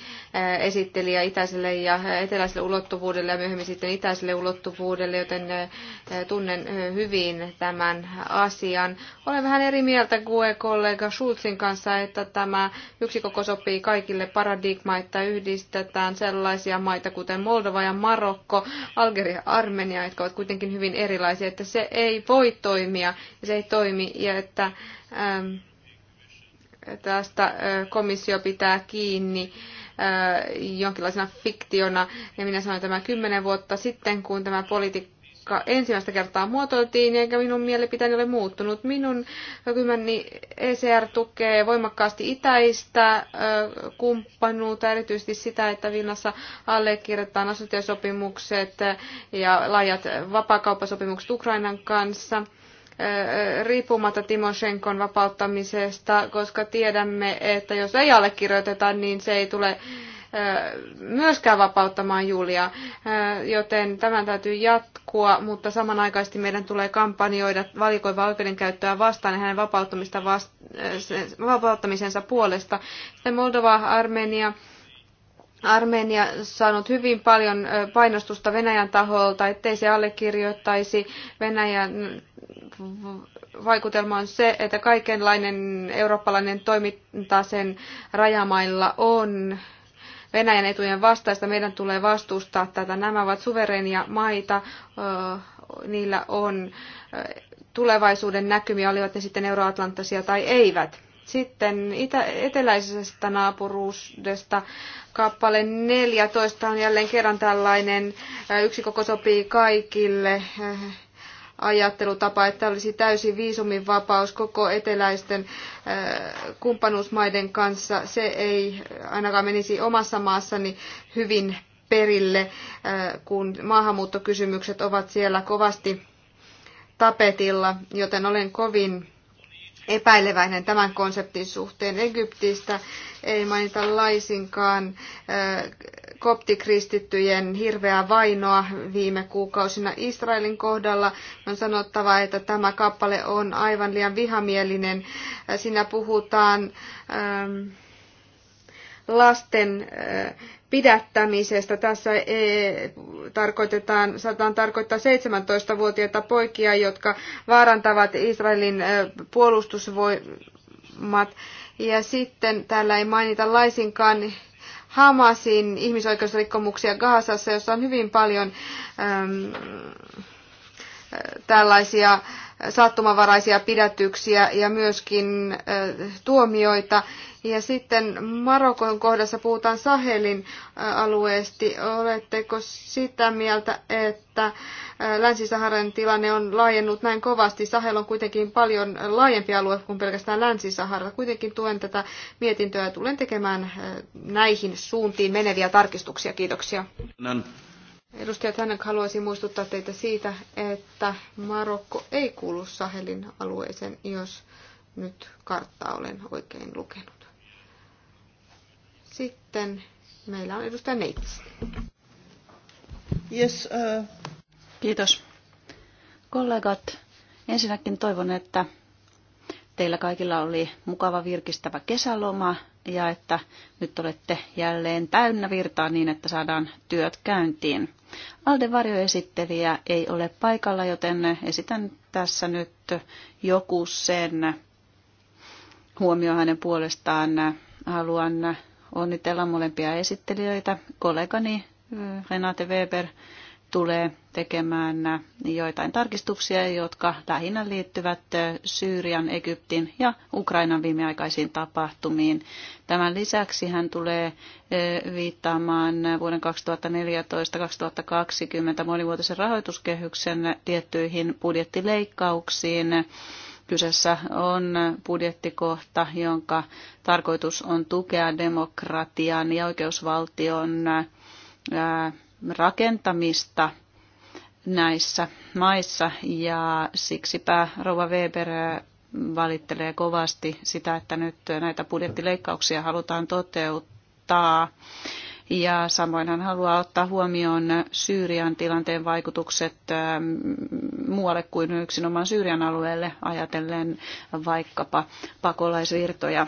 esittelijä itäiselle ja eteläiselle ulottuvuudelle ja myöhemmin sitten itäiselle ulottuvuudelle, joten tunnen hyvin tämän asian. Olen vähän eri mieltä GUE-kollega Schulzin kanssa, että tämä yksi koko sopii kaikille paradigma, että yhdistetään sellaisia maita kuten Moldova ja Marokko, Algeria ja Armenia, jotka ovat kuitenkin hyvin erilaisia, että se ei voi toimia ja se ei toimi ja että ähm, tästä komissio pitää kiinni jonkinlaisena fiktiona. Ja minä sanoin tämä kymmenen vuotta sitten, kun tämä politiikka ensimmäistä kertaa muotoiltiin, eikä minun mielipiteeni ole muuttunut. Minun kymmeni ECR tukee voimakkaasti itäistä kumppanuutta, erityisesti sitä, että Vilnassa allekirjoitetaan asuntosopimukset ja laajat vapaakauppasopimukset Ukrainan kanssa – riippumatta Timoshenkon vapauttamisesta, koska tiedämme, että jos ei allekirjoiteta, niin se ei tule myöskään vapauttamaan Julia, joten tämän täytyy jatkua, mutta samanaikaisesti meidän tulee kampanjoida valikoivaa oikeudenkäyttöä vastaan ja hänen vapauttamista vapauttamisensa puolesta. Sitten Moldova, Armenia, Armenia saanut hyvin paljon painostusta Venäjän taholta, ettei se allekirjoittaisi Venäjän vaikutelma on se, että kaikenlainen eurooppalainen toiminta sen rajamailla on Venäjän etujen vastaista. Meidän tulee vastustaa tätä. Nämä ovat suverenia maita. Niillä on tulevaisuuden näkymiä, olivat ne sitten euroatlanttisia tai eivät. Sitten itä, eteläisestä naapuruudesta kappale 14 on jälleen kerran tällainen yksi koko sopii kaikille ajattelutapa, että olisi täysin viisumivapaus koko eteläisten äh, kumppanuusmaiden kanssa. Se ei ainakaan menisi omassa maassani hyvin perille, äh, kun maahanmuuttokysymykset ovat siellä kovasti tapetilla, joten olen kovin epäileväinen tämän konseptin suhteen. Egyptistä ei mainita laisinkaan äh, koptikristittyjen hirveää vainoa viime kuukausina Israelin kohdalla. On sanottava, että tämä kappale on aivan liian vihamielinen. Siinä puhutaan ähm, lasten äh, pidättämisestä. Tässä e, tarkoitetaan, saataan tarkoittaa 17-vuotiaita poikia, jotka vaarantavat Israelin äh, puolustusvoimat. Ja sitten täällä ei mainita laisinkaan Hamasin ihmisoikeusrikkomuksia Gazassa, jossa on hyvin paljon äm, tällaisia sattumavaraisia pidätyksiä ja myöskin tuomioita. Ja sitten Marokon kohdassa puhutaan Sahelin alueesti. Oletteko sitä mieltä, että Länsi-Saharan tilanne on laajennut näin kovasti? Sahel on kuitenkin paljon laajempi alue kuin pelkästään Länsi-Sahara. Kuitenkin tuen tätä mietintöä ja tulen tekemään näihin suuntiin meneviä tarkistuksia. Kiitoksia. Edustaja Tänök haluaisin muistuttaa teitä siitä, että Marokko ei kuulu Sahelin alueeseen, jos nyt karttaa olen oikein lukenut. Sitten meillä on edustaja Neits. Yes, uh... Kiitos. Kollegat, ensinnäkin toivon, että teillä kaikilla oli mukava virkistävä kesäloma ja että nyt olette jälleen täynnä virtaa niin, että saadaan työt käyntiin. Alden varjoesittelijä ei ole paikalla, joten esitän tässä nyt joku sen huomio hänen puolestaan. Haluan onnitella molempia esittelijöitä. Kollegani Renate Weber tulee tekemään joitain tarkistuksia, jotka lähinnä liittyvät Syyrian, Egyptin ja Ukrainan viimeaikaisiin tapahtumiin. Tämän lisäksi hän tulee eh, viittaamaan vuoden 2014-2020 monivuotisen rahoituskehyksen tiettyihin budjettileikkauksiin. Kyseessä on budjettikohta, jonka tarkoitus on tukea demokratian ja oikeusvaltion eh, rakentamista näissä maissa ja siksipä Rova Weber valittelee kovasti sitä, että nyt näitä budjettileikkauksia halutaan toteuttaa. Ja samoin hän haluaa ottaa huomioon Syyrian tilanteen vaikutukset ähm, muualle kuin yksinomaan Syyrian alueelle ajatellen vaikkapa pakolaisvirtoja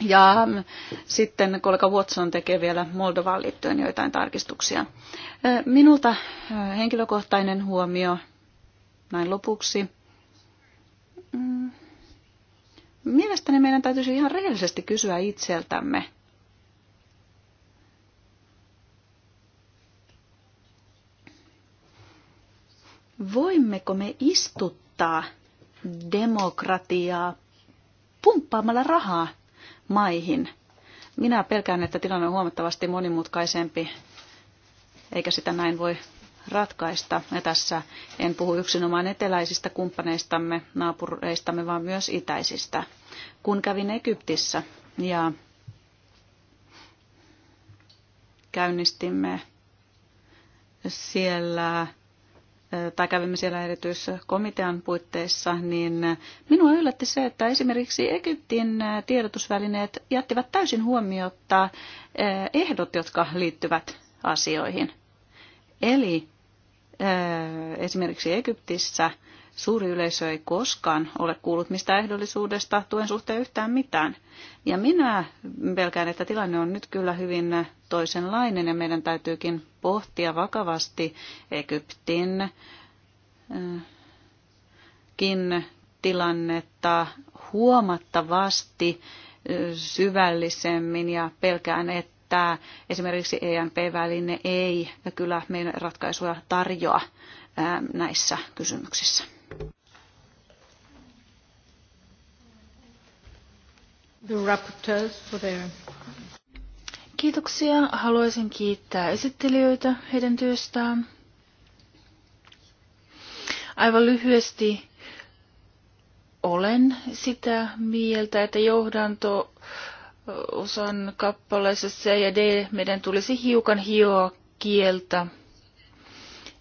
ja mm, sitten kollega Watson tekee vielä Moldovaan liittyen joitain tarkistuksia. Minulta henkilökohtainen huomio näin lopuksi. Mm, mielestäni meidän täytyisi ihan rehellisesti kysyä itseltämme, voimmeko me istuttaa demokratiaa pumppaamalla rahaa maihin. Minä pelkään, että tilanne on huomattavasti monimutkaisempi, eikä sitä näin voi ratkaista. Ja tässä en puhu yksinomaan eteläisistä kumppaneistamme, naapureistamme, vaan myös itäisistä. Kun kävin Egyptissä ja käynnistimme siellä tai kävimme siellä erityiskomitean puitteissa, niin minua yllätti se, että esimerkiksi Egyptin tiedotusvälineet jättivät täysin huomiota ehdot, jotka liittyvät asioihin. Eli esimerkiksi Egyptissä Suuri yleisö ei koskaan ole kuullut mistä ehdollisuudesta tuen suhteen yhtään mitään. Ja minä pelkään, että tilanne on nyt kyllä hyvin toisenlainen ja meidän täytyykin pohtia vakavasti Egyptin kin tilannetta huomattavasti syvällisemmin ja pelkään, että esimerkiksi ENP-väline ei kyllä meidän ratkaisuja tarjoa näissä kysymyksissä. Kiitoksia. Haluaisin kiittää esittelijöitä heidän työstään. Aivan lyhyesti olen sitä mieltä, että johdanto osan kappaleessa C ja D meidän tulisi hiukan hioa kieltä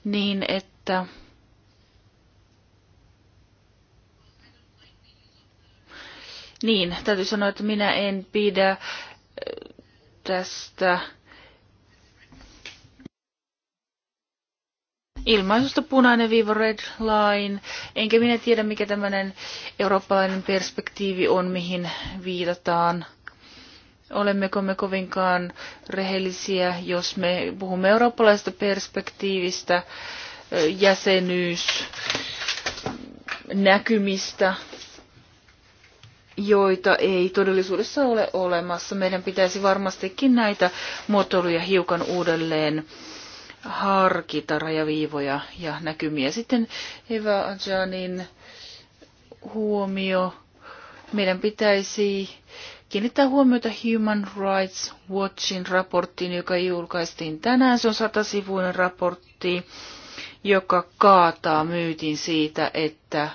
niin, että Niin, täytyy sanoa, että minä en pidä äh, tästä ilmaisusta punainen viiva red line. Enkä minä tiedä, mikä tämmöinen eurooppalainen perspektiivi on, mihin viitataan. Olemmeko me kovinkaan rehellisiä, jos me puhumme eurooppalaisesta perspektiivistä, äh, jäsenyys, näkymistä, joita ei todellisuudessa ole olemassa. Meidän pitäisi varmastikin näitä muotoiluja hiukan uudelleen harkita rajaviivoja ja näkymiä. Sitten Eva Ajanin huomio. Meidän pitäisi kiinnittää huomiota Human Rights Watchin raporttiin, joka julkaistiin tänään. Se on satasivuinen raportti, joka kaataa myytin siitä, että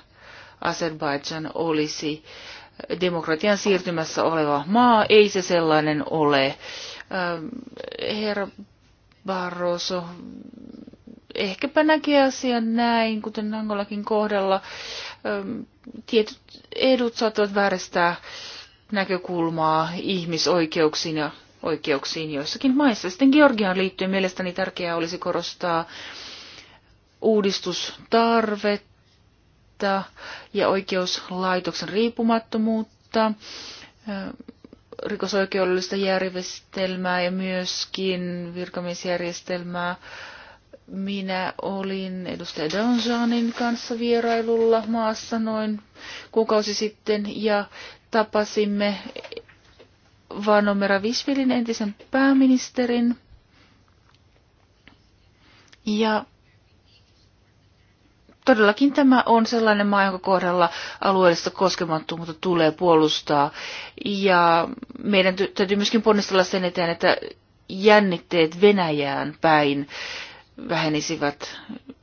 Azerbaijan olisi äh, demokratian siirtymässä oleva maa, ei se sellainen ole. Ähm, herra Barroso, ehkäpä näkee asian näin, kuten Angolakin kohdalla. Ähm, tietyt edut saattavat vääristää näkökulmaa ihmisoikeuksiin ja oikeuksiin joissakin maissa. Sitten Georgiaan liittyen mielestäni tärkeää olisi korostaa uudistustarvetta toimintaa ja oikeuslaitoksen riippumattomuutta, rikosoikeudellista järjestelmää ja myöskin virkamiesjärjestelmää. Minä olin edustaja Donjanin kanssa vierailulla maassa noin kuukausi sitten ja tapasimme Vanomera Visvilin entisen pääministerin. Ja todellakin tämä on sellainen maa, jonka kohdalla alueellista koskemattomuutta tulee puolustaa. Ja meidän täytyy myöskin ponnistella sen eteen, että jännitteet Venäjään päin vähenisivät.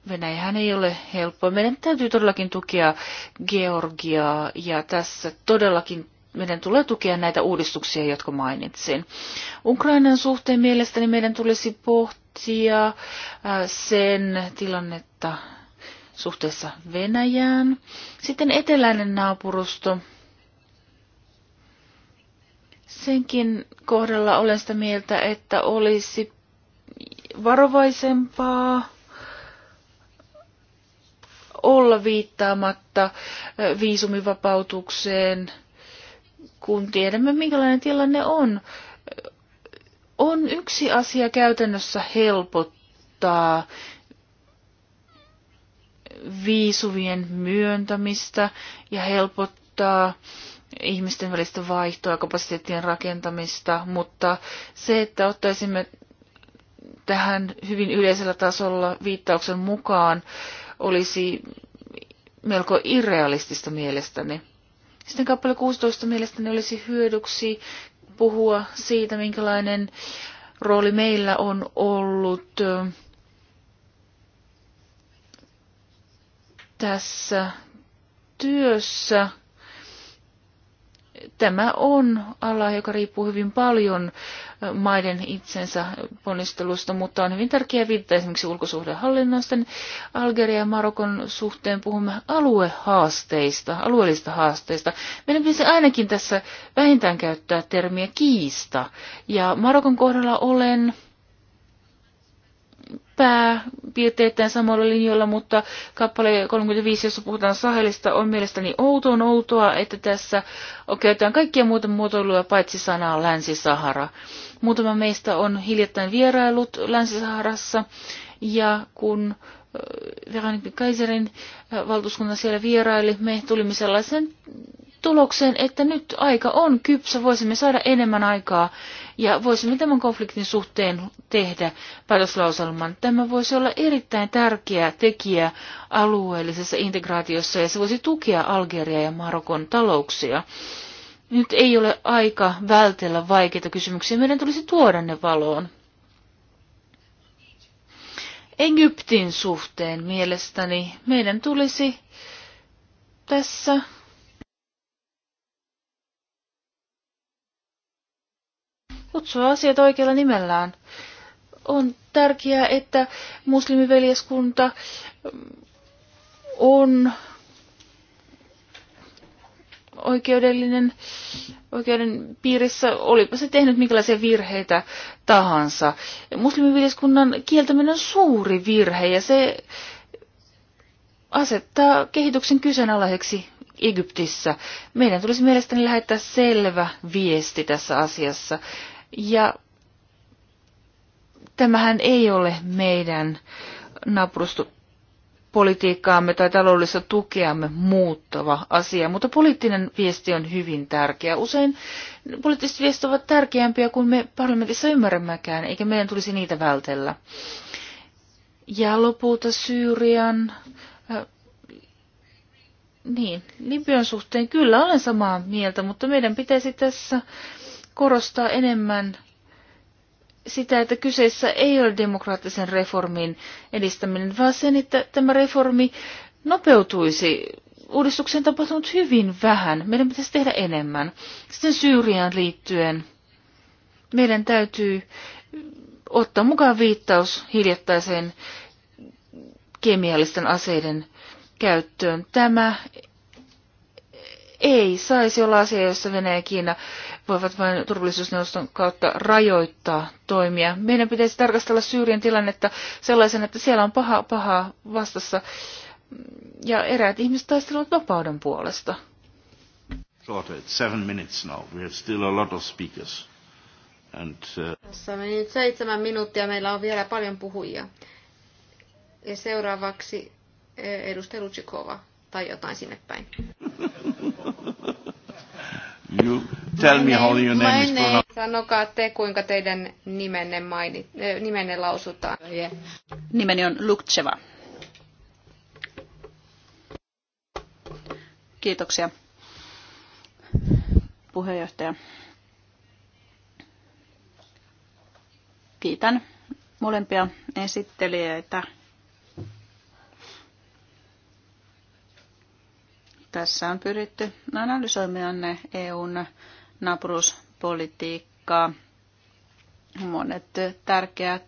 Venäjähän ei ole helppoa. Meidän täytyy todellakin tukea Georgiaa ja tässä todellakin meidän tulee tukea näitä uudistuksia, jotka mainitsin. Ukrainan suhteen mielestäni meidän tulisi pohtia äh, sen tilannetta suhteessa Venäjään. Sitten eteläinen naapurusto. Senkin kohdalla olen sitä mieltä, että olisi varovaisempaa olla viittaamatta viisumivapautukseen, kun tiedämme, minkälainen tilanne on. On yksi asia käytännössä helpottaa viisuvien myöntämistä ja helpottaa ihmisten välistä vaihtoa, kapasiteettien rakentamista, mutta se, että ottaisimme tähän hyvin yleisellä tasolla viittauksen mukaan, olisi melko irrealistista mielestäni. Sitten kappale 16 mielestäni olisi hyödyksi puhua siitä, minkälainen rooli meillä on ollut tässä työssä. Tämä on ala, joka riippuu hyvin paljon maiden itsensä ponnistelusta, mutta on hyvin tärkeää viittaa esimerkiksi ulkosuhdehallinnoista. Algeria ja Marokon suhteen puhumme aluehaasteista, alueellista haasteista. Meidän pitäisi ainakin tässä vähintään käyttää termiä kiista. Ja Marokon kohdalla olen pääpiirteittäin samoilla linjoilla, mutta kappale 35, jossa puhutaan Sahelista, on mielestäni outoon outoa, että tässä käytetään kaikkia muuta muotoiluja paitsi sanaa Länsi-Sahara. Muutama meistä on hiljattain vierailut Länsi-Saharassa ja kun äh, Veronika Kaiserin äh, valtuuskunta siellä vieraili, me tulimme sellaisen tulokseen, että nyt aika on kypsä, voisimme saada enemmän aikaa ja voisimme tämän konfliktin suhteen tehdä päätöslauselman. Tämä voisi olla erittäin tärkeä tekijä alueellisessa integraatiossa ja se voisi tukea Algeria ja Marokon talouksia. Nyt ei ole aika vältellä vaikeita kysymyksiä, meidän tulisi tuoda ne valoon. Egyptin suhteen mielestäni meidän tulisi tässä kutsua asiat oikealla nimellään. On tärkeää, että muslimiveljeskunta mm, on oikeudellinen oikeuden piirissä, olipa se tehnyt minkälaisia virheitä tahansa. Muslimiviljeskunnan kieltäminen on suuri virhe ja se asettaa kehityksen kyseenalaiseksi Egyptissä. Meidän tulisi mielestäni lähettää selvä viesti tässä asiassa. Ja tämähän ei ole meidän naapuruspolitiikkaamme tai taloudellista tukeamme muuttava asia, mutta poliittinen viesti on hyvin tärkeä. Usein poliittiset viestit ovat tärkeämpiä kuin me parlamentissa ymmärrämmekään, eikä meidän tulisi niitä vältellä. Ja lopulta Syyrian, äh, niin, Libyan suhteen kyllä olen samaa mieltä, mutta meidän pitäisi tässä äh, korostaa enemmän sitä, että kyseessä ei ole demokraattisen reformin edistäminen, vaan sen, että tämä reformi nopeutuisi. Uudistuksen tapahtunut hyvin vähän. Meidän pitäisi tehdä enemmän. Sitten Syyriaan liittyen meidän täytyy ottaa mukaan viittaus hiljattaiseen kemiallisten aseiden käyttöön. Tämä ei saisi olla asia, jossa Venäjä ja Kiina voivat vain turvallisuusneuvoston kautta rajoittaa toimia. Meidän pitäisi tarkastella Syyrian tilannetta sellaisen, että siellä on paha, paha vastassa ja eräät ihmiset taistelevat vapauden puolesta. Uh, Tässä meni nyt seitsemän minuuttia. Meillä on vielä paljon puhujia. Ja seuraavaksi eh, edustaja Lutsikova tai jotain sinne päin. You tell me how your name is pronounced. Sanokaa te, kuinka teidän nimenne, mainit, eh, nimenne lausutaan. Yeah. Nimeni on Lukcheva. Kiitoksia, puheenjohtaja. Kiitän molempia esittelijöitä Tässä on pyritty analysoimaan EUn naapuruspolitiikkaa. Monet tärkeät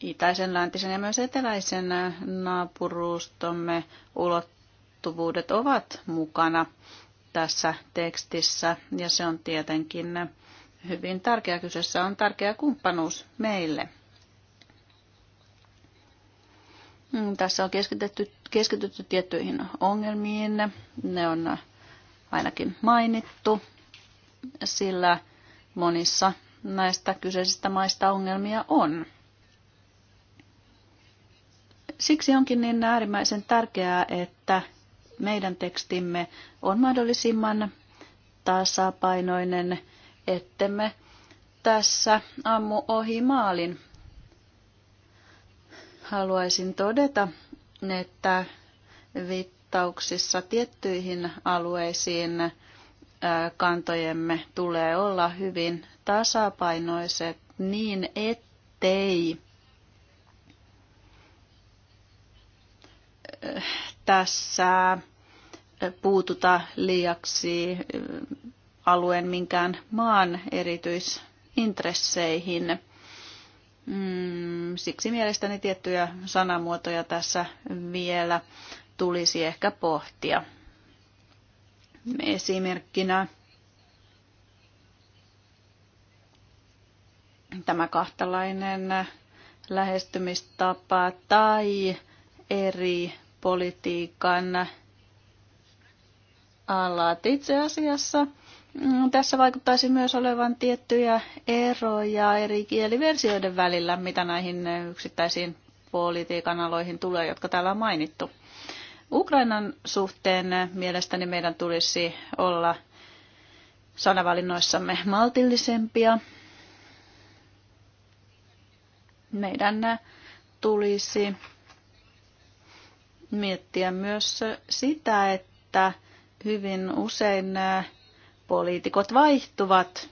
itäisen, läntisen ja myös eteläisen naapuruustomme ulottuvuudet ovat mukana tässä tekstissä ja se on tietenkin hyvin tärkeä. Kyseessä on tärkeä kumppanuus meille. Mm, tässä on keskitetty keskitytty tiettyihin ongelmiin. Ne on ainakin mainittu, sillä monissa näistä kyseisistä maista ongelmia on. Siksi onkin niin äärimmäisen tärkeää, että meidän tekstimme on mahdollisimman tasapainoinen, ettemme tässä ammu ohi maalin. Haluaisin todeta, että viittauksissa tiettyihin alueisiin kantojemme tulee olla hyvin tasapainoiset niin, ettei tässä puututa liiaksi alueen minkään maan erityisintresseihin. Mm. Siksi mielestäni tiettyjä sanamuotoja tässä vielä tulisi ehkä pohtia. Esimerkkinä tämä kahtalainen lähestymistapa tai eri politiikan alat. Itse asiassa Mm, tässä vaikuttaisi myös olevan tiettyjä eroja eri kieliversioiden välillä, mitä näihin yksittäisiin politiikan aloihin tulee, jotka täällä on mainittu. Ukrainan suhteen mielestäni meidän tulisi olla sanavalinnoissamme maltillisempia. Meidän tulisi miettiä myös sitä, että hyvin usein poliitikot vaihtuvat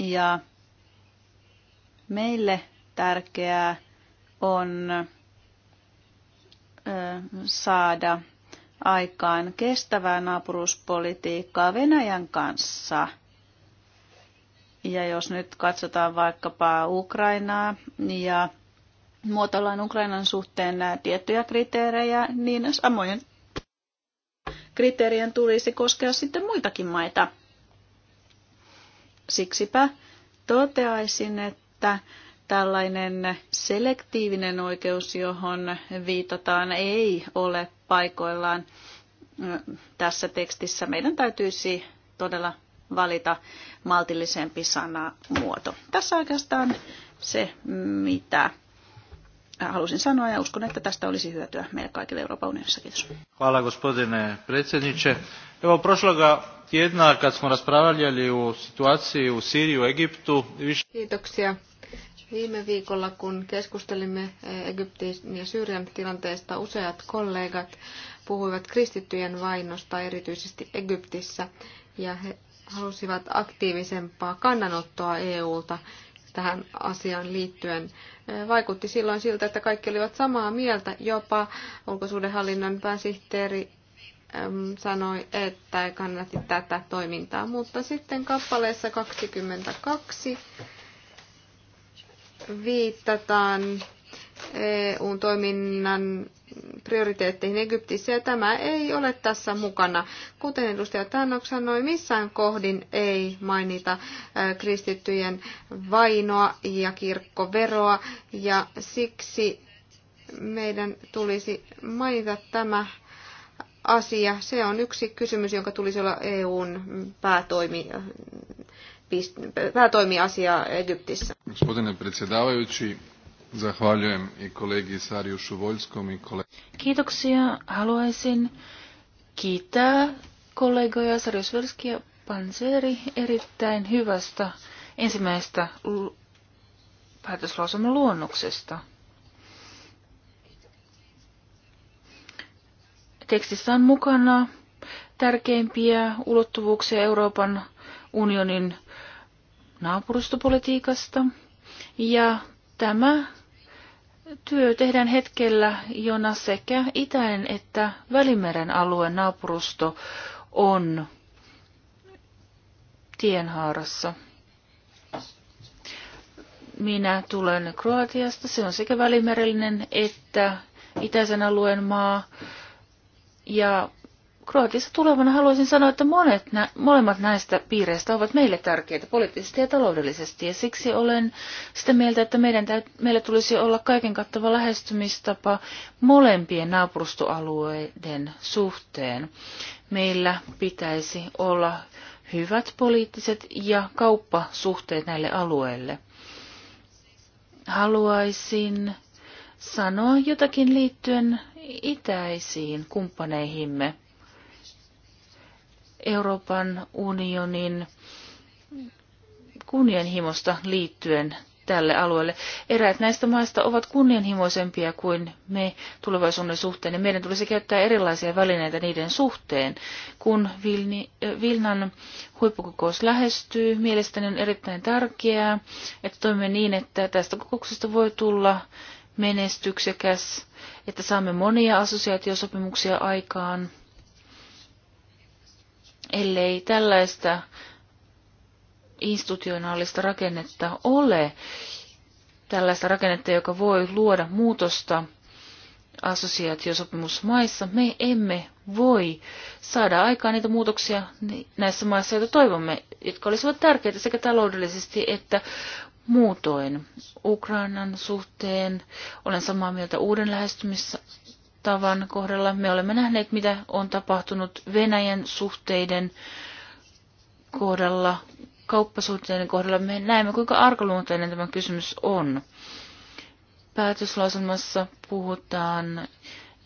ja meille tärkeää on saada aikaan kestävää naapuruuspolitiikkaa Venäjän kanssa. Ja jos nyt katsotaan vaikkapa Ukrainaa ja muotoillaan Ukrainan suhteen tiettyjä kriteerejä, niin samojen kriteerien tulisi koskea sitten muitakin maita. Siksipä toteaisin, että tällainen selektiivinen oikeus, johon viitataan, ei ole paikoillaan tässä tekstissä. Meidän täytyisi todella valita maltillisempi sanamuoto. Tässä oikeastaan se, mitä halusin sanoa ja uskon, että tästä olisi hyötyä meille kaikille Euroopan unionissa. Kiitos. Hvala gospodine predsjedniče. Evo, prošloga tjedna kad smo raspravljali o situaciji u u Egiptu... Više... Kiitoksia. Viime viikolla, kun keskustelimme e, Egyptin ja Syyrian tilanteesta, useat kollegat puhuivat kristittyjen vainosta, erityisesti Egyptissä, ja he halusivat aktiivisempaa kannanottoa EU-ta tähän asiaan liittyen. E, vaikutti silloin siltä, että kaikki olivat samaa mieltä, jopa ulkosuudenhallinnon pääsihteeri sanoi, että ei kannatti tätä toimintaa. Mutta sitten kappaleessa 22 viittataan EUn toiminnan prioriteetteihin Egyptissä, ja tämä ei ole tässä mukana. Kuten edustaja Tannok sanoi, missään kohdin ei mainita kristittyjen vainoa ja kirkkoveroa, ja siksi meidän tulisi mainita tämä asia. Se on yksi kysymys, jonka tulisi olla EUn päätoimi, päätoimiasia Egyptissä. Kiitoksia. Haluaisin kiittää kollegoja Sarjus ja Panzeri erittäin hyvästä ensimmäistä päätöslausuman luonnoksesta. Tekstissä on mukana tärkeimpiä ulottuvuuksia Euroopan unionin naapurustopolitiikasta Ja tämä työ tehdään hetkellä, jona sekä Itäen että Välimeren alueen naapurusto on tienhaarassa. Minä tulen Kroatiasta. Se on sekä välimerellinen että itäisen alueen maa. Ja Kroatiassa tulevana haluaisin sanoa, että monet, nä, molemmat näistä piireistä ovat meille tärkeitä poliittisesti ja taloudellisesti. Ja siksi olen sitä mieltä, että meidän täyt, meillä tulisi olla kaiken kattava lähestymistapa molempien naapurustoalueiden suhteen. Meillä pitäisi olla hyvät poliittiset ja kauppasuhteet näille alueille. Haluaisin sanoa jotakin liittyen itäisiin kumppaneihimme. Euroopan unionin kunnianhimosta liittyen tälle alueelle. Eräät näistä maista ovat kunnianhimoisempia kuin me tulevaisuuden suhteen, ja meidän tulisi käyttää erilaisia välineitä niiden suhteen. Kun Vilni, äh, Vilnan huippukokous lähestyy, mielestäni on erittäin tärkeää, että toimimme niin, että tästä kokouksesta voi tulla menestyksekäs, että saamme monia assosiaatiosopimuksia aikaan, ellei tällaista institutionaalista rakennetta ole, tällaista rakennetta, joka voi luoda muutosta assosiaatiosopimusmaissa, me emme voi saada aikaan niitä muutoksia näissä maissa, joita toivomme, jotka olisivat tärkeitä sekä taloudellisesti että muutoin. Ukrainan suhteen olen samaa mieltä uuden lähestymistavan kohdalla. Me olemme nähneet, mitä on tapahtunut Venäjän suhteiden kohdalla, kauppasuhteiden kohdalla. Me näemme, kuinka arkaluonteinen tämä kysymys on. Päätöslauselmassa puhutaan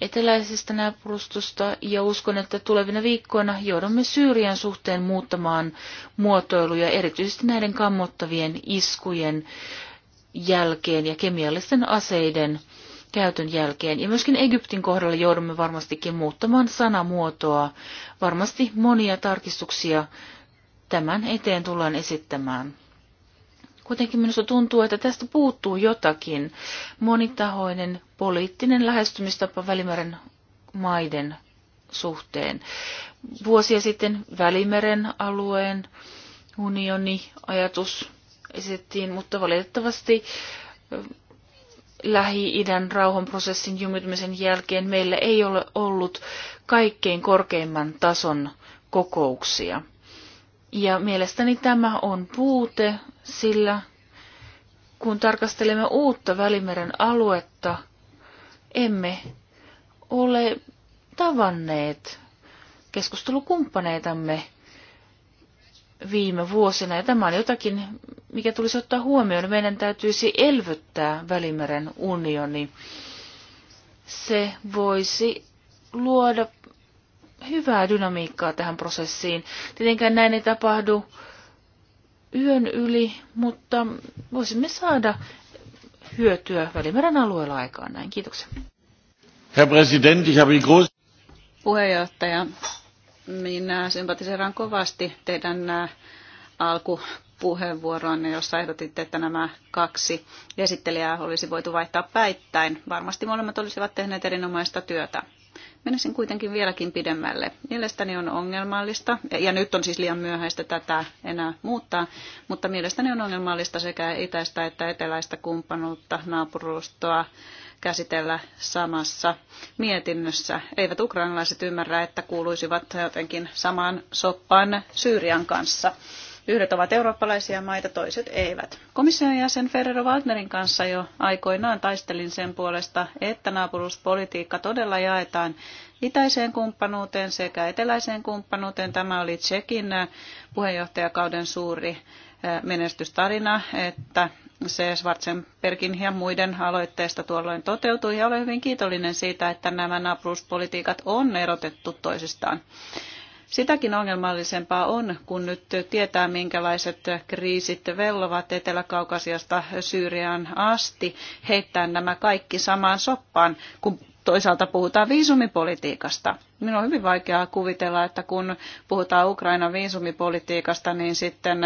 eteläisestä naapurustosta ja uskon, että tulevina viikkoina joudumme Syyrian suhteen muuttamaan muotoiluja erityisesti näiden kammottavien iskujen jälkeen ja kemiallisten aseiden käytön jälkeen. Ja myöskin Egyptin kohdalla joudumme varmastikin muuttamaan sanamuotoa. Varmasti monia tarkistuksia tämän eteen tullaan esittämään. Kuitenkin minusta tuntuu, että tästä puuttuu jotakin monitahoinen poliittinen lähestymistapa Välimeren maiden suhteen. Vuosia sitten Välimeren alueen unioni ajatus esitettiin, mutta valitettavasti ähm, Lähi-idän rauhanprosessin jumitumisen jälkeen meillä ei ole ollut kaikkein korkeimman tason kokouksia. Ja mielestäni tämä on puute, sillä kun tarkastelemme uutta Välimeren aluetta, emme ole tavanneet keskustelukumppaneitamme viime vuosina. Ja tämä on jotakin, mikä tulisi ottaa huomioon. Meidän täytyisi elvyttää Välimeren unioni. Se voisi luoda hyvää dynamiikkaa tähän prosessiin. Tietenkään näin ei tapahdu yön yli, mutta voisimme saada hyötyä Välimeren alueella aikaan näin. Kiitoksia. Herr Präsident, ich habe groß... Puheenjohtaja, minä sympatiseeran kovasti teidän äh, alkupuheenvuoroanne, jossa ehdotitte, että nämä kaksi esittelijää olisi voitu vaihtaa päittäin. Varmasti molemmat olisivat tehneet erinomaista työtä. Menisin kuitenkin vieläkin pidemmälle. Mielestäni on ongelmallista, ja nyt on siis liian myöhäistä tätä enää muuttaa, mutta mielestäni on ongelmallista sekä itäistä että eteläistä kumppanuutta, naapurustoa käsitellä samassa mietinnössä. Eivät ukrainalaiset ymmärrä, että kuuluisivat jotenkin samaan soppaan Syyrian kanssa. Yhdet ovat eurooppalaisia maita, toiset eivät. Komission jäsen Ferrero Waldnerin kanssa jo aikoinaan taistelin sen puolesta, että naapuruuspolitiikka todella jaetaan itäiseen kumppanuuteen sekä eteläiseen kumppanuuteen. Tämä oli Tsekin äh, puheenjohtajakauden suuri äh, menestystarina, että se Schwarzenbergin ja muiden aloitteesta tuolloin toteutui ja olen hyvin kiitollinen siitä, että nämä naapuruuspolitiikat on erotettu toisistaan. Sitäkin ongelmallisempaa on, kun nyt tietää, minkälaiset kriisit vellovat Etelä-Kaukasiasta Syyriaan asti, heittää nämä kaikki samaan soppaan, kun toisaalta puhutaan viisumipolitiikasta. Minun on hyvin vaikeaa kuvitella, että kun puhutaan Ukrainan viisumipolitiikasta, niin sitten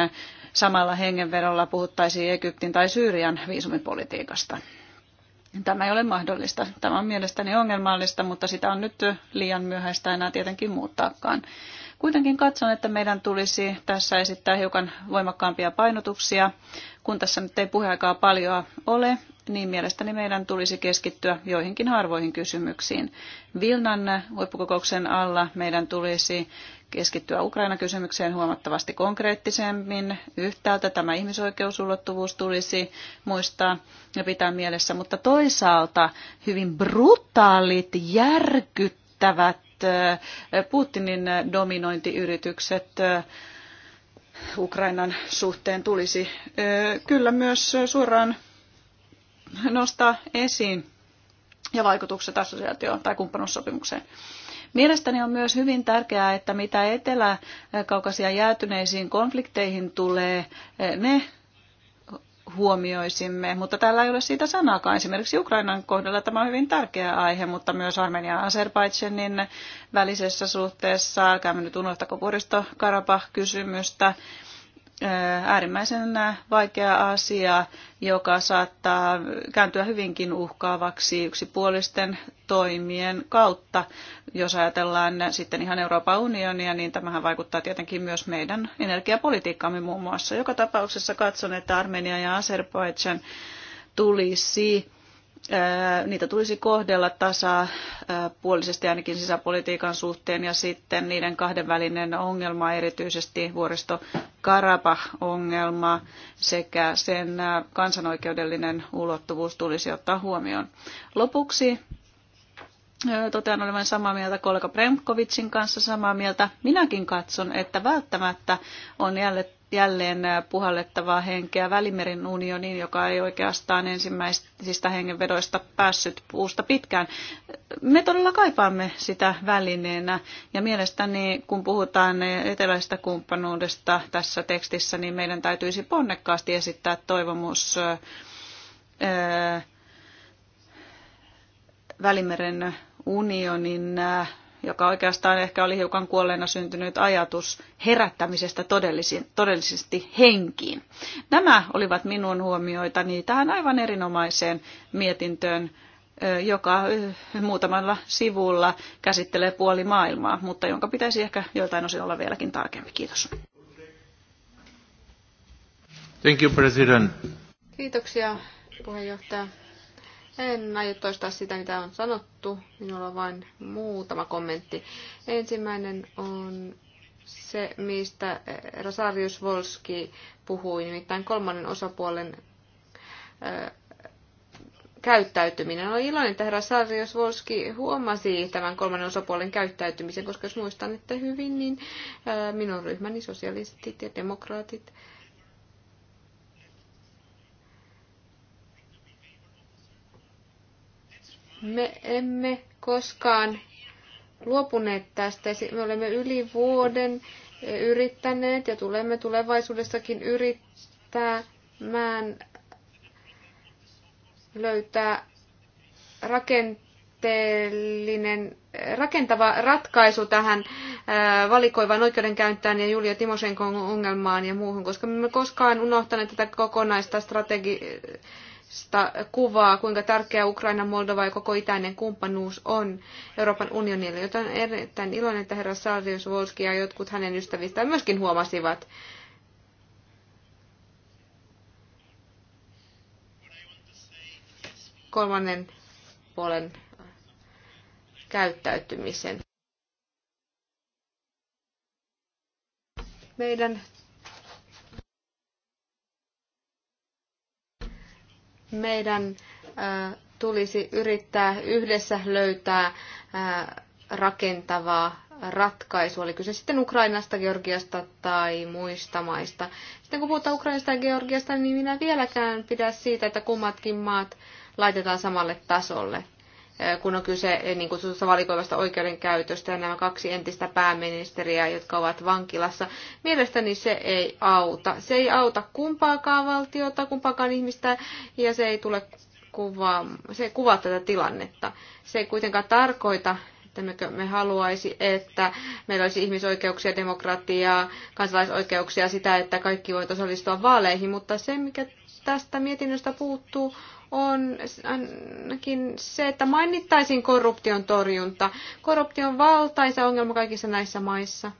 samalla hengenvedolla puhuttaisiin Egyptin tai Syyrian viisumipolitiikasta. Tämä ei ole mahdollista. Tämä on mielestäni ongelmallista, mutta sitä on nyt liian myöhäistä enää tietenkin muuttaakaan. Kuitenkin katson, että meidän tulisi tässä esittää hiukan voimakkaampia painotuksia. Kun tässä nyt ei puheaikaa paljon ole, niin mielestäni meidän tulisi keskittyä joihinkin harvoihin kysymyksiin. Vilnan huippukokouksen alla meidän tulisi keskittyä Ukraina-kysymykseen huomattavasti konkreettisemmin. Yhtäältä tämä ihmisoikeusulottuvuus tulisi muistaa ja pitää mielessä, mutta toisaalta hyvin brutaalit, järkyttävät eh, Putinin dominointiyritykset eh, Ukrainan suhteen tulisi eh, kyllä myös suoraan nostaa esiin ja vaikutukset assosiaatioon tai kumppanuussopimukseen. Mielestäni on myös hyvin tärkeää, että mitä eteläkaukasia jäätyneisiin konflikteihin tulee, ne huomioisimme, mutta täällä ei ole siitä sanaakaan. Esimerkiksi Ukrainan kohdalla tämä on hyvin tärkeä aihe, mutta myös Armenian ja Azerbaidžanin välisessä suhteessa. Älkäämme nyt unohtako vuoristo Karabah-kysymystä äärimmäisen vaikea asia, joka saattaa kääntyä hyvinkin uhkaavaksi yksipuolisten toimien kautta. Jos ajatellaan sitten ihan Euroopan unionia, niin tämähän vaikuttaa tietenkin myös meidän energiapolitiikkaamme muun muassa. Joka tapauksessa katson, että Armenia ja Azerbaidžan tulisi niitä tulisi kohdella tasapuolisesti ainakin sisäpolitiikan suhteen ja sitten niiden kahdenvälinen ongelma, erityisesti vuoristo Karabah-ongelma sekä sen kansanoikeudellinen ulottuvuus tulisi ottaa huomioon. Lopuksi totean olevan samaa mieltä kollega Premkovicin kanssa samaa mieltä. Minäkin katson, että välttämättä on jälleen jälleen äh, puhallettavaa henkeä Välimeren unioniin, joka ei oikeastaan ensimmäisistä hengenvedoista päässyt puusta pitkään. Me todella kaipaamme sitä välineenä ja mielestäni kun puhutaan eteläisestä kumppanuudesta tässä tekstissä, niin meidän täytyisi ponnekkaasti esittää toivomus äh, äh, Välimeren unionin joka oikeastaan ehkä oli hiukan kuolleena syntynyt ajatus herättämisestä todellisesti henkiin. Nämä olivat minun huomioitani tähän aivan erinomaiseen mietintöön, joka muutamalla sivulla käsittelee puoli maailmaa, mutta jonka pitäisi ehkä joiltain osin olla vieläkin tarkempi. Kiitos. Thank you, President. Kiitoksia, puheenjohtaja. En aio toistaa sitä, mitä on sanottu. Minulla on vain muutama kommentti. Ensimmäinen on se, mistä Rasarius Volski puhui, nimittäin kolmannen osapuolen käyttäytyminen. Olen iloinen, että herra Sarjos Volski huomasi tämän kolmannen osapuolen käyttäytymisen, koska jos muistan, että hyvin, niin minun ryhmäni, sosialistit ja demokraatit, Me emme koskaan luopuneet tästä. Me olemme yli vuoden eh, yrittäneet ja tulemme tulevaisuudessakin yrittämään löytää rakenteellinen, eh, rakentava ratkaisu tähän eh, valikoivaan oikeudenkäyntään ja Julia Timosenkon ongelmaan ja muuhun, koska me emme koskaan unohtaneet tätä kokonaista strategi- kuvaa, kuinka tärkeä Ukraina, Moldova ja koko itäinen kumppanuus on Euroopan unionille, joten on erittäin iloinen, että herra Sarjus Volski ja jotkut hänen ystävistään myöskin huomasivat. kolmannen puolen käyttäytymisen. Meidän Meidän tulisi yrittää yhdessä löytää rakentavaa ratkaisua, oli kyse sitten Ukrainasta, Georgiasta tai muista maista. Sitten kun puhutaan Ukrainasta ja Georgiasta, niin minä vieläkään pidä siitä, että kummatkin maat laitetaan samalle tasolle kun on kyse eh, niin kutsutusta valikoivasta oikeudenkäytöstä ja nämä kaksi entistä pääministeriä, jotka ovat vankilassa. Mielestäni se ei auta. Se ei auta kumpaakaan valtiota, kumpaakaan ihmistä ja se ei tule kuvaa, se ei kuvaa tätä tilannetta. Se ei kuitenkaan tarkoita, että me, me haluaisi, että meillä olisi ihmisoikeuksia, demokratiaa, kansalaisoikeuksia, sitä, että kaikki voivat osallistua vaaleihin, mutta se, mikä tästä mietinnöstä puuttuu, on ainakin se, että mainittaisiin korruption torjunta. Korruptio on valtaisa ongelma kaikissa näissä maissa.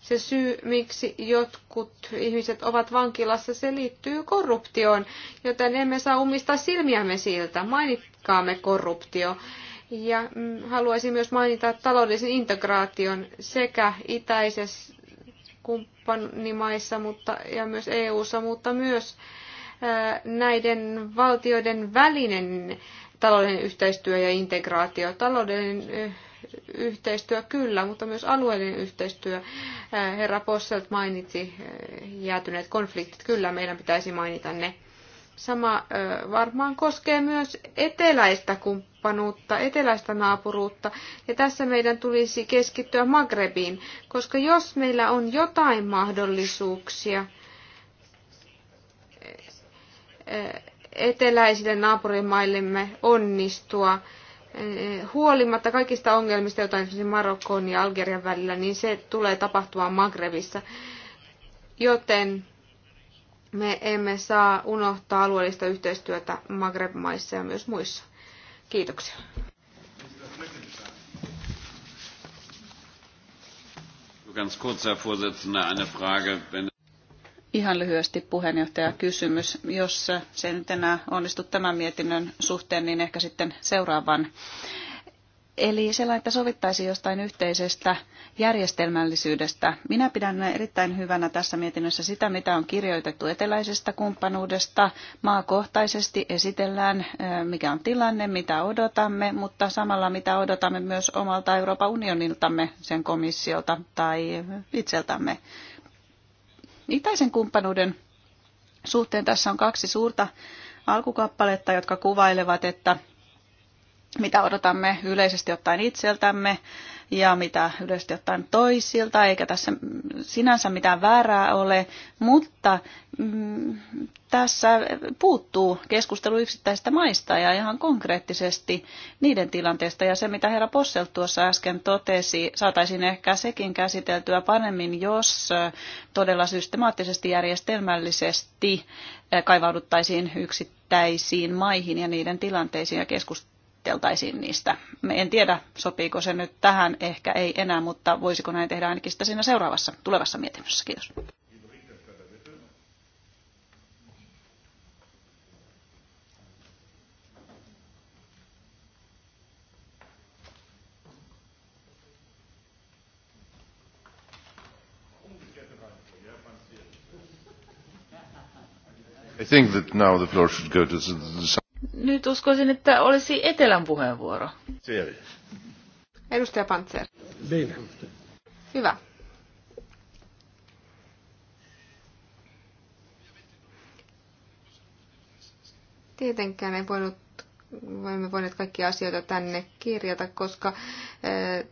se syy, miksi jotkut ihmiset ovat vankilassa, se liittyy korruptioon, joten emme saa umistaa silmiämme siltä. Mainitkaamme korruptio. Ja mm, haluaisin myös mainita taloudellisen integraation sekä itäisessä kumppanimaissa mutta, ja myös EU:ssa, mutta myös näiden valtioiden välinen taloudellinen yhteistyö ja integraatio. Taloudellinen yhteistyö kyllä, mutta myös alueellinen yhteistyö. Herra Posselt mainitsi jäätyneet konfliktit. Kyllä, meidän pitäisi mainita ne. Sama varmaan koskee myös eteläistä kumppanuutta, eteläistä naapuruutta. Ja tässä meidän tulisi keskittyä Magrebiin, koska jos meillä on jotain mahdollisuuksia eteläisille naapurimaillemme onnistua, huolimatta kaikista ongelmista, joita esimerkiksi Marokkoon ja Algerian välillä, niin se tulee tapahtumaan Magrebissa. Joten me emme saa unohtaa alueellista yhteistyötä Maghreb-maissa ja myös muissa. Kiitoksia. Ihan lyhyesti puheenjohtaja kysymys. Jos se nyt enää onnistu tämän mietinnön suhteen, niin ehkä sitten seuraavan Eli sellainen, että sovittaisiin jostain yhteisestä järjestelmällisyydestä. Minä pidän erittäin hyvänä tässä mietinnössä sitä, mitä on kirjoitettu eteläisestä kumppanuudesta. Maakohtaisesti esitellään, mikä on tilanne, mitä odotamme, mutta samalla mitä odotamme myös omalta Euroopan unioniltamme, sen komissiolta tai itseltämme. Itäisen kumppanuuden suhteen tässä on kaksi suurta alkukappaletta, jotka kuvailevat, että mitä odotamme yleisesti ottaen itseltämme ja mitä yleisesti ottaen toisilta, eikä tässä sinänsä mitään väärää ole, mutta mm, tässä puuttuu keskustelu yksittäisistä maista ja ihan konkreettisesti niiden tilanteesta. Ja se, mitä herra Possel tuossa äsken totesi, saataisiin ehkä sekin käsiteltyä paremmin, jos todella systemaattisesti järjestelmällisesti eh, kaivauduttaisiin yksittäisiin maihin ja niiden tilanteisiin ja keskusteluun neuvotteltaisiin niistä. En tiedä, sopiiko se nyt tähän, ehkä ei enää, mutta voisiko näin tehdä ainakin sitä siinä seuraavassa, tulevassa mietinnössä. Kiitos. I think that now the floor should go to the nyt uskoisin, että olisi Etelän puheenvuoro. Siellä. Edustaja Pantser. Niin. Hyvä. Tietenkään ei voinut, voimme voineet kaikki asioita tänne kirjata, koska eh,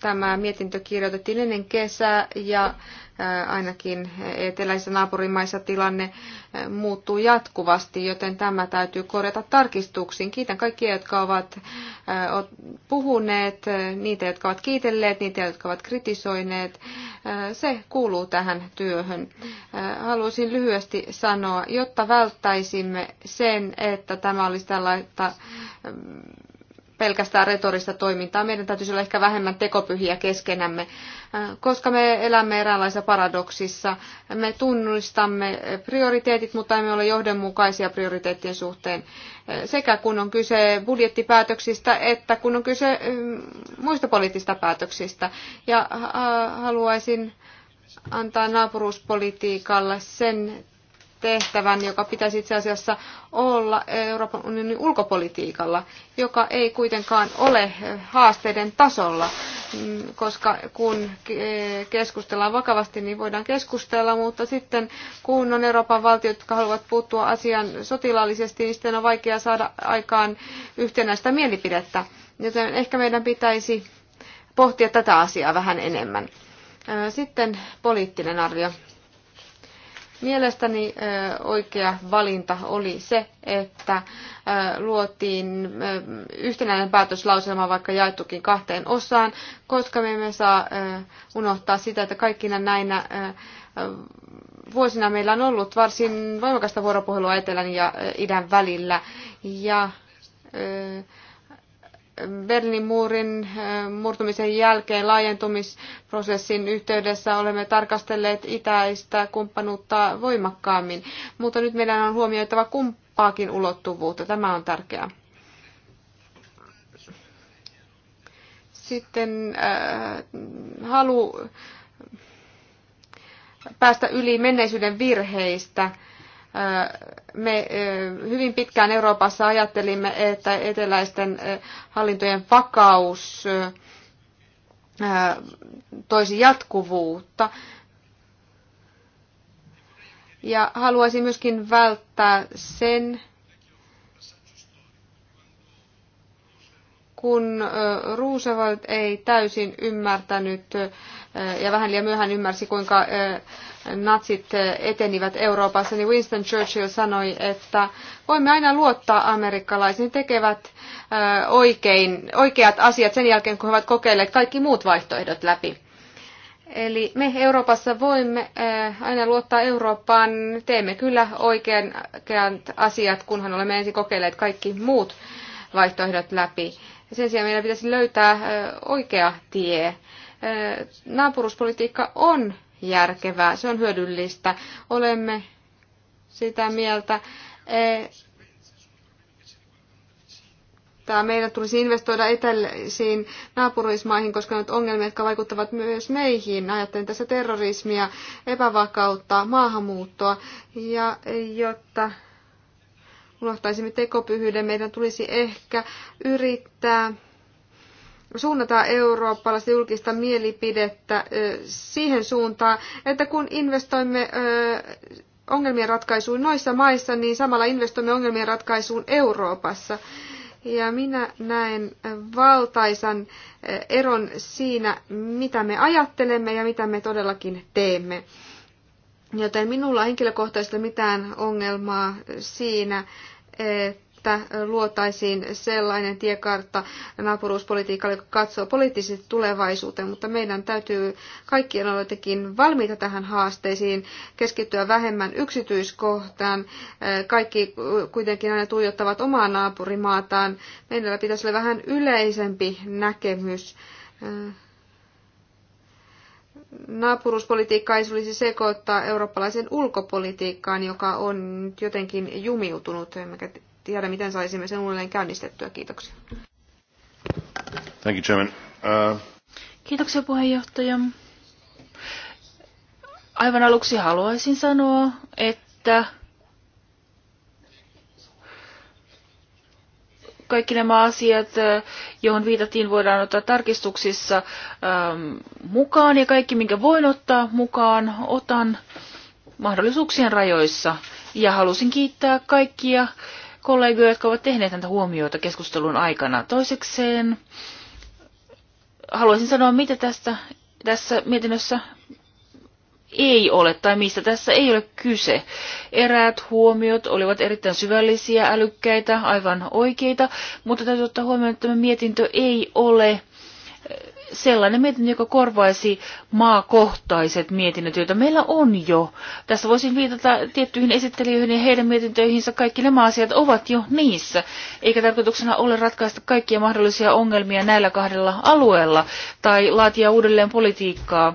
tämä mietintö kirjoitettiin ennen kesää ja eh, ainakin eteläisissä naapurimaissa tilanne eh, muuttuu jatkuvasti, joten tämä täytyy korjata tarkistuksiin. Kiitän kaikkia, jotka ovat puhuneet, niitä, jotka ovat kiitelleet, niitä, jotka ovat kritisoineet. Se kuuluu tähän työhön. Haluaisin lyhyesti sanoa, jotta välttäisimme sen, että tämä olisi tällaista pelkästään retorista toimintaa. Meidän täytyisi olla ehkä vähemmän tekopyhiä keskenämme, äh, koska me elämme eräänlaisessa paradoksissa. Me tunnistamme prioriteetit, mutta emme ole johdonmukaisia prioriteettien suhteen äh, sekä kun on kyse budjettipäätöksistä että kun on kyse mm, muista poliittisista päätöksistä. Ja haluaisin antaa naapuruuspolitiikalle sen tehtävän, joka pitäisi itse asiassa olla Euroopan unionin ulkopolitiikalla, joka ei kuitenkaan ole haasteiden tasolla, mm, koska kun keskustellaan vakavasti, niin voidaan keskustella, mutta sitten kun on Euroopan valtiot, jotka haluavat puuttua asian sotilaallisesti, niin sitten on vaikea saada aikaan yhtenäistä mielipidettä. Joten ehkä meidän pitäisi pohtia tätä asiaa vähän enemmän. Sitten poliittinen arvio. Mielestäni oikea valinta oli se, että luotiin yhtenäinen päätöslauselma vaikka jaettukin kahteen osaan, koska me emme saa unohtaa sitä, että kaikkina näinä vuosina meillä on ollut varsin voimakasta vuoropuhelua etelän ja idän välillä. Ja Berliinin muurin äh, murtumisen jälkeen laajentumisprosessin yhteydessä olemme tarkastelleet itäistä kumppanuutta voimakkaammin, mutta nyt meidän on huomioitava kumppaakin ulottuvuutta. Tämä on tärkeää. Sitten äh, halu päästä yli menneisyyden virheistä me hyvin pitkään Euroopassa ajattelimme, että eteläisten hallintojen vakaus toisi jatkuvuutta. Ja haluaisin myöskin välttää sen, kun Roosevelt ei täysin ymmärtänyt ja vähän liian myöhään ymmärsi, kuinka natsit etenivät Euroopassa, niin Winston Churchill sanoi, että voimme aina luottaa amerikkalaisiin, tekevät oikein, oikeat asiat sen jälkeen, kun he ovat kokeilleet kaikki muut vaihtoehdot läpi. Eli me Euroopassa voimme aina luottaa Eurooppaan, teemme kyllä oikeat asiat, kunhan olemme ensin kokeilleet kaikki muut vaihtoehdot läpi. Sen sijaan meidän pitäisi löytää oikea tie. Naapuruspolitiikka on järkevää, se on hyödyllistä. Olemme sitä mieltä, että meidän tulisi investoida etelisiin naapurismaihin, koska nyt ongelmia, jotka vaikuttavat myös meihin. Ajattelen tässä terrorismia, epävakautta, maahanmuuttoa. Ja jotta unohtaisimme tekopyhyyden, meidän tulisi ehkä yrittää suunnata eurooppalaista julkista mielipidettä siihen suuntaan, että kun investoimme ongelmien ratkaisuun noissa maissa, niin samalla investoimme ongelmien ratkaisuun Euroopassa. Ja minä näen valtaisan eron siinä, mitä me ajattelemme ja mitä me todellakin teemme. Joten minulla henkilökohtaisesti mitään ongelmaa siinä, että että luotaisiin sellainen tiekartta naapuruuspolitiikalle, joka katsoo poliittisesti tulevaisuuteen, mutta meidän täytyy kaikkien olla jotenkin valmiita tähän haasteisiin, keskittyä vähemmän yksityiskohtaan. Kaikki kuitenkin aina tuijottavat omaa naapurimaataan. Meillä pitäisi olla vähän yleisempi näkemys naapuruuspolitiikka ei olisi sekoittaa eurooppalaisen ulkopolitiikkaan, joka on jotenkin jumiutunut, tiedä, miten saisimme sen uudelleen käynnistettyä. Kiitoksia. Thank you, Chairman. Uh... Kiitoksia puheenjohtaja. Aivan aluksi haluaisin sanoa, että kaikki nämä asiat, johon viitattiin, voidaan ottaa tarkistuksissa ähm, mukaan ja kaikki, minkä voin ottaa mukaan, otan mahdollisuuksien rajoissa. Ja halusin kiittää kaikkia kollegoja, jotka ovat tehneet tätä huomioita keskustelun aikana. Toisekseen haluaisin sanoa, mitä tästä, tässä mietinnössä ei ole tai mistä tässä ei ole kyse. Eräät huomiot olivat erittäin syvällisiä, älykkäitä, aivan oikeita, mutta täytyy ottaa huomioon, että tämä mietintö ei ole sellainen mietintö, joka korvaisi maakohtaiset mietinnöt, joita meillä on jo. Tässä voisin viitata tiettyihin esittelijöihin ja heidän mietintöihinsä. Kaikki nämä asiat ovat jo niissä, eikä tarkoituksena ole ratkaista kaikkia mahdollisia ongelmia näillä kahdella alueella tai laatia uudelleen politiikkaa.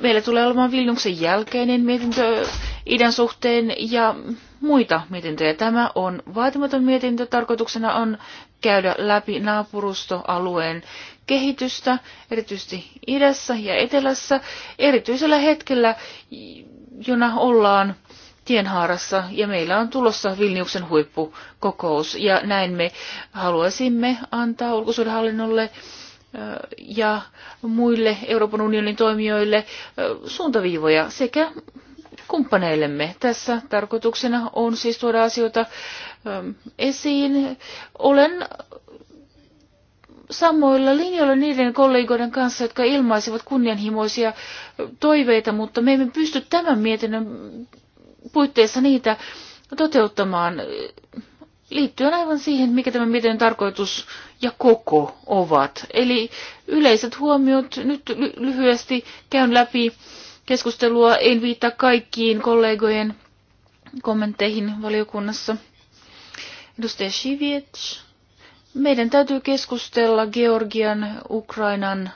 Meillä tulee olemaan Vilniuksen jälkeinen mietintö idän suhteen ja muita mietintöjä. Tämä on vaatimaton mietintö. Tarkoituksena on käydä läpi naapurustoalueen kehitystä, erityisesti idässä ja etelässä, erityisellä hetkellä, jona ollaan tienhaarassa ja meillä on tulossa Vilniuksen huippukokous ja näin me haluaisimme antaa ulkosuudenhallinnolle ja muille Euroopan unionin toimijoille suuntaviivoja sekä kumppaneillemme. Tässä tarkoituksena on siis tuoda asioita Ähm, esiin. Olen samoilla linjoilla niiden kollegoiden kanssa, jotka ilmaisivat kunnianhimoisia äh, toiveita, mutta me emme pysty tämän mietinnön puitteissa niitä toteuttamaan liittyen aivan siihen, mikä tämä mietinnön tarkoitus ja koko ovat. Eli yleiset huomiot, nyt lyhyesti käyn läpi keskustelua, en viittaa kaikkiin kollegojen kommentteihin valiokunnassa. Edustaja Sivietz. meidän täytyy keskustella Georgian, Ukrainan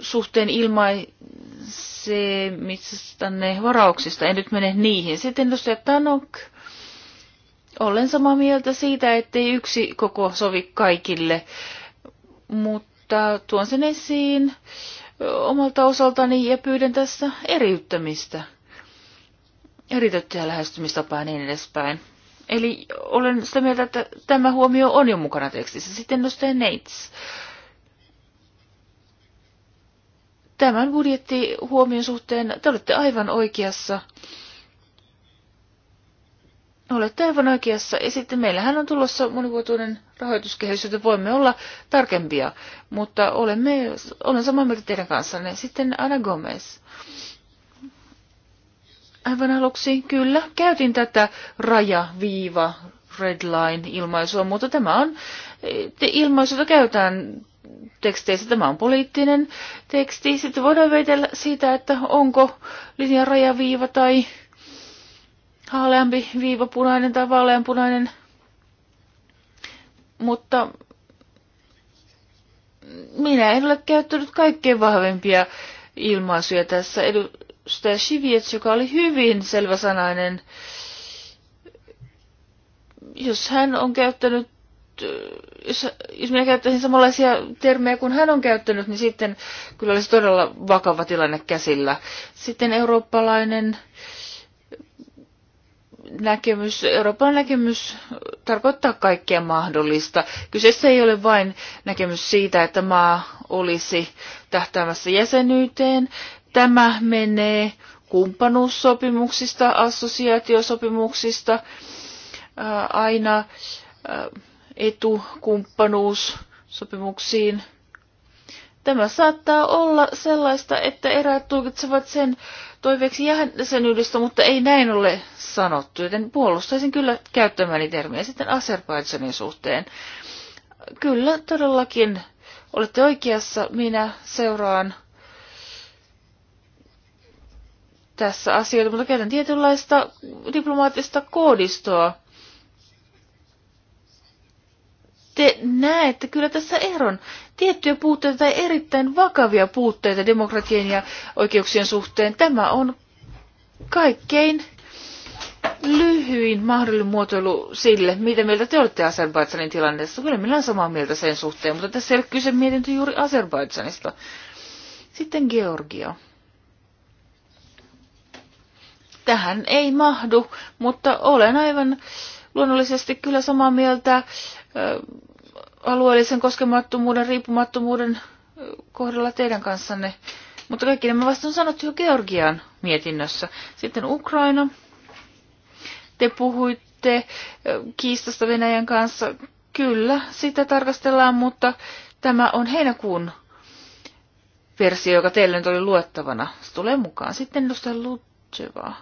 suhteen ilmaisemistänne varauksista. En nyt mene niihin. Sitten edustaja Tanok. Olen samaa mieltä siitä, ettei yksi koko sovi kaikille, mutta tuon sen esiin omalta osaltani ja pyydän tässä eriyttämistä eritettyä lähestymistapaa ja niin edespäin. Eli olen sitä mieltä, että tämä huomio on jo mukana tekstissä. Sitten nostaa Neits. Tämän budjetti-huomion suhteen te olette aivan oikeassa. Olette aivan oikeassa. Ja sitten meillähän on tulossa monivuotuinen rahoituskehys, joten voimme olla tarkempia. Mutta olemme, olen samaa mieltä teidän kanssanne. Sitten Ana Gomez. Aivan aluksi kyllä käytin tätä rajaviiva redline-ilmaisua, mutta tämä on ilmaisu, jota käytetään teksteissä. Tämä on poliittinen teksti. Sitten voidaan veitellä siitä, että onko linjan viiva tai haaleampi viiva punainen tai vaaleanpunainen. Mutta minä en ole käyttänyt kaikkein vahvempia ilmaisuja tässä. Stashiviets, joka oli hyvin selväsanainen, jos hän on käyttänyt, jos, jos minä käyttäisin samanlaisia termejä kuin hän on käyttänyt, niin sitten kyllä olisi todella vakava tilanne käsillä. Sitten eurooppalainen näkemys, Euroopan näkemys tarkoittaa kaikkea mahdollista. Kyseessä ei ole vain näkemys siitä, että maa olisi tähtäämässä jäsenyyteen. Tämä menee kumppanuussopimuksista, assosiaatiosopimuksista, aina etukumppanuussopimuksiin. Tämä saattaa olla sellaista, että eräät tulkitsevat sen toiveeksi jäsenyydestä, mutta ei näin ole sanottu, joten puolustaisin kyllä käyttämäni termiä sitten Azerbaidsanin suhteen. Kyllä, todellakin olette oikeassa. Minä seuraan tässä asioita, mutta käytän tietynlaista diplomaattista koodistoa. Te näette kyllä tässä eron. Tiettyjä puutteita tai erittäin vakavia puutteita demokratian ja oikeuksien suhteen. Tämä on kaikkein lyhyin mahdollinen muotoilu sille, mitä mieltä te olette Azerbaidsanin tilanteessa. Kyllä minä olen samaa mieltä sen suhteen, mutta tässä ei ole kyse mietintö juuri Azerbaidsanista. Sitten Georgia tähän ei mahdu, mutta olen aivan luonnollisesti kyllä samaa mieltä alueellisen koskemattomuuden, riippumattomuuden kohdalla teidän kanssanne. Mutta kaikki nämä vasta on sanottu jo Georgian mietinnössä. Sitten Ukraina. Te puhuitte kiistasta Venäjän kanssa. Kyllä, sitä tarkastellaan, mutta tämä on heinäkuun versio, joka teille nyt oli luettavana. Se tulee mukaan. Sitten edustaja Lutsevaa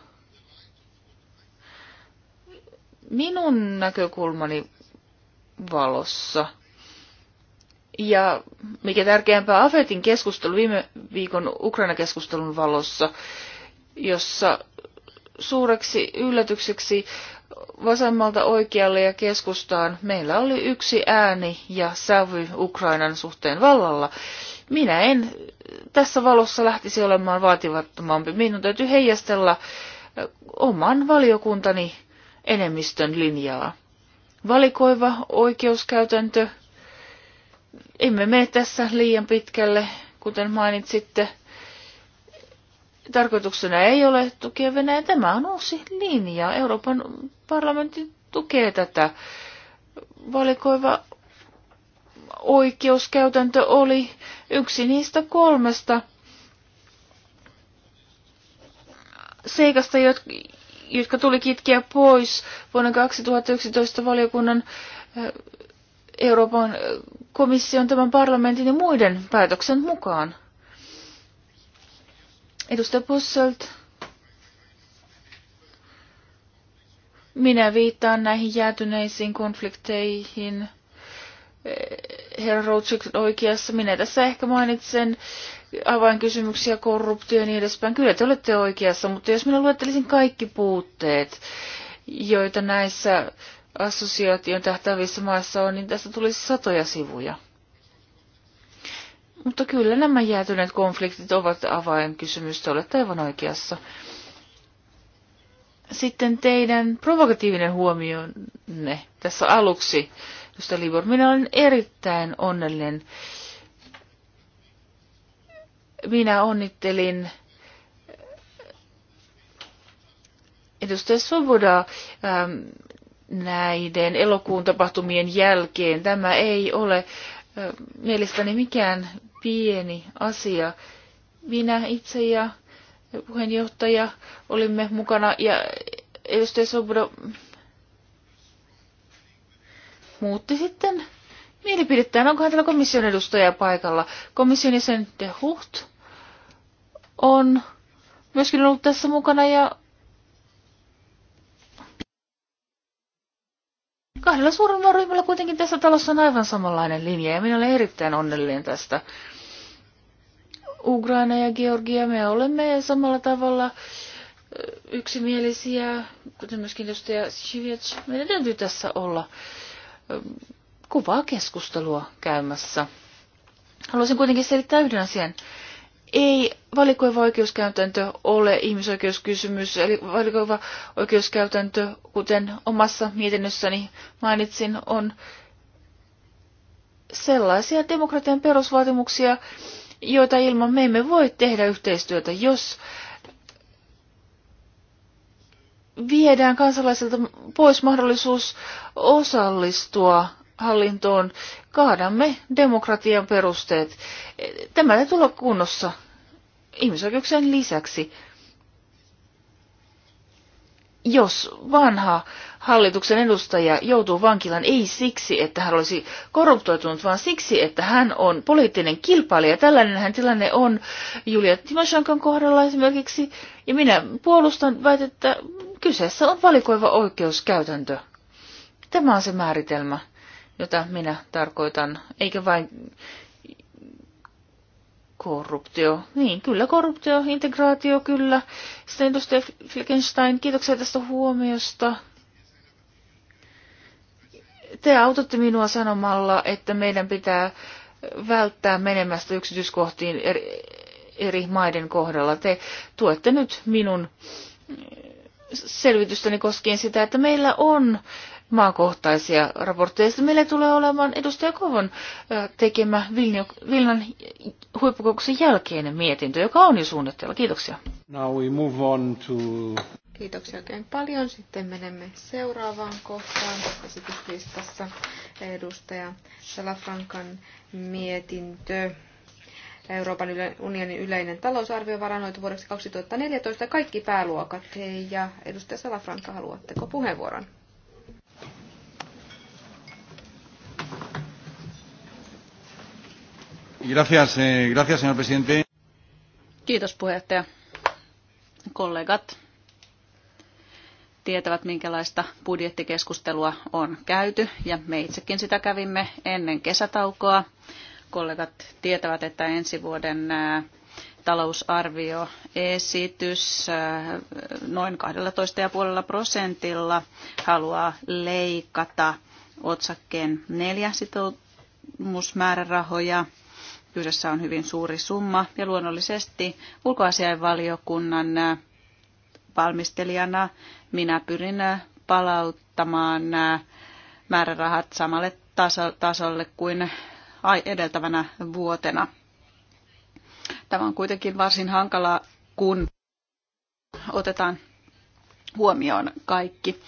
minun näkökulmani valossa. Ja mikä tärkeämpää, Afetin keskustelu viime viikon Ukraina-keskustelun valossa, jossa suureksi yllätykseksi vasemmalta oikealle ja keskustaan meillä oli yksi ääni ja sävy Ukrainan suhteen vallalla. Minä en tässä valossa lähtisi olemaan vaativattomampi. Minun täytyy heijastella oman valiokuntani enemmistön linjaa. Valikoiva oikeuskäytäntö. Emme mene tässä liian pitkälle, kuten mainitsitte. Tarkoituksena ei ole tukea Venäjä. Tämä on uusi linja. Euroopan parlamentti tukee tätä. Valikoiva oikeuskäytäntö oli yksi niistä kolmesta seikasta, jotka tuli kitkeä pois vuonna 2011 valiokunnan eh, Euroopan eh, komission, tämän parlamentin ja muiden päätöksen mukaan. Edustaja Posselt, minä viittaan näihin jäätyneisiin konflikteihin. Eh, herra Rochik oikeassa, minä tässä ehkä mainitsen avainkysymyksiä, korruptio ja niin edespäin. Kyllä te olette oikeassa, mutta jos minä luettelisin kaikki puutteet, joita näissä assosiaation tähtävissä maissa on, niin tästä tulisi satoja sivuja. Mutta kyllä nämä jäätyneet konfliktit ovat avainkysymys, te olette aivan oikeassa. Sitten teidän provokatiivinen huomionne tässä aluksi, josta Libor, minä olen erittäin onnellinen minä onnittelin eh, edustaja Svoboda ähm, näiden elokuun tapahtumien jälkeen. Tämä ei ole äh, mielestäni mikään pieni asia. Minä itse ja puheenjohtaja olimme mukana ja edustaja Svoboda muutti sitten mielipidettään. Onkohan täällä komission edustaja paikalla? Komission jäsen de Hucht on myöskin ollut tässä mukana ja kahdella suurella ryhmällä kuitenkin tässä talossa on aivan samanlainen linja ja minä olen erittäin onnellinen tästä. Ukraina ja Georgia, me olemme samalla tavalla yksimielisiä, kuten myöskin edustaja Siviec. Meidän täytyy tässä olla kuvaa keskustelua käymässä. Haluaisin kuitenkin selittää yhden asian ei valikoiva oikeuskäytäntö ole ihmisoikeuskysymys, eli valikoiva oikeuskäytäntö, kuten omassa mietinnössäni mainitsin, on sellaisia demokratian perusvaatimuksia, joita ilman me emme voi tehdä yhteistyötä, jos viedään kansalaisilta pois mahdollisuus osallistua hallintoon, kaadamme demokratian perusteet. Tämä ei tule kunnossa ihmisoikeuksien lisäksi. Jos vanha hallituksen edustaja joutuu vankilaan ei siksi, että hän olisi korruptoitunut, vaan siksi, että hän on poliittinen kilpailija. Tällainen hän tilanne on Julia Timoshankan kohdalla esimerkiksi, ja minä puolustan väitettä, kyseessä on valikoiva oikeuskäytäntö. Tämä on se määritelmä jota minä tarkoitan, eikä vain korruptio. Niin, kyllä korruptio, integraatio, kyllä. Sitten edustaja Flickenstein, kiitoksia tästä huomiosta. Te autatte minua sanomalla, että meidän pitää välttää menemästä yksityiskohtiin eri, eri maiden kohdalla. Te tuette nyt minun selvitystäni koskien sitä, että meillä on maakohtaisia raportteja. Sitten meillä tulee olemaan edustaja Kovon tekemä Vilnan huippukokouksen jälkeinen mietintö, joka on jo suunnitteilla. Kiitoksia. Now we move on to... Kiitoksia oikein paljon. Sitten menemme seuraavaan kohtaan esityslistassa edustaja Salafrankan mietintö. Euroopan unionin yleinen talousarvio varannoitu vuodeksi 2014 kaikki pääluokat. Ja edustaja Salafranka, haluatteko puheenvuoron? Eh, señor presidente. Kiitos puheenjohtaja. Kollegat tietävät, minkälaista budjettikeskustelua on käyty, ja me itsekin sitä kävimme ennen kesätaukoa. Kollegat tietävät, että ensi vuoden talousarvioesitys noin 12,5 prosentilla haluaa leikata otsakkeen neljä sitoumusmäärärahoja. Kyseessä on hyvin suuri summa ja luonnollisesti ulkoasiainvaliokunnan valmistelijana minä pyrin palauttamaan määrärahat samalle tasolle kuin edeltävänä vuotena. Tämä on kuitenkin varsin hankala kun otetaan huomioon kaikki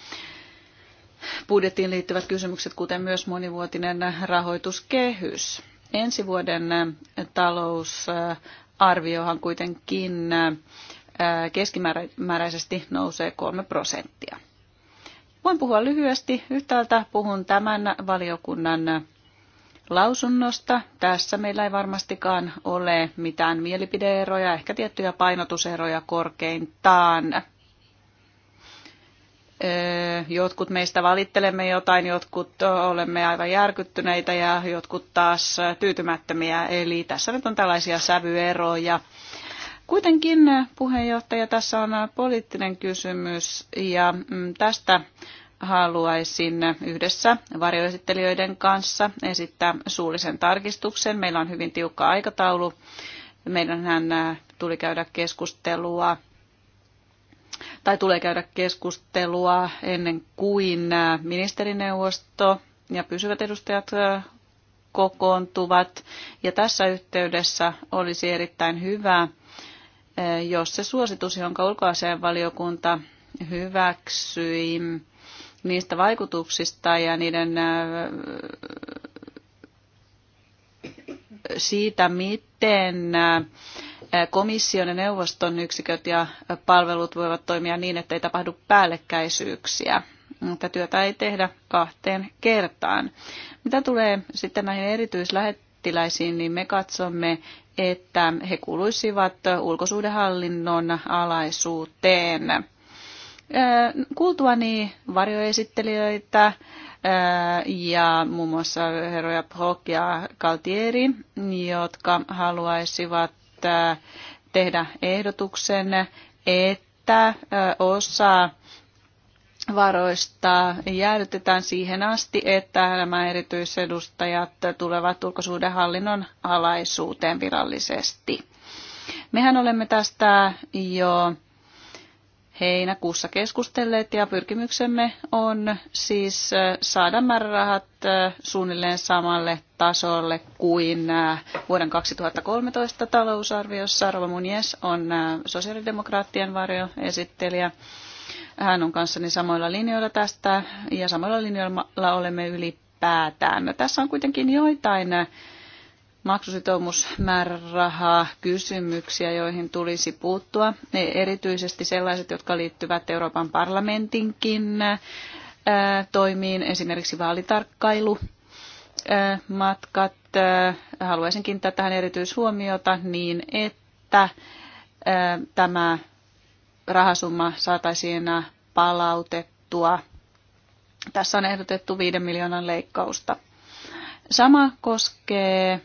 budjettiin liittyvät kysymykset, kuten myös monivuotinen rahoituskehys. Ensi vuoden talousarviohan kuitenkin keskimääräisesti nousee 3 prosenttia. Voin puhua lyhyesti. Yhtäältä puhun tämän valiokunnan lausunnosta. Tässä meillä ei varmastikaan ole mitään mielipideeroja, ehkä tiettyjä painotuseroja korkeintaan. Jotkut meistä valittelemme jotain, jotkut olemme aivan järkyttyneitä ja jotkut taas tyytymättömiä. Eli tässä nyt on tällaisia sävyeroja. Kuitenkin puheenjohtaja, tässä on poliittinen kysymys ja mm, tästä haluaisin yhdessä varjoesittelijöiden kanssa esittää suullisen tarkistuksen. Meillä on hyvin tiukka aikataulu. Meidänhän äh, tuli käydä keskustelua tai tulee käydä keskustelua ennen kuin äh, ministerineuvosto ja pysyvät edustajat äh, kokoontuvat. Ja tässä yhteydessä olisi erittäin hyvä, äh, jos se suositus, jonka ulkoasianvaliokunta hyväksyi niistä vaikutuksista ja niiden siitä, miten komission ja neuvoston yksiköt ja palvelut voivat toimia niin, ettei tapahdu päällekkäisyyksiä. Mutta työtä ei tehdä kahteen kertaan. Mitä tulee sitten näihin erityislähettiläisiin, niin me katsomme, että he kuuluisivat ulkosuhdehallinnon alaisuuteen. Kuultuani varjoesittelijöitä ja muun muassa herroja Brock ja Galtieri, jotka haluaisivat tehdä ehdotuksen, että osa varoista jäädytetään siihen asti, että nämä erityisedustajat tulevat ulkosuhdehallinnon alaisuuteen virallisesti. Mehän olemme tästä jo heinäkuussa keskustelleet ja pyrkimyksemme on siis äh, saada määrärahat äh, suunnilleen samalle tasolle kuin äh, vuoden 2013 talousarviossa. Rova Munies on sosiaalidemokraattien varjoesittelijä. Hän on kanssani samoilla linjoilla tästä ja samoilla linjoilla olemme ylipäätään. No, tässä on kuitenkin joitain maksusitoumusmäärärahakysymyksiä, kysymyksiä, joihin tulisi puuttua. Ne erityisesti sellaiset, jotka liittyvät Euroopan parlamentinkin toimiin, esimerkiksi vaalitarkkailu, matkat. Haluaisin kiinnittää tähän erityishuomiota niin, että tämä rahasumma saataisiin palautettua. Tässä on ehdotettu 5 miljoonan leikkausta. Sama koskee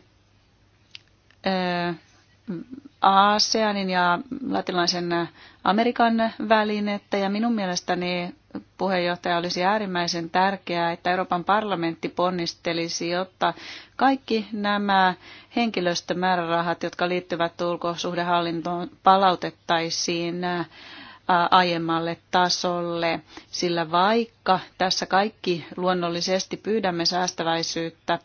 ASEANin ja latinalaisen Amerikan välinettä ja minun mielestäni puheenjohtaja olisi äärimmäisen tärkeää, että Euroopan parlamentti ponnistelisi, jotta kaikki nämä henkilöstömäärärahat, jotka liittyvät ulkosuhdehallintoon, palautettaisiin aiemmalle tasolle, sillä vaikka tässä kaikki luonnollisesti pyydämme säästäväisyyttä,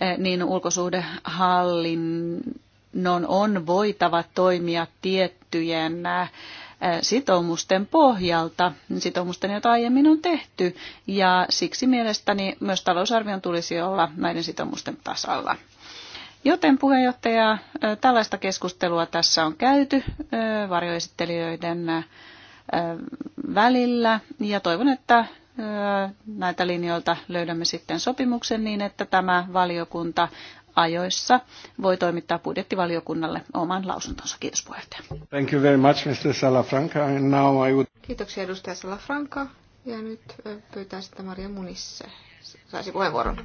Eh, niin ulkosuhdehallinnon on voitava toimia tiettyjen eh, sitoumusten pohjalta, sitoumusten, joita aiemmin on tehty, ja siksi mielestäni myös talousarvion tulisi olla näiden sitoumusten tasalla. Joten puheenjohtaja, eh, tällaista keskustelua tässä on käyty varjoesittelijöiden välillä ja toivon, että näitä linjoilta löydämme sitten sopimuksen niin, että tämä valiokunta ajoissa voi toimittaa budjettivaliokunnalle oman lausuntonsa. Kiitos puheenjohtaja. Thank you very much, Mr. Salafranca. And now I would... Kiitoksia edustaja Salafranca. Ja nyt pyytää sitten Maria Munisse. Saisi puheenvuoron.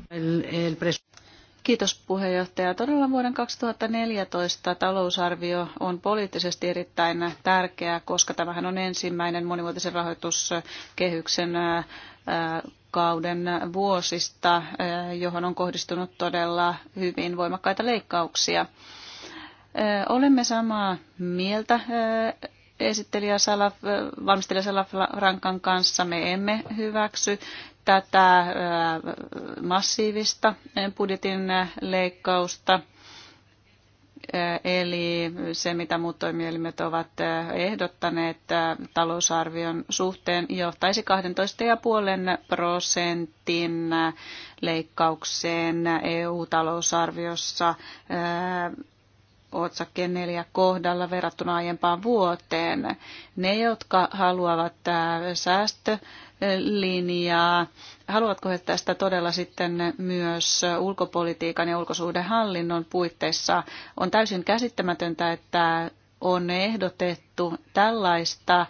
Kiitos puheenjohtaja. Todella vuoden 2014 talousarvio on poliittisesti erittäin tärkeä, koska tämähän on ensimmäinen monivuotisen rahoituskehyksen kauden vuosista, johon on kohdistunut todella hyvin voimakkaita leikkauksia. Olemme samaa mieltä esittelijä Salaf, valmistelija Salaf Rankan kanssa me emme hyväksy tätä massiivista budjetin leikkausta. Eli se, mitä muut toimielimet ovat ehdottaneet talousarvion suhteen, johtaisi 12,5 prosentin leikkaukseen EU-talousarviossa otsakkeen neljä kohdalla verrattuna aiempaan vuoteen. Ne, jotka haluavat äh, säästölinjaa, haluatko he tästä todella sitten myös ulkopolitiikan ja ulkosuhdehallinnon puitteissa? On täysin käsittämätöntä, että on ehdotettu tällaista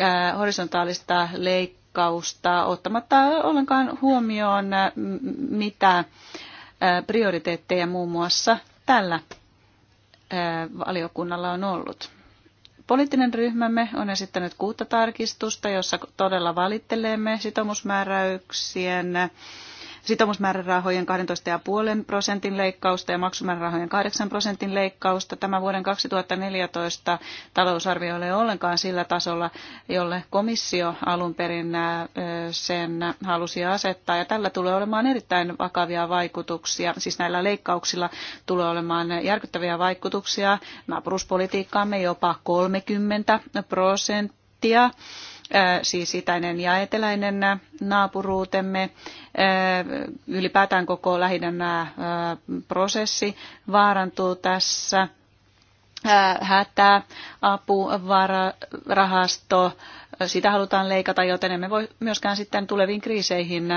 äh, horisontaalista leikkausta ottamatta ollenkaan huomioon, mitä äh, prioriteetteja muun muassa tällä valiokunnalla on ollut. Poliittinen ryhmämme on esittänyt kuutta tarkistusta, jossa todella valittelemme sitomusmääräyksien sitoumusmäärärahojen 12,5 prosentin leikkausta ja maksumäärärahojen 8 prosentin leikkausta. Tämä vuoden 2014 talousarvio ei ollenkaan sillä tasolla, jolle komissio alun perin äh, sen halusi asettaa. Ja tällä tulee olemaan erittäin vakavia vaikutuksia, siis näillä leikkauksilla tulee olemaan järkyttäviä vaikutuksia naapuruspolitiikkaamme jopa 30 prosenttia Äh, siis itäinen ja eteläinen naapuruutemme, äh, ylipäätään koko lähinnä äh, prosessi vaarantuu tässä hätää, apu, vara, rahasto, sitä halutaan leikata, joten emme voi myöskään sitten tuleviin kriiseihin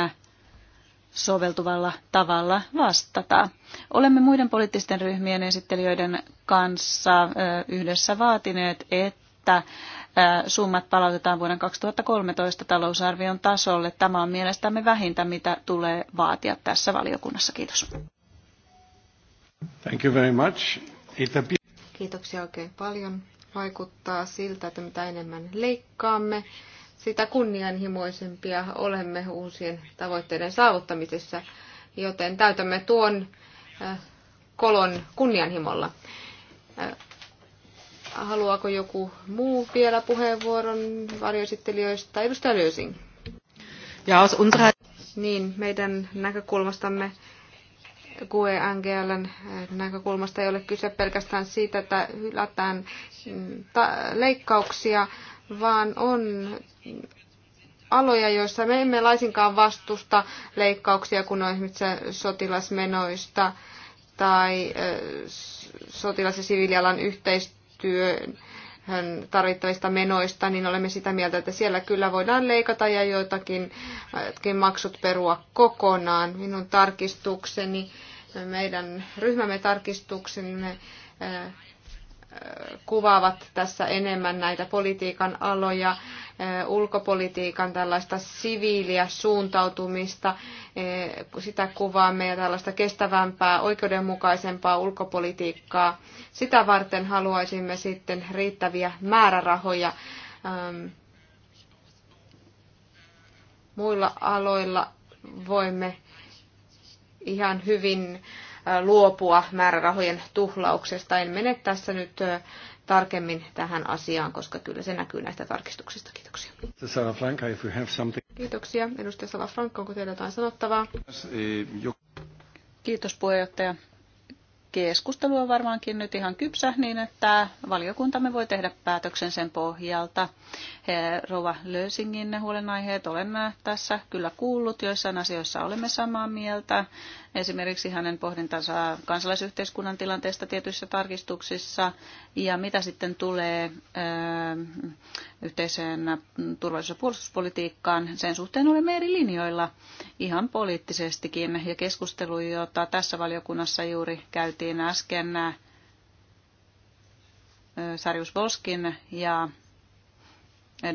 soveltuvalla tavalla vastata. Olemme muiden poliittisten ryhmien esittelijöiden kanssa yhdessä vaatineet, että summat palautetaan vuoden 2013 talousarvion tasolle. Tämä on mielestämme vähintä, mitä tulee vaatia tässä valiokunnassa. Kiitos. Thank you very much. Kiitoksia oikein paljon. Vaikuttaa siltä, että mitä enemmän leikkaamme, sitä kunnianhimoisempia olemme uusien tavoitteiden saavuttamisessa, joten täytämme tuon kolon kunnianhimolla. Haluaako joku muu vielä puheenvuoron varjoesittelijöistä? Edustaja Löysin. Ja aus unserer... Niin, meidän näkökulmastamme GUE NGLn näkökulmasta ei ole kyse pelkästään siitä, että hylätään mm, leikkauksia, vaan on aloja, joissa me emme laisinkaan vastusta leikkauksia, kun on esimerkiksi sotilasmenoista tai sotilas- ja siviilialan yhteistyöstä työhön tarvittavista menoista, niin olemme sitä mieltä, että siellä kyllä voidaan leikata ja joitakin, joitakin äh, maksut perua kokonaan. Minun tarkistukseni, meidän ryhmämme tarkistuksemme äh, kuvaavat tässä enemmän näitä politiikan aloja, eh, ulkopolitiikan tällaista siviiliä suuntautumista, eh, sitä kuvaamme ja tällaista kestävämpää, oikeudenmukaisempaa ulkopolitiikkaa. Sitä varten haluaisimme sitten riittäviä määrärahoja ähm, muilla aloilla voimme ihan hyvin luopua määrärahojen tuhlauksesta. En mene tässä nyt tarkemmin tähän asiaan, koska kyllä se näkyy näistä tarkistuksista. Kiitoksia. Salafranca, if you have something. Kiitoksia. Edustaja Salafranca, onko teillä jotain sanottavaa? Eh, Kiitos puheenjohtaja. Keskustelu on varmaankin nyt ihan kypsä niin, että valiokuntamme voi tehdä päätöksen sen pohjalta. Rova Lösingin huolenaiheet olen äh, tässä kyllä kuullut, joissain asioissa olemme samaa mieltä esimerkiksi hänen pohdintansa kansalaisyhteiskunnan tilanteesta tietyissä tarkistuksissa ja mitä sitten tulee ähm, yhteiseen turvallisuus- ja puolustuspolitiikkaan. Sen suhteen olemme eri linjoilla ihan poliittisestikin ja keskustelu, jota tässä valiokunnassa juuri käytiin äsken äh, Sarjus Voskin ja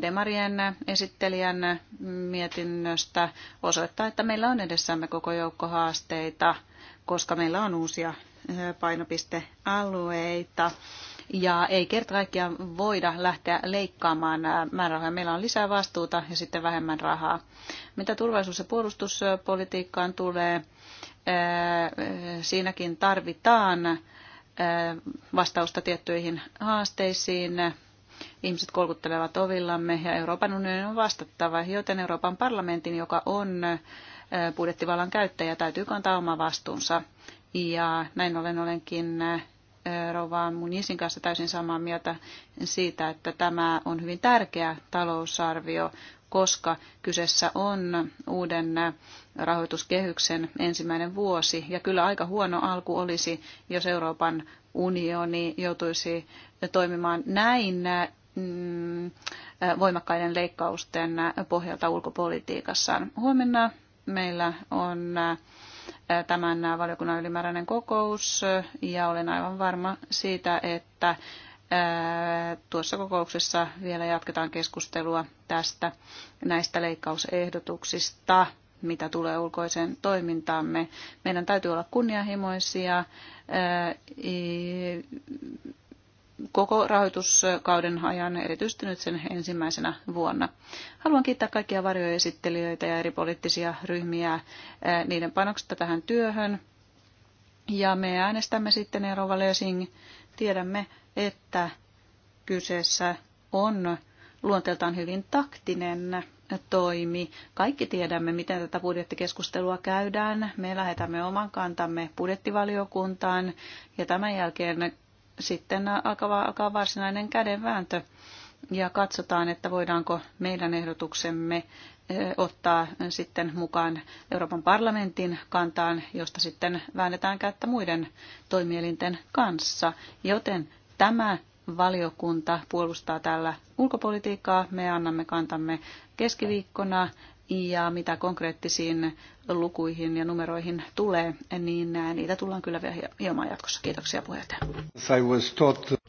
Demarien esittelijän mietinnöstä osoittaa, että meillä on edessämme koko joukko haasteita, koska meillä on uusia painopistealueita. Ja ei kerta kaikkiaan voida lähteä leikkaamaan määrärahoja. Meillä on lisää vastuuta ja sitten vähemmän rahaa. Mitä turvallisuus- ja puolustuspolitiikkaan tulee, siinäkin tarvitaan vastausta tiettyihin haasteisiin Ihmiset kolkuttelevat ovillamme ja Euroopan unionin on vastattava, joten Euroopan parlamentin, joka on budjettivallan käyttäjä, täytyy kantaa oma vastuunsa. Ja näin ollen olenkin Rova Munisin kanssa täysin samaa mieltä siitä, että tämä on hyvin tärkeä talousarvio, koska kyseessä on uuden rahoituskehyksen ensimmäinen vuosi. Ja kyllä aika huono alku olisi, jos Euroopan unioni joutuisi toimimaan näin mm, voimakkaiden leikkausten pohjalta ulkopolitiikassaan. Huomenna meillä on tämän valiokunnan ylimääräinen kokous ja olen aivan varma siitä, että Tuossa kokouksessa vielä jatketaan keskustelua tästä näistä leikkausehdotuksista, mitä tulee ulkoiseen toimintaamme. Meidän täytyy olla kunnianhimoisia koko rahoituskauden ajan, erityisesti nyt sen ensimmäisenä vuonna. Haluan kiittää kaikkia varjoesittelijöitä ja eri poliittisia ryhmiä niiden panoksista tähän työhön. Ja me äänestämme sitten Eero Valesing. Tiedämme, että kyseessä on luonteeltaan hyvin taktinen toimi. Kaikki tiedämme, miten tätä budjettikeskustelua käydään. Me lähetämme oman kantamme budjettivaliokuntaan ja tämän jälkeen sitten alkaa, alkaa varsinainen kädenvääntö ja katsotaan, että voidaanko meidän ehdotuksemme ottaa sitten mukaan Euroopan parlamentin kantaan, josta sitten väännetään kättä muiden toimielinten kanssa. Joten Tämä valiokunta puolustaa tällä ulkopolitiikkaa. Me annamme kantamme keskiviikkona ja mitä konkreettisiin lukuihin ja numeroihin tulee, niin niitä tullaan kyllä vielä hieman jatkossa. Kiitoksia puheenjohtaja.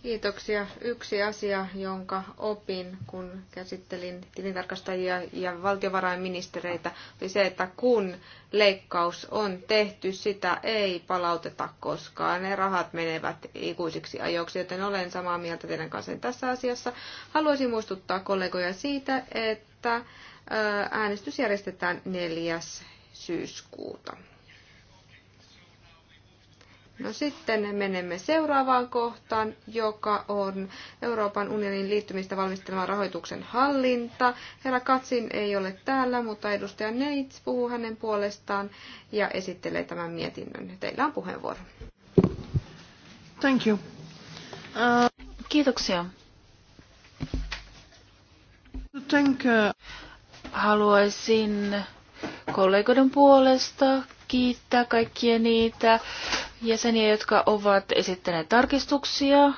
Kiitoksia. Yksi asia, jonka opin, kun käsittelin tilintarkastajia ja valtiovarainministereitä, oli se, että kun leikkaus on tehty, sitä ei palauteta koskaan. Ne rahat menevät ikuisiksi ajoiksi, joten olen samaa mieltä teidän kanssa tässä asiassa. Haluaisin muistuttaa kollegoja siitä, että Äänestys järjestetään 4. syyskuuta. No sitten menemme seuraavaan kohtaan, joka on Euroopan unionin liittymistä valmistelevan rahoituksen hallinta. Herra Katsin ei ole täällä, mutta edustaja Neits puhuu hänen puolestaan ja esittelee tämän mietinnön. Teillä on puheenvuoro. Thank you. Uh, Kiitoksia. Thank, you haluaisin kollegoiden puolesta kiittää kaikkia niitä jäseniä, jotka ovat esittäneet tarkistuksia.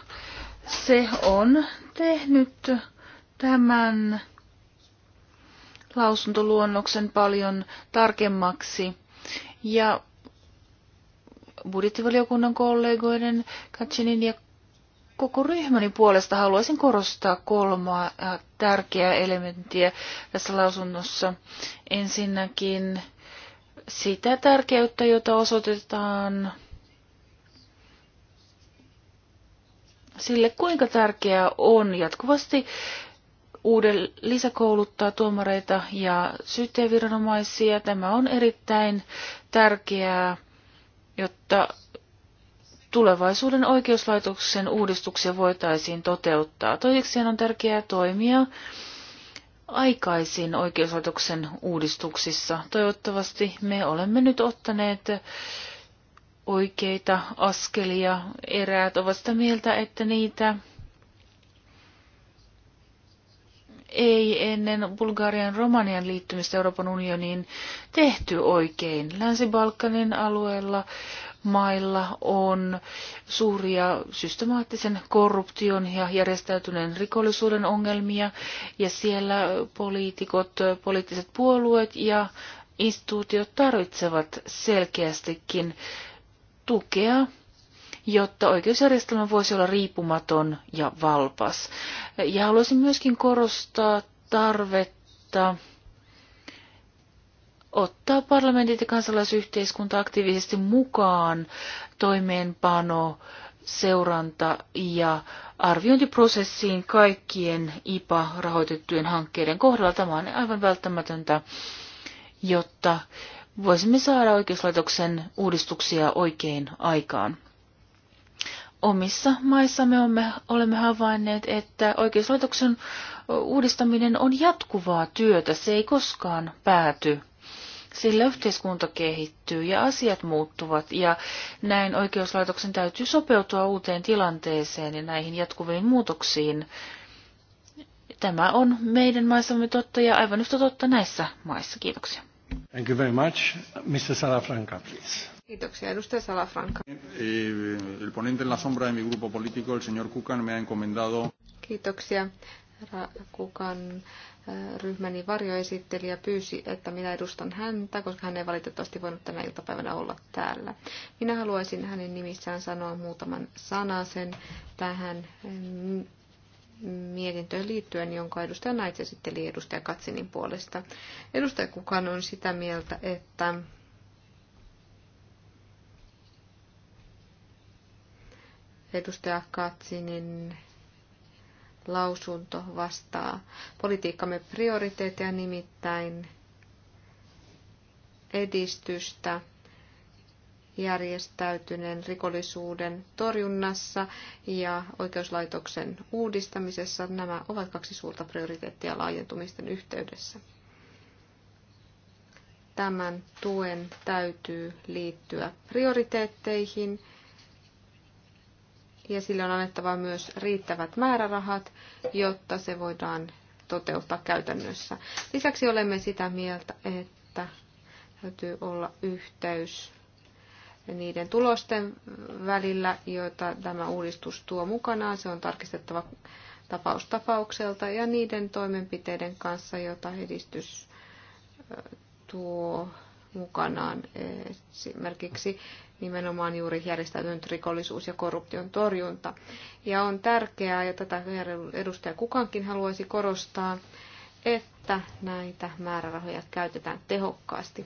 Se on tehnyt tämän lausuntoluonnoksen paljon tarkemmaksi. Ja budjettivaliokunnan kollegoiden Katsinin ja koko ryhmäni puolesta haluaisin korostaa kolmaa tärkeää elementtiä tässä lausunnossa. Ensinnäkin sitä tärkeyttä, jota osoitetaan sille, kuinka tärkeää on jatkuvasti uuden lisäkouluttaa tuomareita ja syyttäjäviranomaisia. Tämä on erittäin tärkeää, jotta tulevaisuuden oikeuslaitoksen uudistuksia voitaisiin toteuttaa. Toiseksi on tärkeää toimia aikaisin oikeuslaitoksen uudistuksissa. Toivottavasti me olemme nyt ottaneet oikeita askelia. Eräät ovat sitä mieltä, että niitä ei ennen Bulgarian Romanian liittymistä Euroopan unioniin tehty oikein. Länsi-Balkanin alueella mailla on suuria systemaattisen korruption ja järjestäytyneen rikollisuuden ongelmia, ja siellä poliitikot, poliittiset puolueet ja instituutiot tarvitsevat selkeästikin tukea jotta oikeusjärjestelmä voisi olla riippumaton ja valpas. Ja haluaisin myöskin korostaa tarvetta ottaa parlamentit ja kansalaisyhteiskunta aktiivisesti mukaan toimeenpano, seuranta ja arviointiprosessiin kaikkien IPA-rahoitettujen hankkeiden kohdalla. Tämä on aivan välttämätöntä, jotta voisimme saada oikeuslaitoksen uudistuksia oikein aikaan. Omissa maissamme olemme, olemme havainneet, että oikeuslaitoksen uudistaminen on jatkuvaa työtä, se ei koskaan pääty sillä yhteiskunta kehittyy ja asiat muuttuvat ja näin oikeuslaitoksen täytyy sopeutua uuteen tilanteeseen ja näihin jatkuviin muutoksiin. Tämä on meidän maissamme totta ja aivan yhtä totta näissä maissa. Kiitoksia. Thank you very much. Mr. Salafranca, please. Kiitoksia. Edustaja Salafranca. Eh, el ponente en la sombra de mi grupo político, el señor Kukan, me ha encomendado... Kiitoksia. Kukan ryhmäni varjoesittelijä pyysi, että minä edustan häntä, koska hän ei valitettavasti voinut tänä iltapäivänä olla täällä. Minä haluaisin hänen nimissään sanoa muutaman sanasen tähän mm, mietintöön liittyen, jonka edustaja Naits esitteli edustaja Katsinin puolesta. Edustaja Kukan on sitä mieltä, että edustaja Katsinin lausunto vastaa politiikkamme prioriteetteja, nimittäin edistystä järjestäytyneen rikollisuuden torjunnassa ja oikeuslaitoksen uudistamisessa. Nämä ovat kaksi suurta prioriteettia laajentumisten yhteydessä. Tämän tuen täytyy liittyä prioriteetteihin – ja sille on annettava myös riittävät määrärahat, jotta se voidaan toteuttaa käytännössä. Lisäksi olemme sitä mieltä, että täytyy olla yhteys niiden tulosten välillä, joita tämä uudistus tuo mukanaan. Se on tarkistettava tapaustapaukselta ja niiden toimenpiteiden kanssa, joita edistys tuo mukanaan. Esimerkiksi nimenomaan juuri järjestäytynyt rikollisuus ja korruption torjunta. Ja on tärkeää, ja tätä edustaja kukankin haluaisi korostaa, että näitä määrärahoja käytetään tehokkaasti.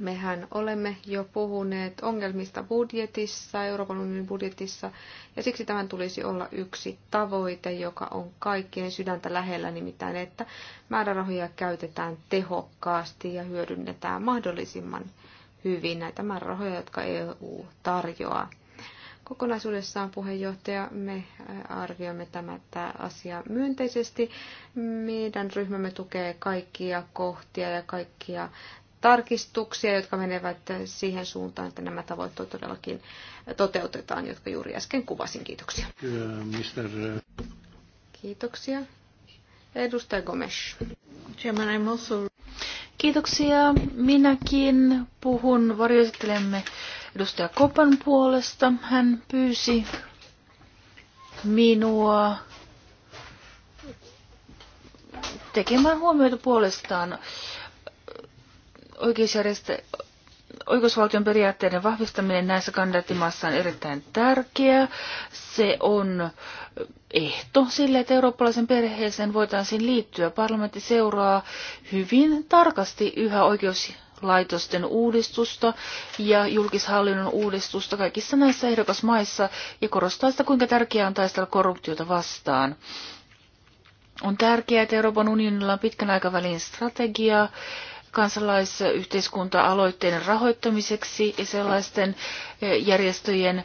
Mehän olemme jo puhuneet ongelmista budjetissa, Euroopan unionin budjetissa, ja siksi tämän tulisi olla yksi tavoite, joka on kaikkien sydäntä lähellä, nimittäin että määrärahoja käytetään tehokkaasti ja hyödynnetään mahdollisimman hyvin näitä määrärahoja, jotka EU tarjoaa. Kokonaisuudessaan puheenjohtaja, me äh, arvioimme tämä, asia myönteisesti. Meidän ryhmämme tukee kaikkia kohtia ja kaikkia tarkistuksia, jotka menevät siihen suuntaan, että nämä tavoitteet todellakin toteutetaan, jotka juuri äsken kuvasin. Kiitoksia. Mister... Eh, Kiitoksia. Edustaja Gomes. also... Kiitoksia. Minäkin puhun varjoittelemme edustaja Kopan puolesta. Hän pyysi minua tekemään huomioita puolestaan oikeusjärjestö, oikeusvaltion periaatteiden vahvistaminen näissä kandidaattimaissa on erittäin tärkeää. Se on ehto sille, että eurooppalaisen perheeseen voitaisiin liittyä. Parlamentti seuraa hyvin tarkasti yhä oikeus laitosten uudistusta ja julkishallinnon uudistusta kaikissa näissä ehdokasmaissa ja korostaa sitä, kuinka tärkeää on taistella korruptiota vastaan. On tärkeää, että Euroopan unionilla on pitkän aikavälin strategia kansalaisyhteiskunta aloitteen rahoittamiseksi ja sellaisten e, järjestöjen e,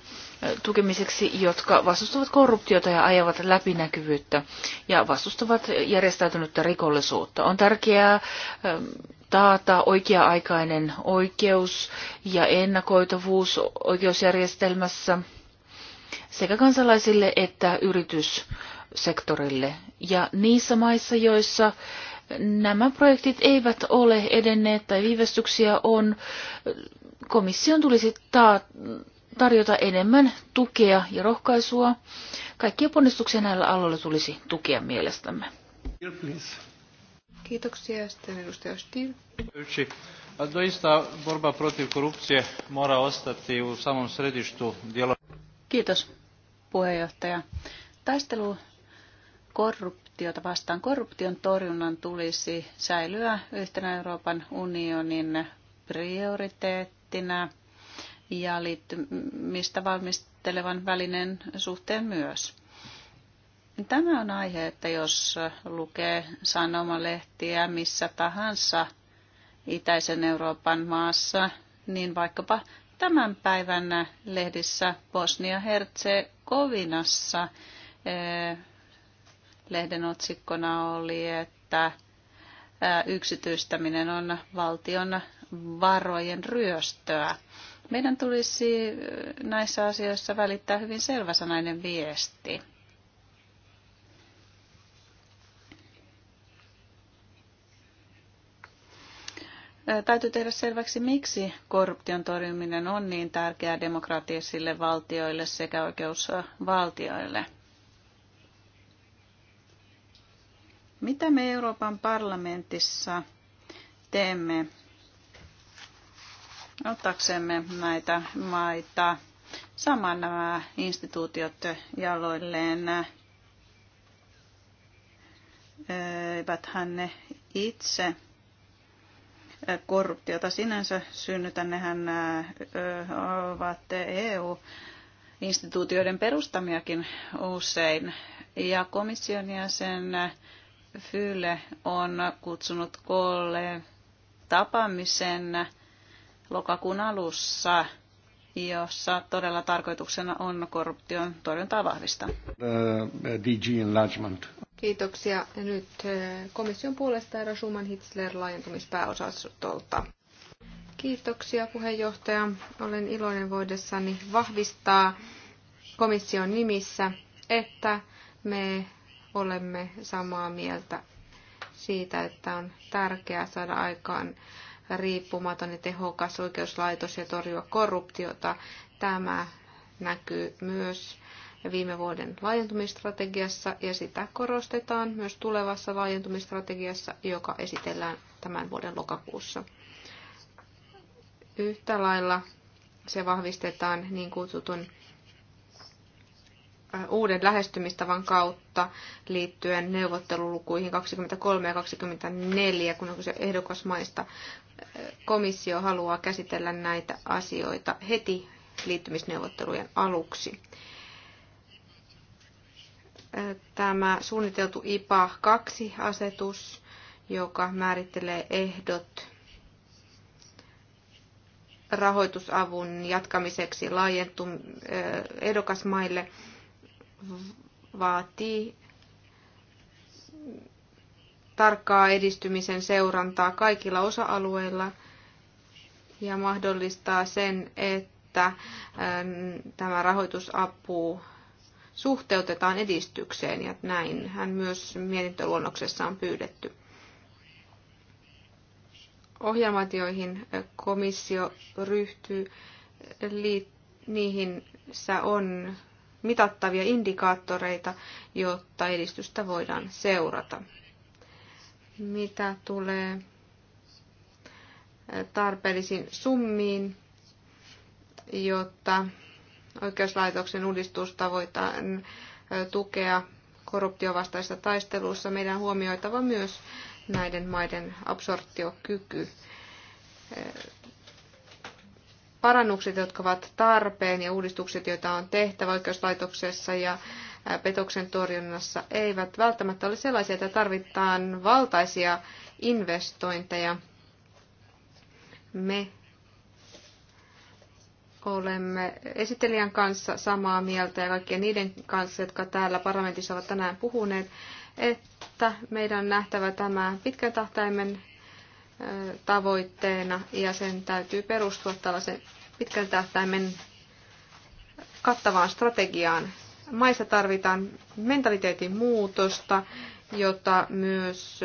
tukemiseksi, jotka vastustavat korruptiota ja ajavat läpinäkyvyyttä ja vastustavat järjestäytynyttä rikollisuutta. On tärkeää e, taata oikea-aikainen oikeus ja ennakoitavuus oikeusjärjestelmässä sekä kansalaisille että yrityssektorille. Ja niissä maissa, joissa nämä projektit eivät ole edenneet tai viivästyksiä on, komission tulisi taata tarjota enemmän tukea ja rohkaisua. Kaikkia ponnistuksia näillä aloilla tulisi tukea mielestämme. Kiitoksia. Sitten edustaja Stil. Doista borba protiv korupcije mora ostati u samom središtu Kiitos, puheenjohtaja. Taistelu korruptio korruptiota vastaan. Korruption torjunnan tulisi säilyä yhtenä Euroopan unionin prioriteettina ja liittymistä valmistelevan välinen suhteen myös. Tämä on aihe, että jos lukee sanomalehtiä missä tahansa itäisen Euroopan maassa, niin vaikkapa tämän päivän lehdissä Bosnia-Herzegovinassa eh, lehden otsikkona oli, että yksityistäminen on valtion varojen ryöstöä. Meidän tulisi näissä asioissa välittää hyvin selväsanainen viesti. Täytyy tehdä selväksi, miksi korruption torjuminen on niin tärkeää demokraattisille valtioille sekä oikeusvaltioille. Mitä me Euroopan parlamentissa teemme ottaksemme näitä maita saman nämä instituutiot jaloilleen? Eiväthän ne itse korruptiota sinänsä synnytä, nehän ovat EU instituutioiden perustamiakin usein. Ja komission jäsen Fyle on kutsunut koolle tapaamisen lokakuun alussa, jossa todella tarkoituksena on korruption torjuntaa vahvistaa. Uh, DG Enlargement. Kiitoksia. Nyt uh, komission puolesta Eero Schumann Hitzler laajentumispääosastolta. Kiitoksia puheenjohtaja. Olen iloinen voidessani vahvistaa komission nimissä, että me olemme samaa mieltä siitä, että on tärkeää saada aikaan riippumaton ja tehokas oikeuslaitos ja torjua korruptiota. Tämä näkyy myös viime vuoden laajentumistrategiassa ja sitä korostetaan myös tulevassa laajentumistrategiassa, joka esitellään tämän vuoden lokakuussa. Yhtä lailla se vahvistetaan niin kutsutun uuden lähestymistavan kautta liittyen neuvottelulukuihin 23 ja 24, kun on kyse ehdokasmaista. Komissio haluaa käsitellä näitä asioita heti liittymisneuvottelujen aluksi. Tämä suunniteltu IPA 2-asetus, joka määrittelee ehdot rahoitusavun jatkamiseksi laajentum- ehdokasmaille, vaatii tarkkaa edistymisen seurantaa kaikilla osa-alueilla ja mahdollistaa sen, että tämä rahoitusapu suhteutetaan edistykseen ja näin hän myös mietintöluonnoksessa on pyydetty. Ohjelmat, joihin komissio ryhtyy, niihin on mitattavia indikaattoreita, jotta edistystä voidaan seurata. Mitä tulee eh, tarpeellisiin summiin, jotta oikeuslaitoksen uudistusta voidaan eh, tukea korruptiovastaisessa taistelussa. Meidän huomioitava myös näiden maiden absorptiokyky. Eh, parannukset, jotka ovat tarpeen ja uudistukset, joita on tehtävä oikeuslaitoksessa ja petoksen torjunnassa, eivät välttämättä ole sellaisia, että tarvitaan valtaisia investointeja. Me olemme esittelijän kanssa samaa mieltä ja kaikkien niiden kanssa, jotka täällä parlamentissa ovat tänään puhuneet, että meidän on nähtävä tämä pitkän tähtäimen tavoitteena ja sen täytyy perustua tällaisen pitkän tähtäimen kattavaan strategiaan. Maissa tarvitaan mentaliteetin muutosta, jota myös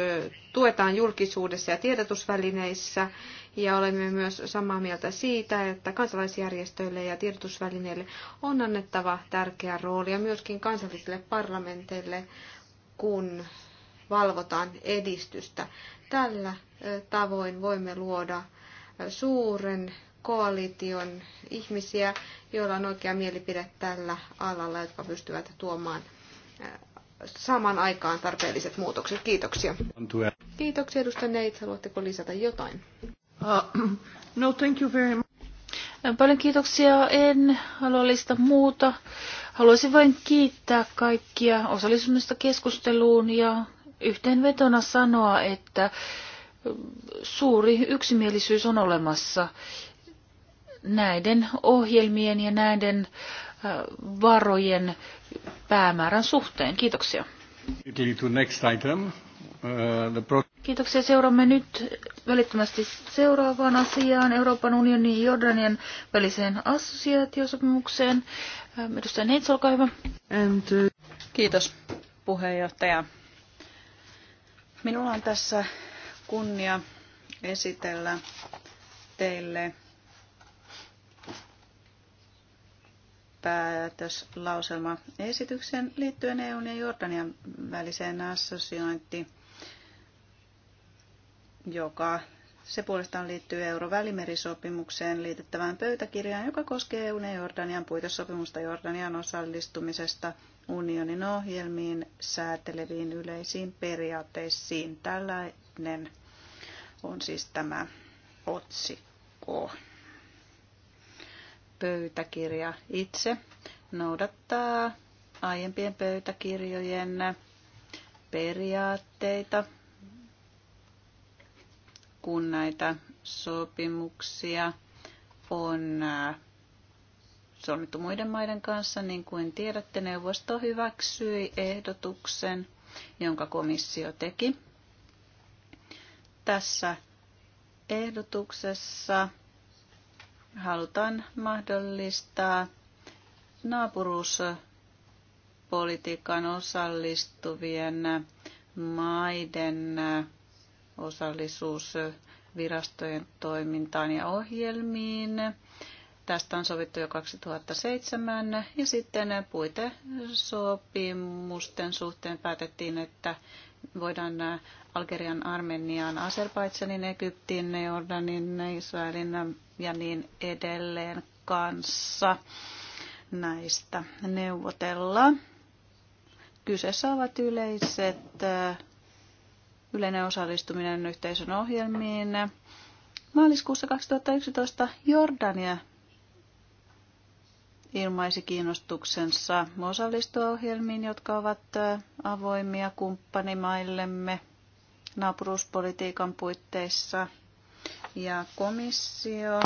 tuetaan julkisuudessa ja tiedotusvälineissä. Ja olemme myös samaa mieltä siitä, että kansalaisjärjestöille ja tiedotusvälineille on annettava tärkeä rooli ja myöskin kansallisille parlamenteille, kun valvotaan edistystä. Tällä tavoin voimme luoda suuren koalition ihmisiä, joilla on oikea mielipide tällä alalla, jotka pystyvät tuomaan saman aikaan tarpeelliset muutokset. Kiitoksia. Kiitoksia, edustaja Neit. Haluatteko lisätä jotain? Uh, no, thank you very much. Paljon kiitoksia. En halua lisätä muuta. Haluaisin vain kiittää kaikkia osallistumista keskusteluun ja yhteenvetona sanoa, että suuri yksimielisyys on olemassa näiden ohjelmien ja näiden äh, varojen päämäärän suhteen. Kiitoksia. Kiitoksia. Seuraamme nyt välittömästi seuraavaan asiaan, Euroopan unionin ja Jordanian väliseen assosiaatiosopimukseen. Ähm, edustaja Neitsa, olkaa hyvä. And, uh... Kiitos puheenjohtaja. Minulla on tässä kunnia esitellä teille päätöslauselma esityksen liittyen EUn ja Jordanian väliseen assosiointiin, joka se puolestaan liittyy Eurovälimerisopimukseen liitettävään pöytäkirjaan, joka koskee EUn ja Jordanian puitesopimusta Jordanian osallistumisesta unionin ohjelmiin sääteleviin yleisiin periaatteisiin. Tällainen on siis tämä otsikko. Pöytäkirja itse noudattaa aiempien pöytäkirjojen periaatteita, kun näitä sopimuksia on äh, solmittu muiden maiden kanssa. Niin kuin tiedätte, neuvosto hyväksyi ehdotuksen, jonka komissio teki. Tässä ehdotuksessa halutaan mahdollistaa naapuruuspolitiikan osallistuvien maiden osallisuus virastojen toimintaan ja ohjelmiin. Tästä on sovittu jo 2007 ja sitten puitesopimusten suhteen päätettiin, että voidaan Algerian, Armenian, Azerbaidsanin, Egyptin, Jordanin, Israelin ja niin edelleen kanssa näistä neuvotella. Kyseessä ovat yleiset, yleinen osallistuminen yhteisön ohjelmiin. Maaliskuussa 2011 Jordania ilmaisi kiinnostuksensa osallistua ohjelmiin, jotka ovat avoimia kumppanimaillemme naapuruuspolitiikan puitteissa. Ja komissio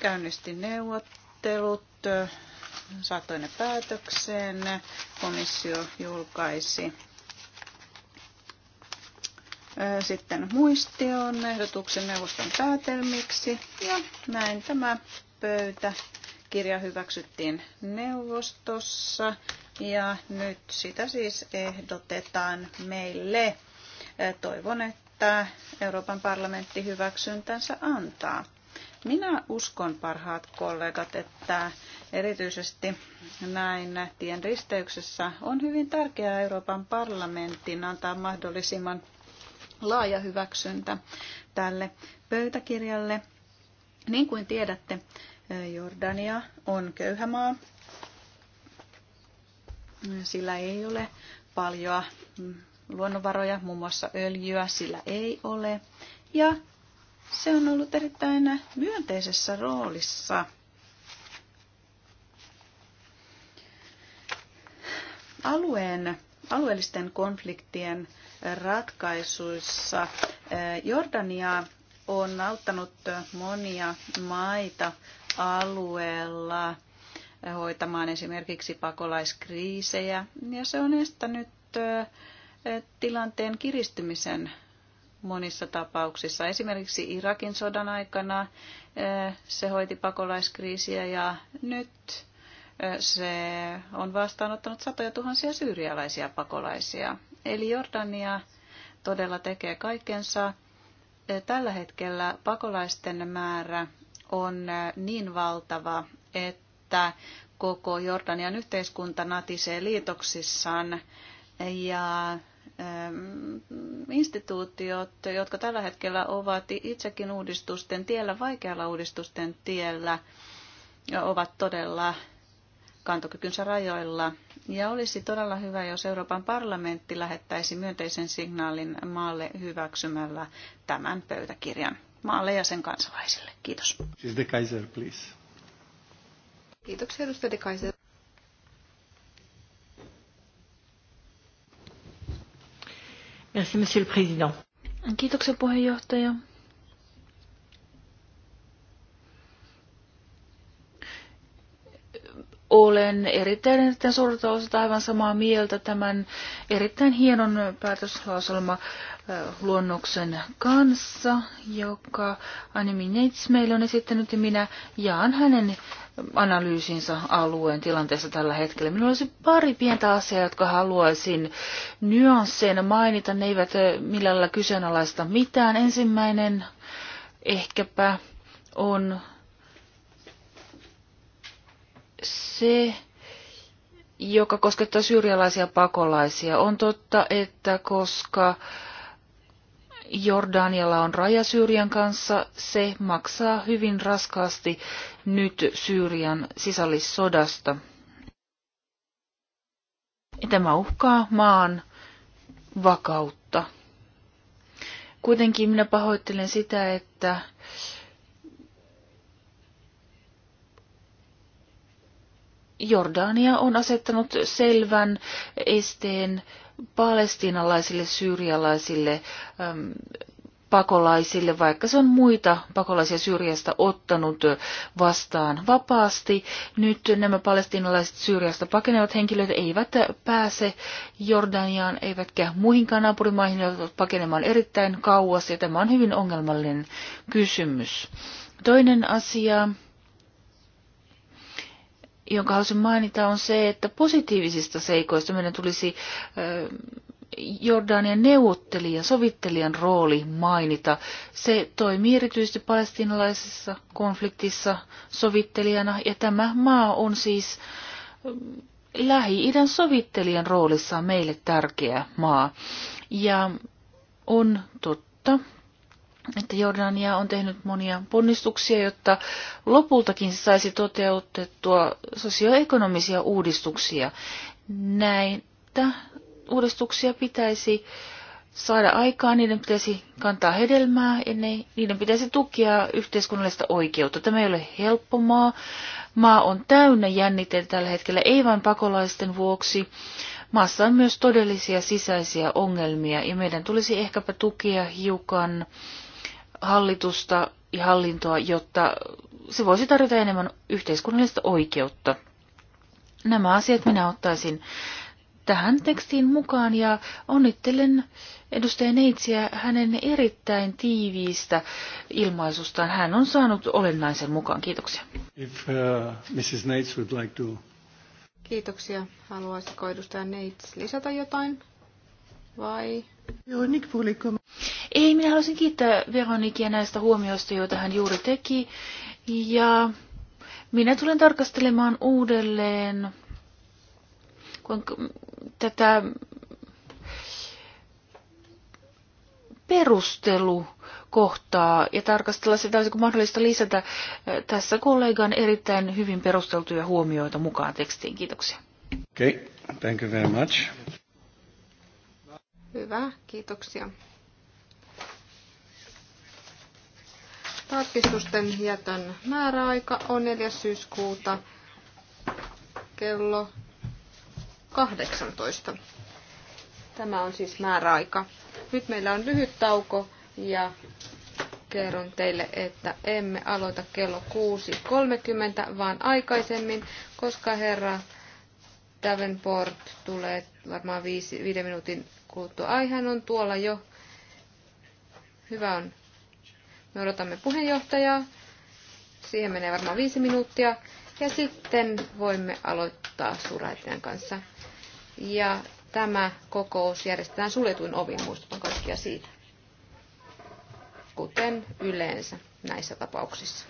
käynnisti neuvottelut, saattoi ne päätökseen. Komissio julkaisi sitten muistioon ehdotuksen neuvoston päätelmiksi ja näin tämä pöytä. Kirja hyväksyttiin neuvostossa ja nyt sitä siis ehdotetaan meille. Toivon, että Euroopan parlamentti hyväksyntänsä antaa. Minä uskon, parhaat kollegat, että erityisesti näin tien risteyksessä on hyvin tärkeää Euroopan parlamentin antaa mahdollisimman laaja hyväksyntä tälle pöytäkirjalle. Niin kuin tiedätte, Jordania on köyhä maa. Sillä ei ole paljoa luonnonvaroja, muun muassa öljyä sillä ei ole. Ja se on ollut erittäin myönteisessä roolissa. Alueen alueellisten konfliktien eh, ratkaisuissa. Eh, Jordania on auttanut monia maita alueella eh, hoitamaan esimerkiksi pakolaiskriisejä, ja se on estänyt tilanteen kiristymisen monissa tapauksissa. Esimerkiksi Irakin sodan aikana se hoiti pakolaiskriisiä ja nyt se on vastaanottanut satoja tuhansia syyrialaisia pakolaisia. Eli Jordania todella tekee kaikkensa. Tällä hetkellä pakolaisten määrä on niin valtava, että koko Jordanian yhteiskunta natisee liitoksissaan ja instituutiot, jotka tällä hetkellä ovat itsekin uudistusten tiellä, vaikealla uudistusten tiellä, ovat todella kantokykynsä rajoilla. Ja olisi todella hyvä, jos Euroopan parlamentti lähettäisi myönteisen signaalin maalle hyväksymällä tämän pöytäkirjan maalle ja sen kansalaisille. Kiitos. Siis de Kaiser, please. Kiitoksia, edustaja de Kaiser. Merci, monsieur le président. Kiitoksia puheenjohtaja. olen erittäin, erittäin suurta osalta aivan samaa mieltä tämän erittäin hienon päätöslauselma äh, luonnoksen kanssa, joka Anemi Neits meille on esittänyt ja minä jaan hänen analyysinsa alueen tilanteessa tällä hetkellä. Minulla olisi pari pientä asiaa, jotka haluaisin nyansseina mainita. Ne eivät äh, millään kyseenalaista mitään. Ensimmäinen ehkäpä on se, joka koskettaa syyrialaisia pakolaisia. On totta, että koska Jordanialla on raja Syyrian kanssa, se maksaa hyvin raskaasti nyt Syyrian sisällissodasta. Tämä uhkaa maan vakautta. Kuitenkin minä pahoittelen sitä, että Jordania on asettanut selvän esteen palestinalaisille, syyrialaisille äm, pakolaisille, vaikka se on muita pakolaisia Syyriasta ottanut vastaan vapaasti. Nyt nämä palestinalaiset Syyriasta pakenevat henkilöt eivät pääse Jordaniaan eivätkä muihinkaan naapurimaihin, ovat pakenemaan erittäin kauas, ja tämä on hyvin ongelmallinen kysymys. Toinen asia, jonka haluaisin mainita, on se, että positiivisista seikoista meidän tulisi Jordanian neuvottelija, sovittelijan rooli mainita. Se toimii erityisesti palestinalaisessa konfliktissa sovittelijana, ja tämä maa on siis Lähi-idän sovittelijan roolissa meille tärkeä maa. Ja on totta, että Jordania on tehnyt monia ponnistuksia, jotta lopultakin se saisi toteutettua sosioekonomisia uudistuksia. Näitä uudistuksia pitäisi saada aikaa, niiden pitäisi kantaa hedelmää ja ne, niiden pitäisi tukea yhteiskunnallista oikeutta. Tämä ei ole helppo maa. Maa on täynnä jännitteitä tällä hetkellä, ei vain pakolaisten vuoksi. Maassa on myös todellisia sisäisiä ongelmia ja meidän tulisi ehkäpä tukea hiukan hallitusta ja hallintoa, jotta se voisi tarjota enemmän yhteiskunnallista oikeutta. Nämä asiat minä ottaisin tähän tekstiin mukaan ja onnittelen edustaja Neitsiä hänen erittäin tiiviistä ilmaisustaan. Hän on saanut olennaisen mukaan. Kiitoksia. If, uh, Mrs. Nates would like to... Kiitoksia. Haluaisiko edustaja Neits lisätä jotain? Vai ei, minä haluaisin kiittää Veronikia näistä huomioista, joita hän juuri teki. Ja minä tulen tarkastelemaan uudelleen kuinka, tätä perustelukohtaa ja tarkastella sitä, olisiko mahdollista lisätä äh, tässä kollegan erittäin hyvin perusteltuja huomioita mukaan tekstiin. Kiitoksia. Okay, thank you very much. Hyvä, kiitoksia. Tarkistusten jätön määräaika on 4. syyskuuta kello 18. Tämä on siis määräaika. Nyt meillä on lyhyt tauko ja kerron teille, että emme aloita kello 6.30, vaan aikaisemmin, koska herra Davenport tulee varmaan viisi, viiden minuutin kuultu. Ai, hän on tuolla jo. Hyvä on. Me odotamme puheenjohtajaa. Siihen menee varmaan viisi minuuttia. Ja sitten voimme aloittaa suurlähettilän kanssa. Ja tämä kokous järjestetään suljetuin ovin, muistutan kaikkia siitä, kuten yleensä näissä tapauksissa.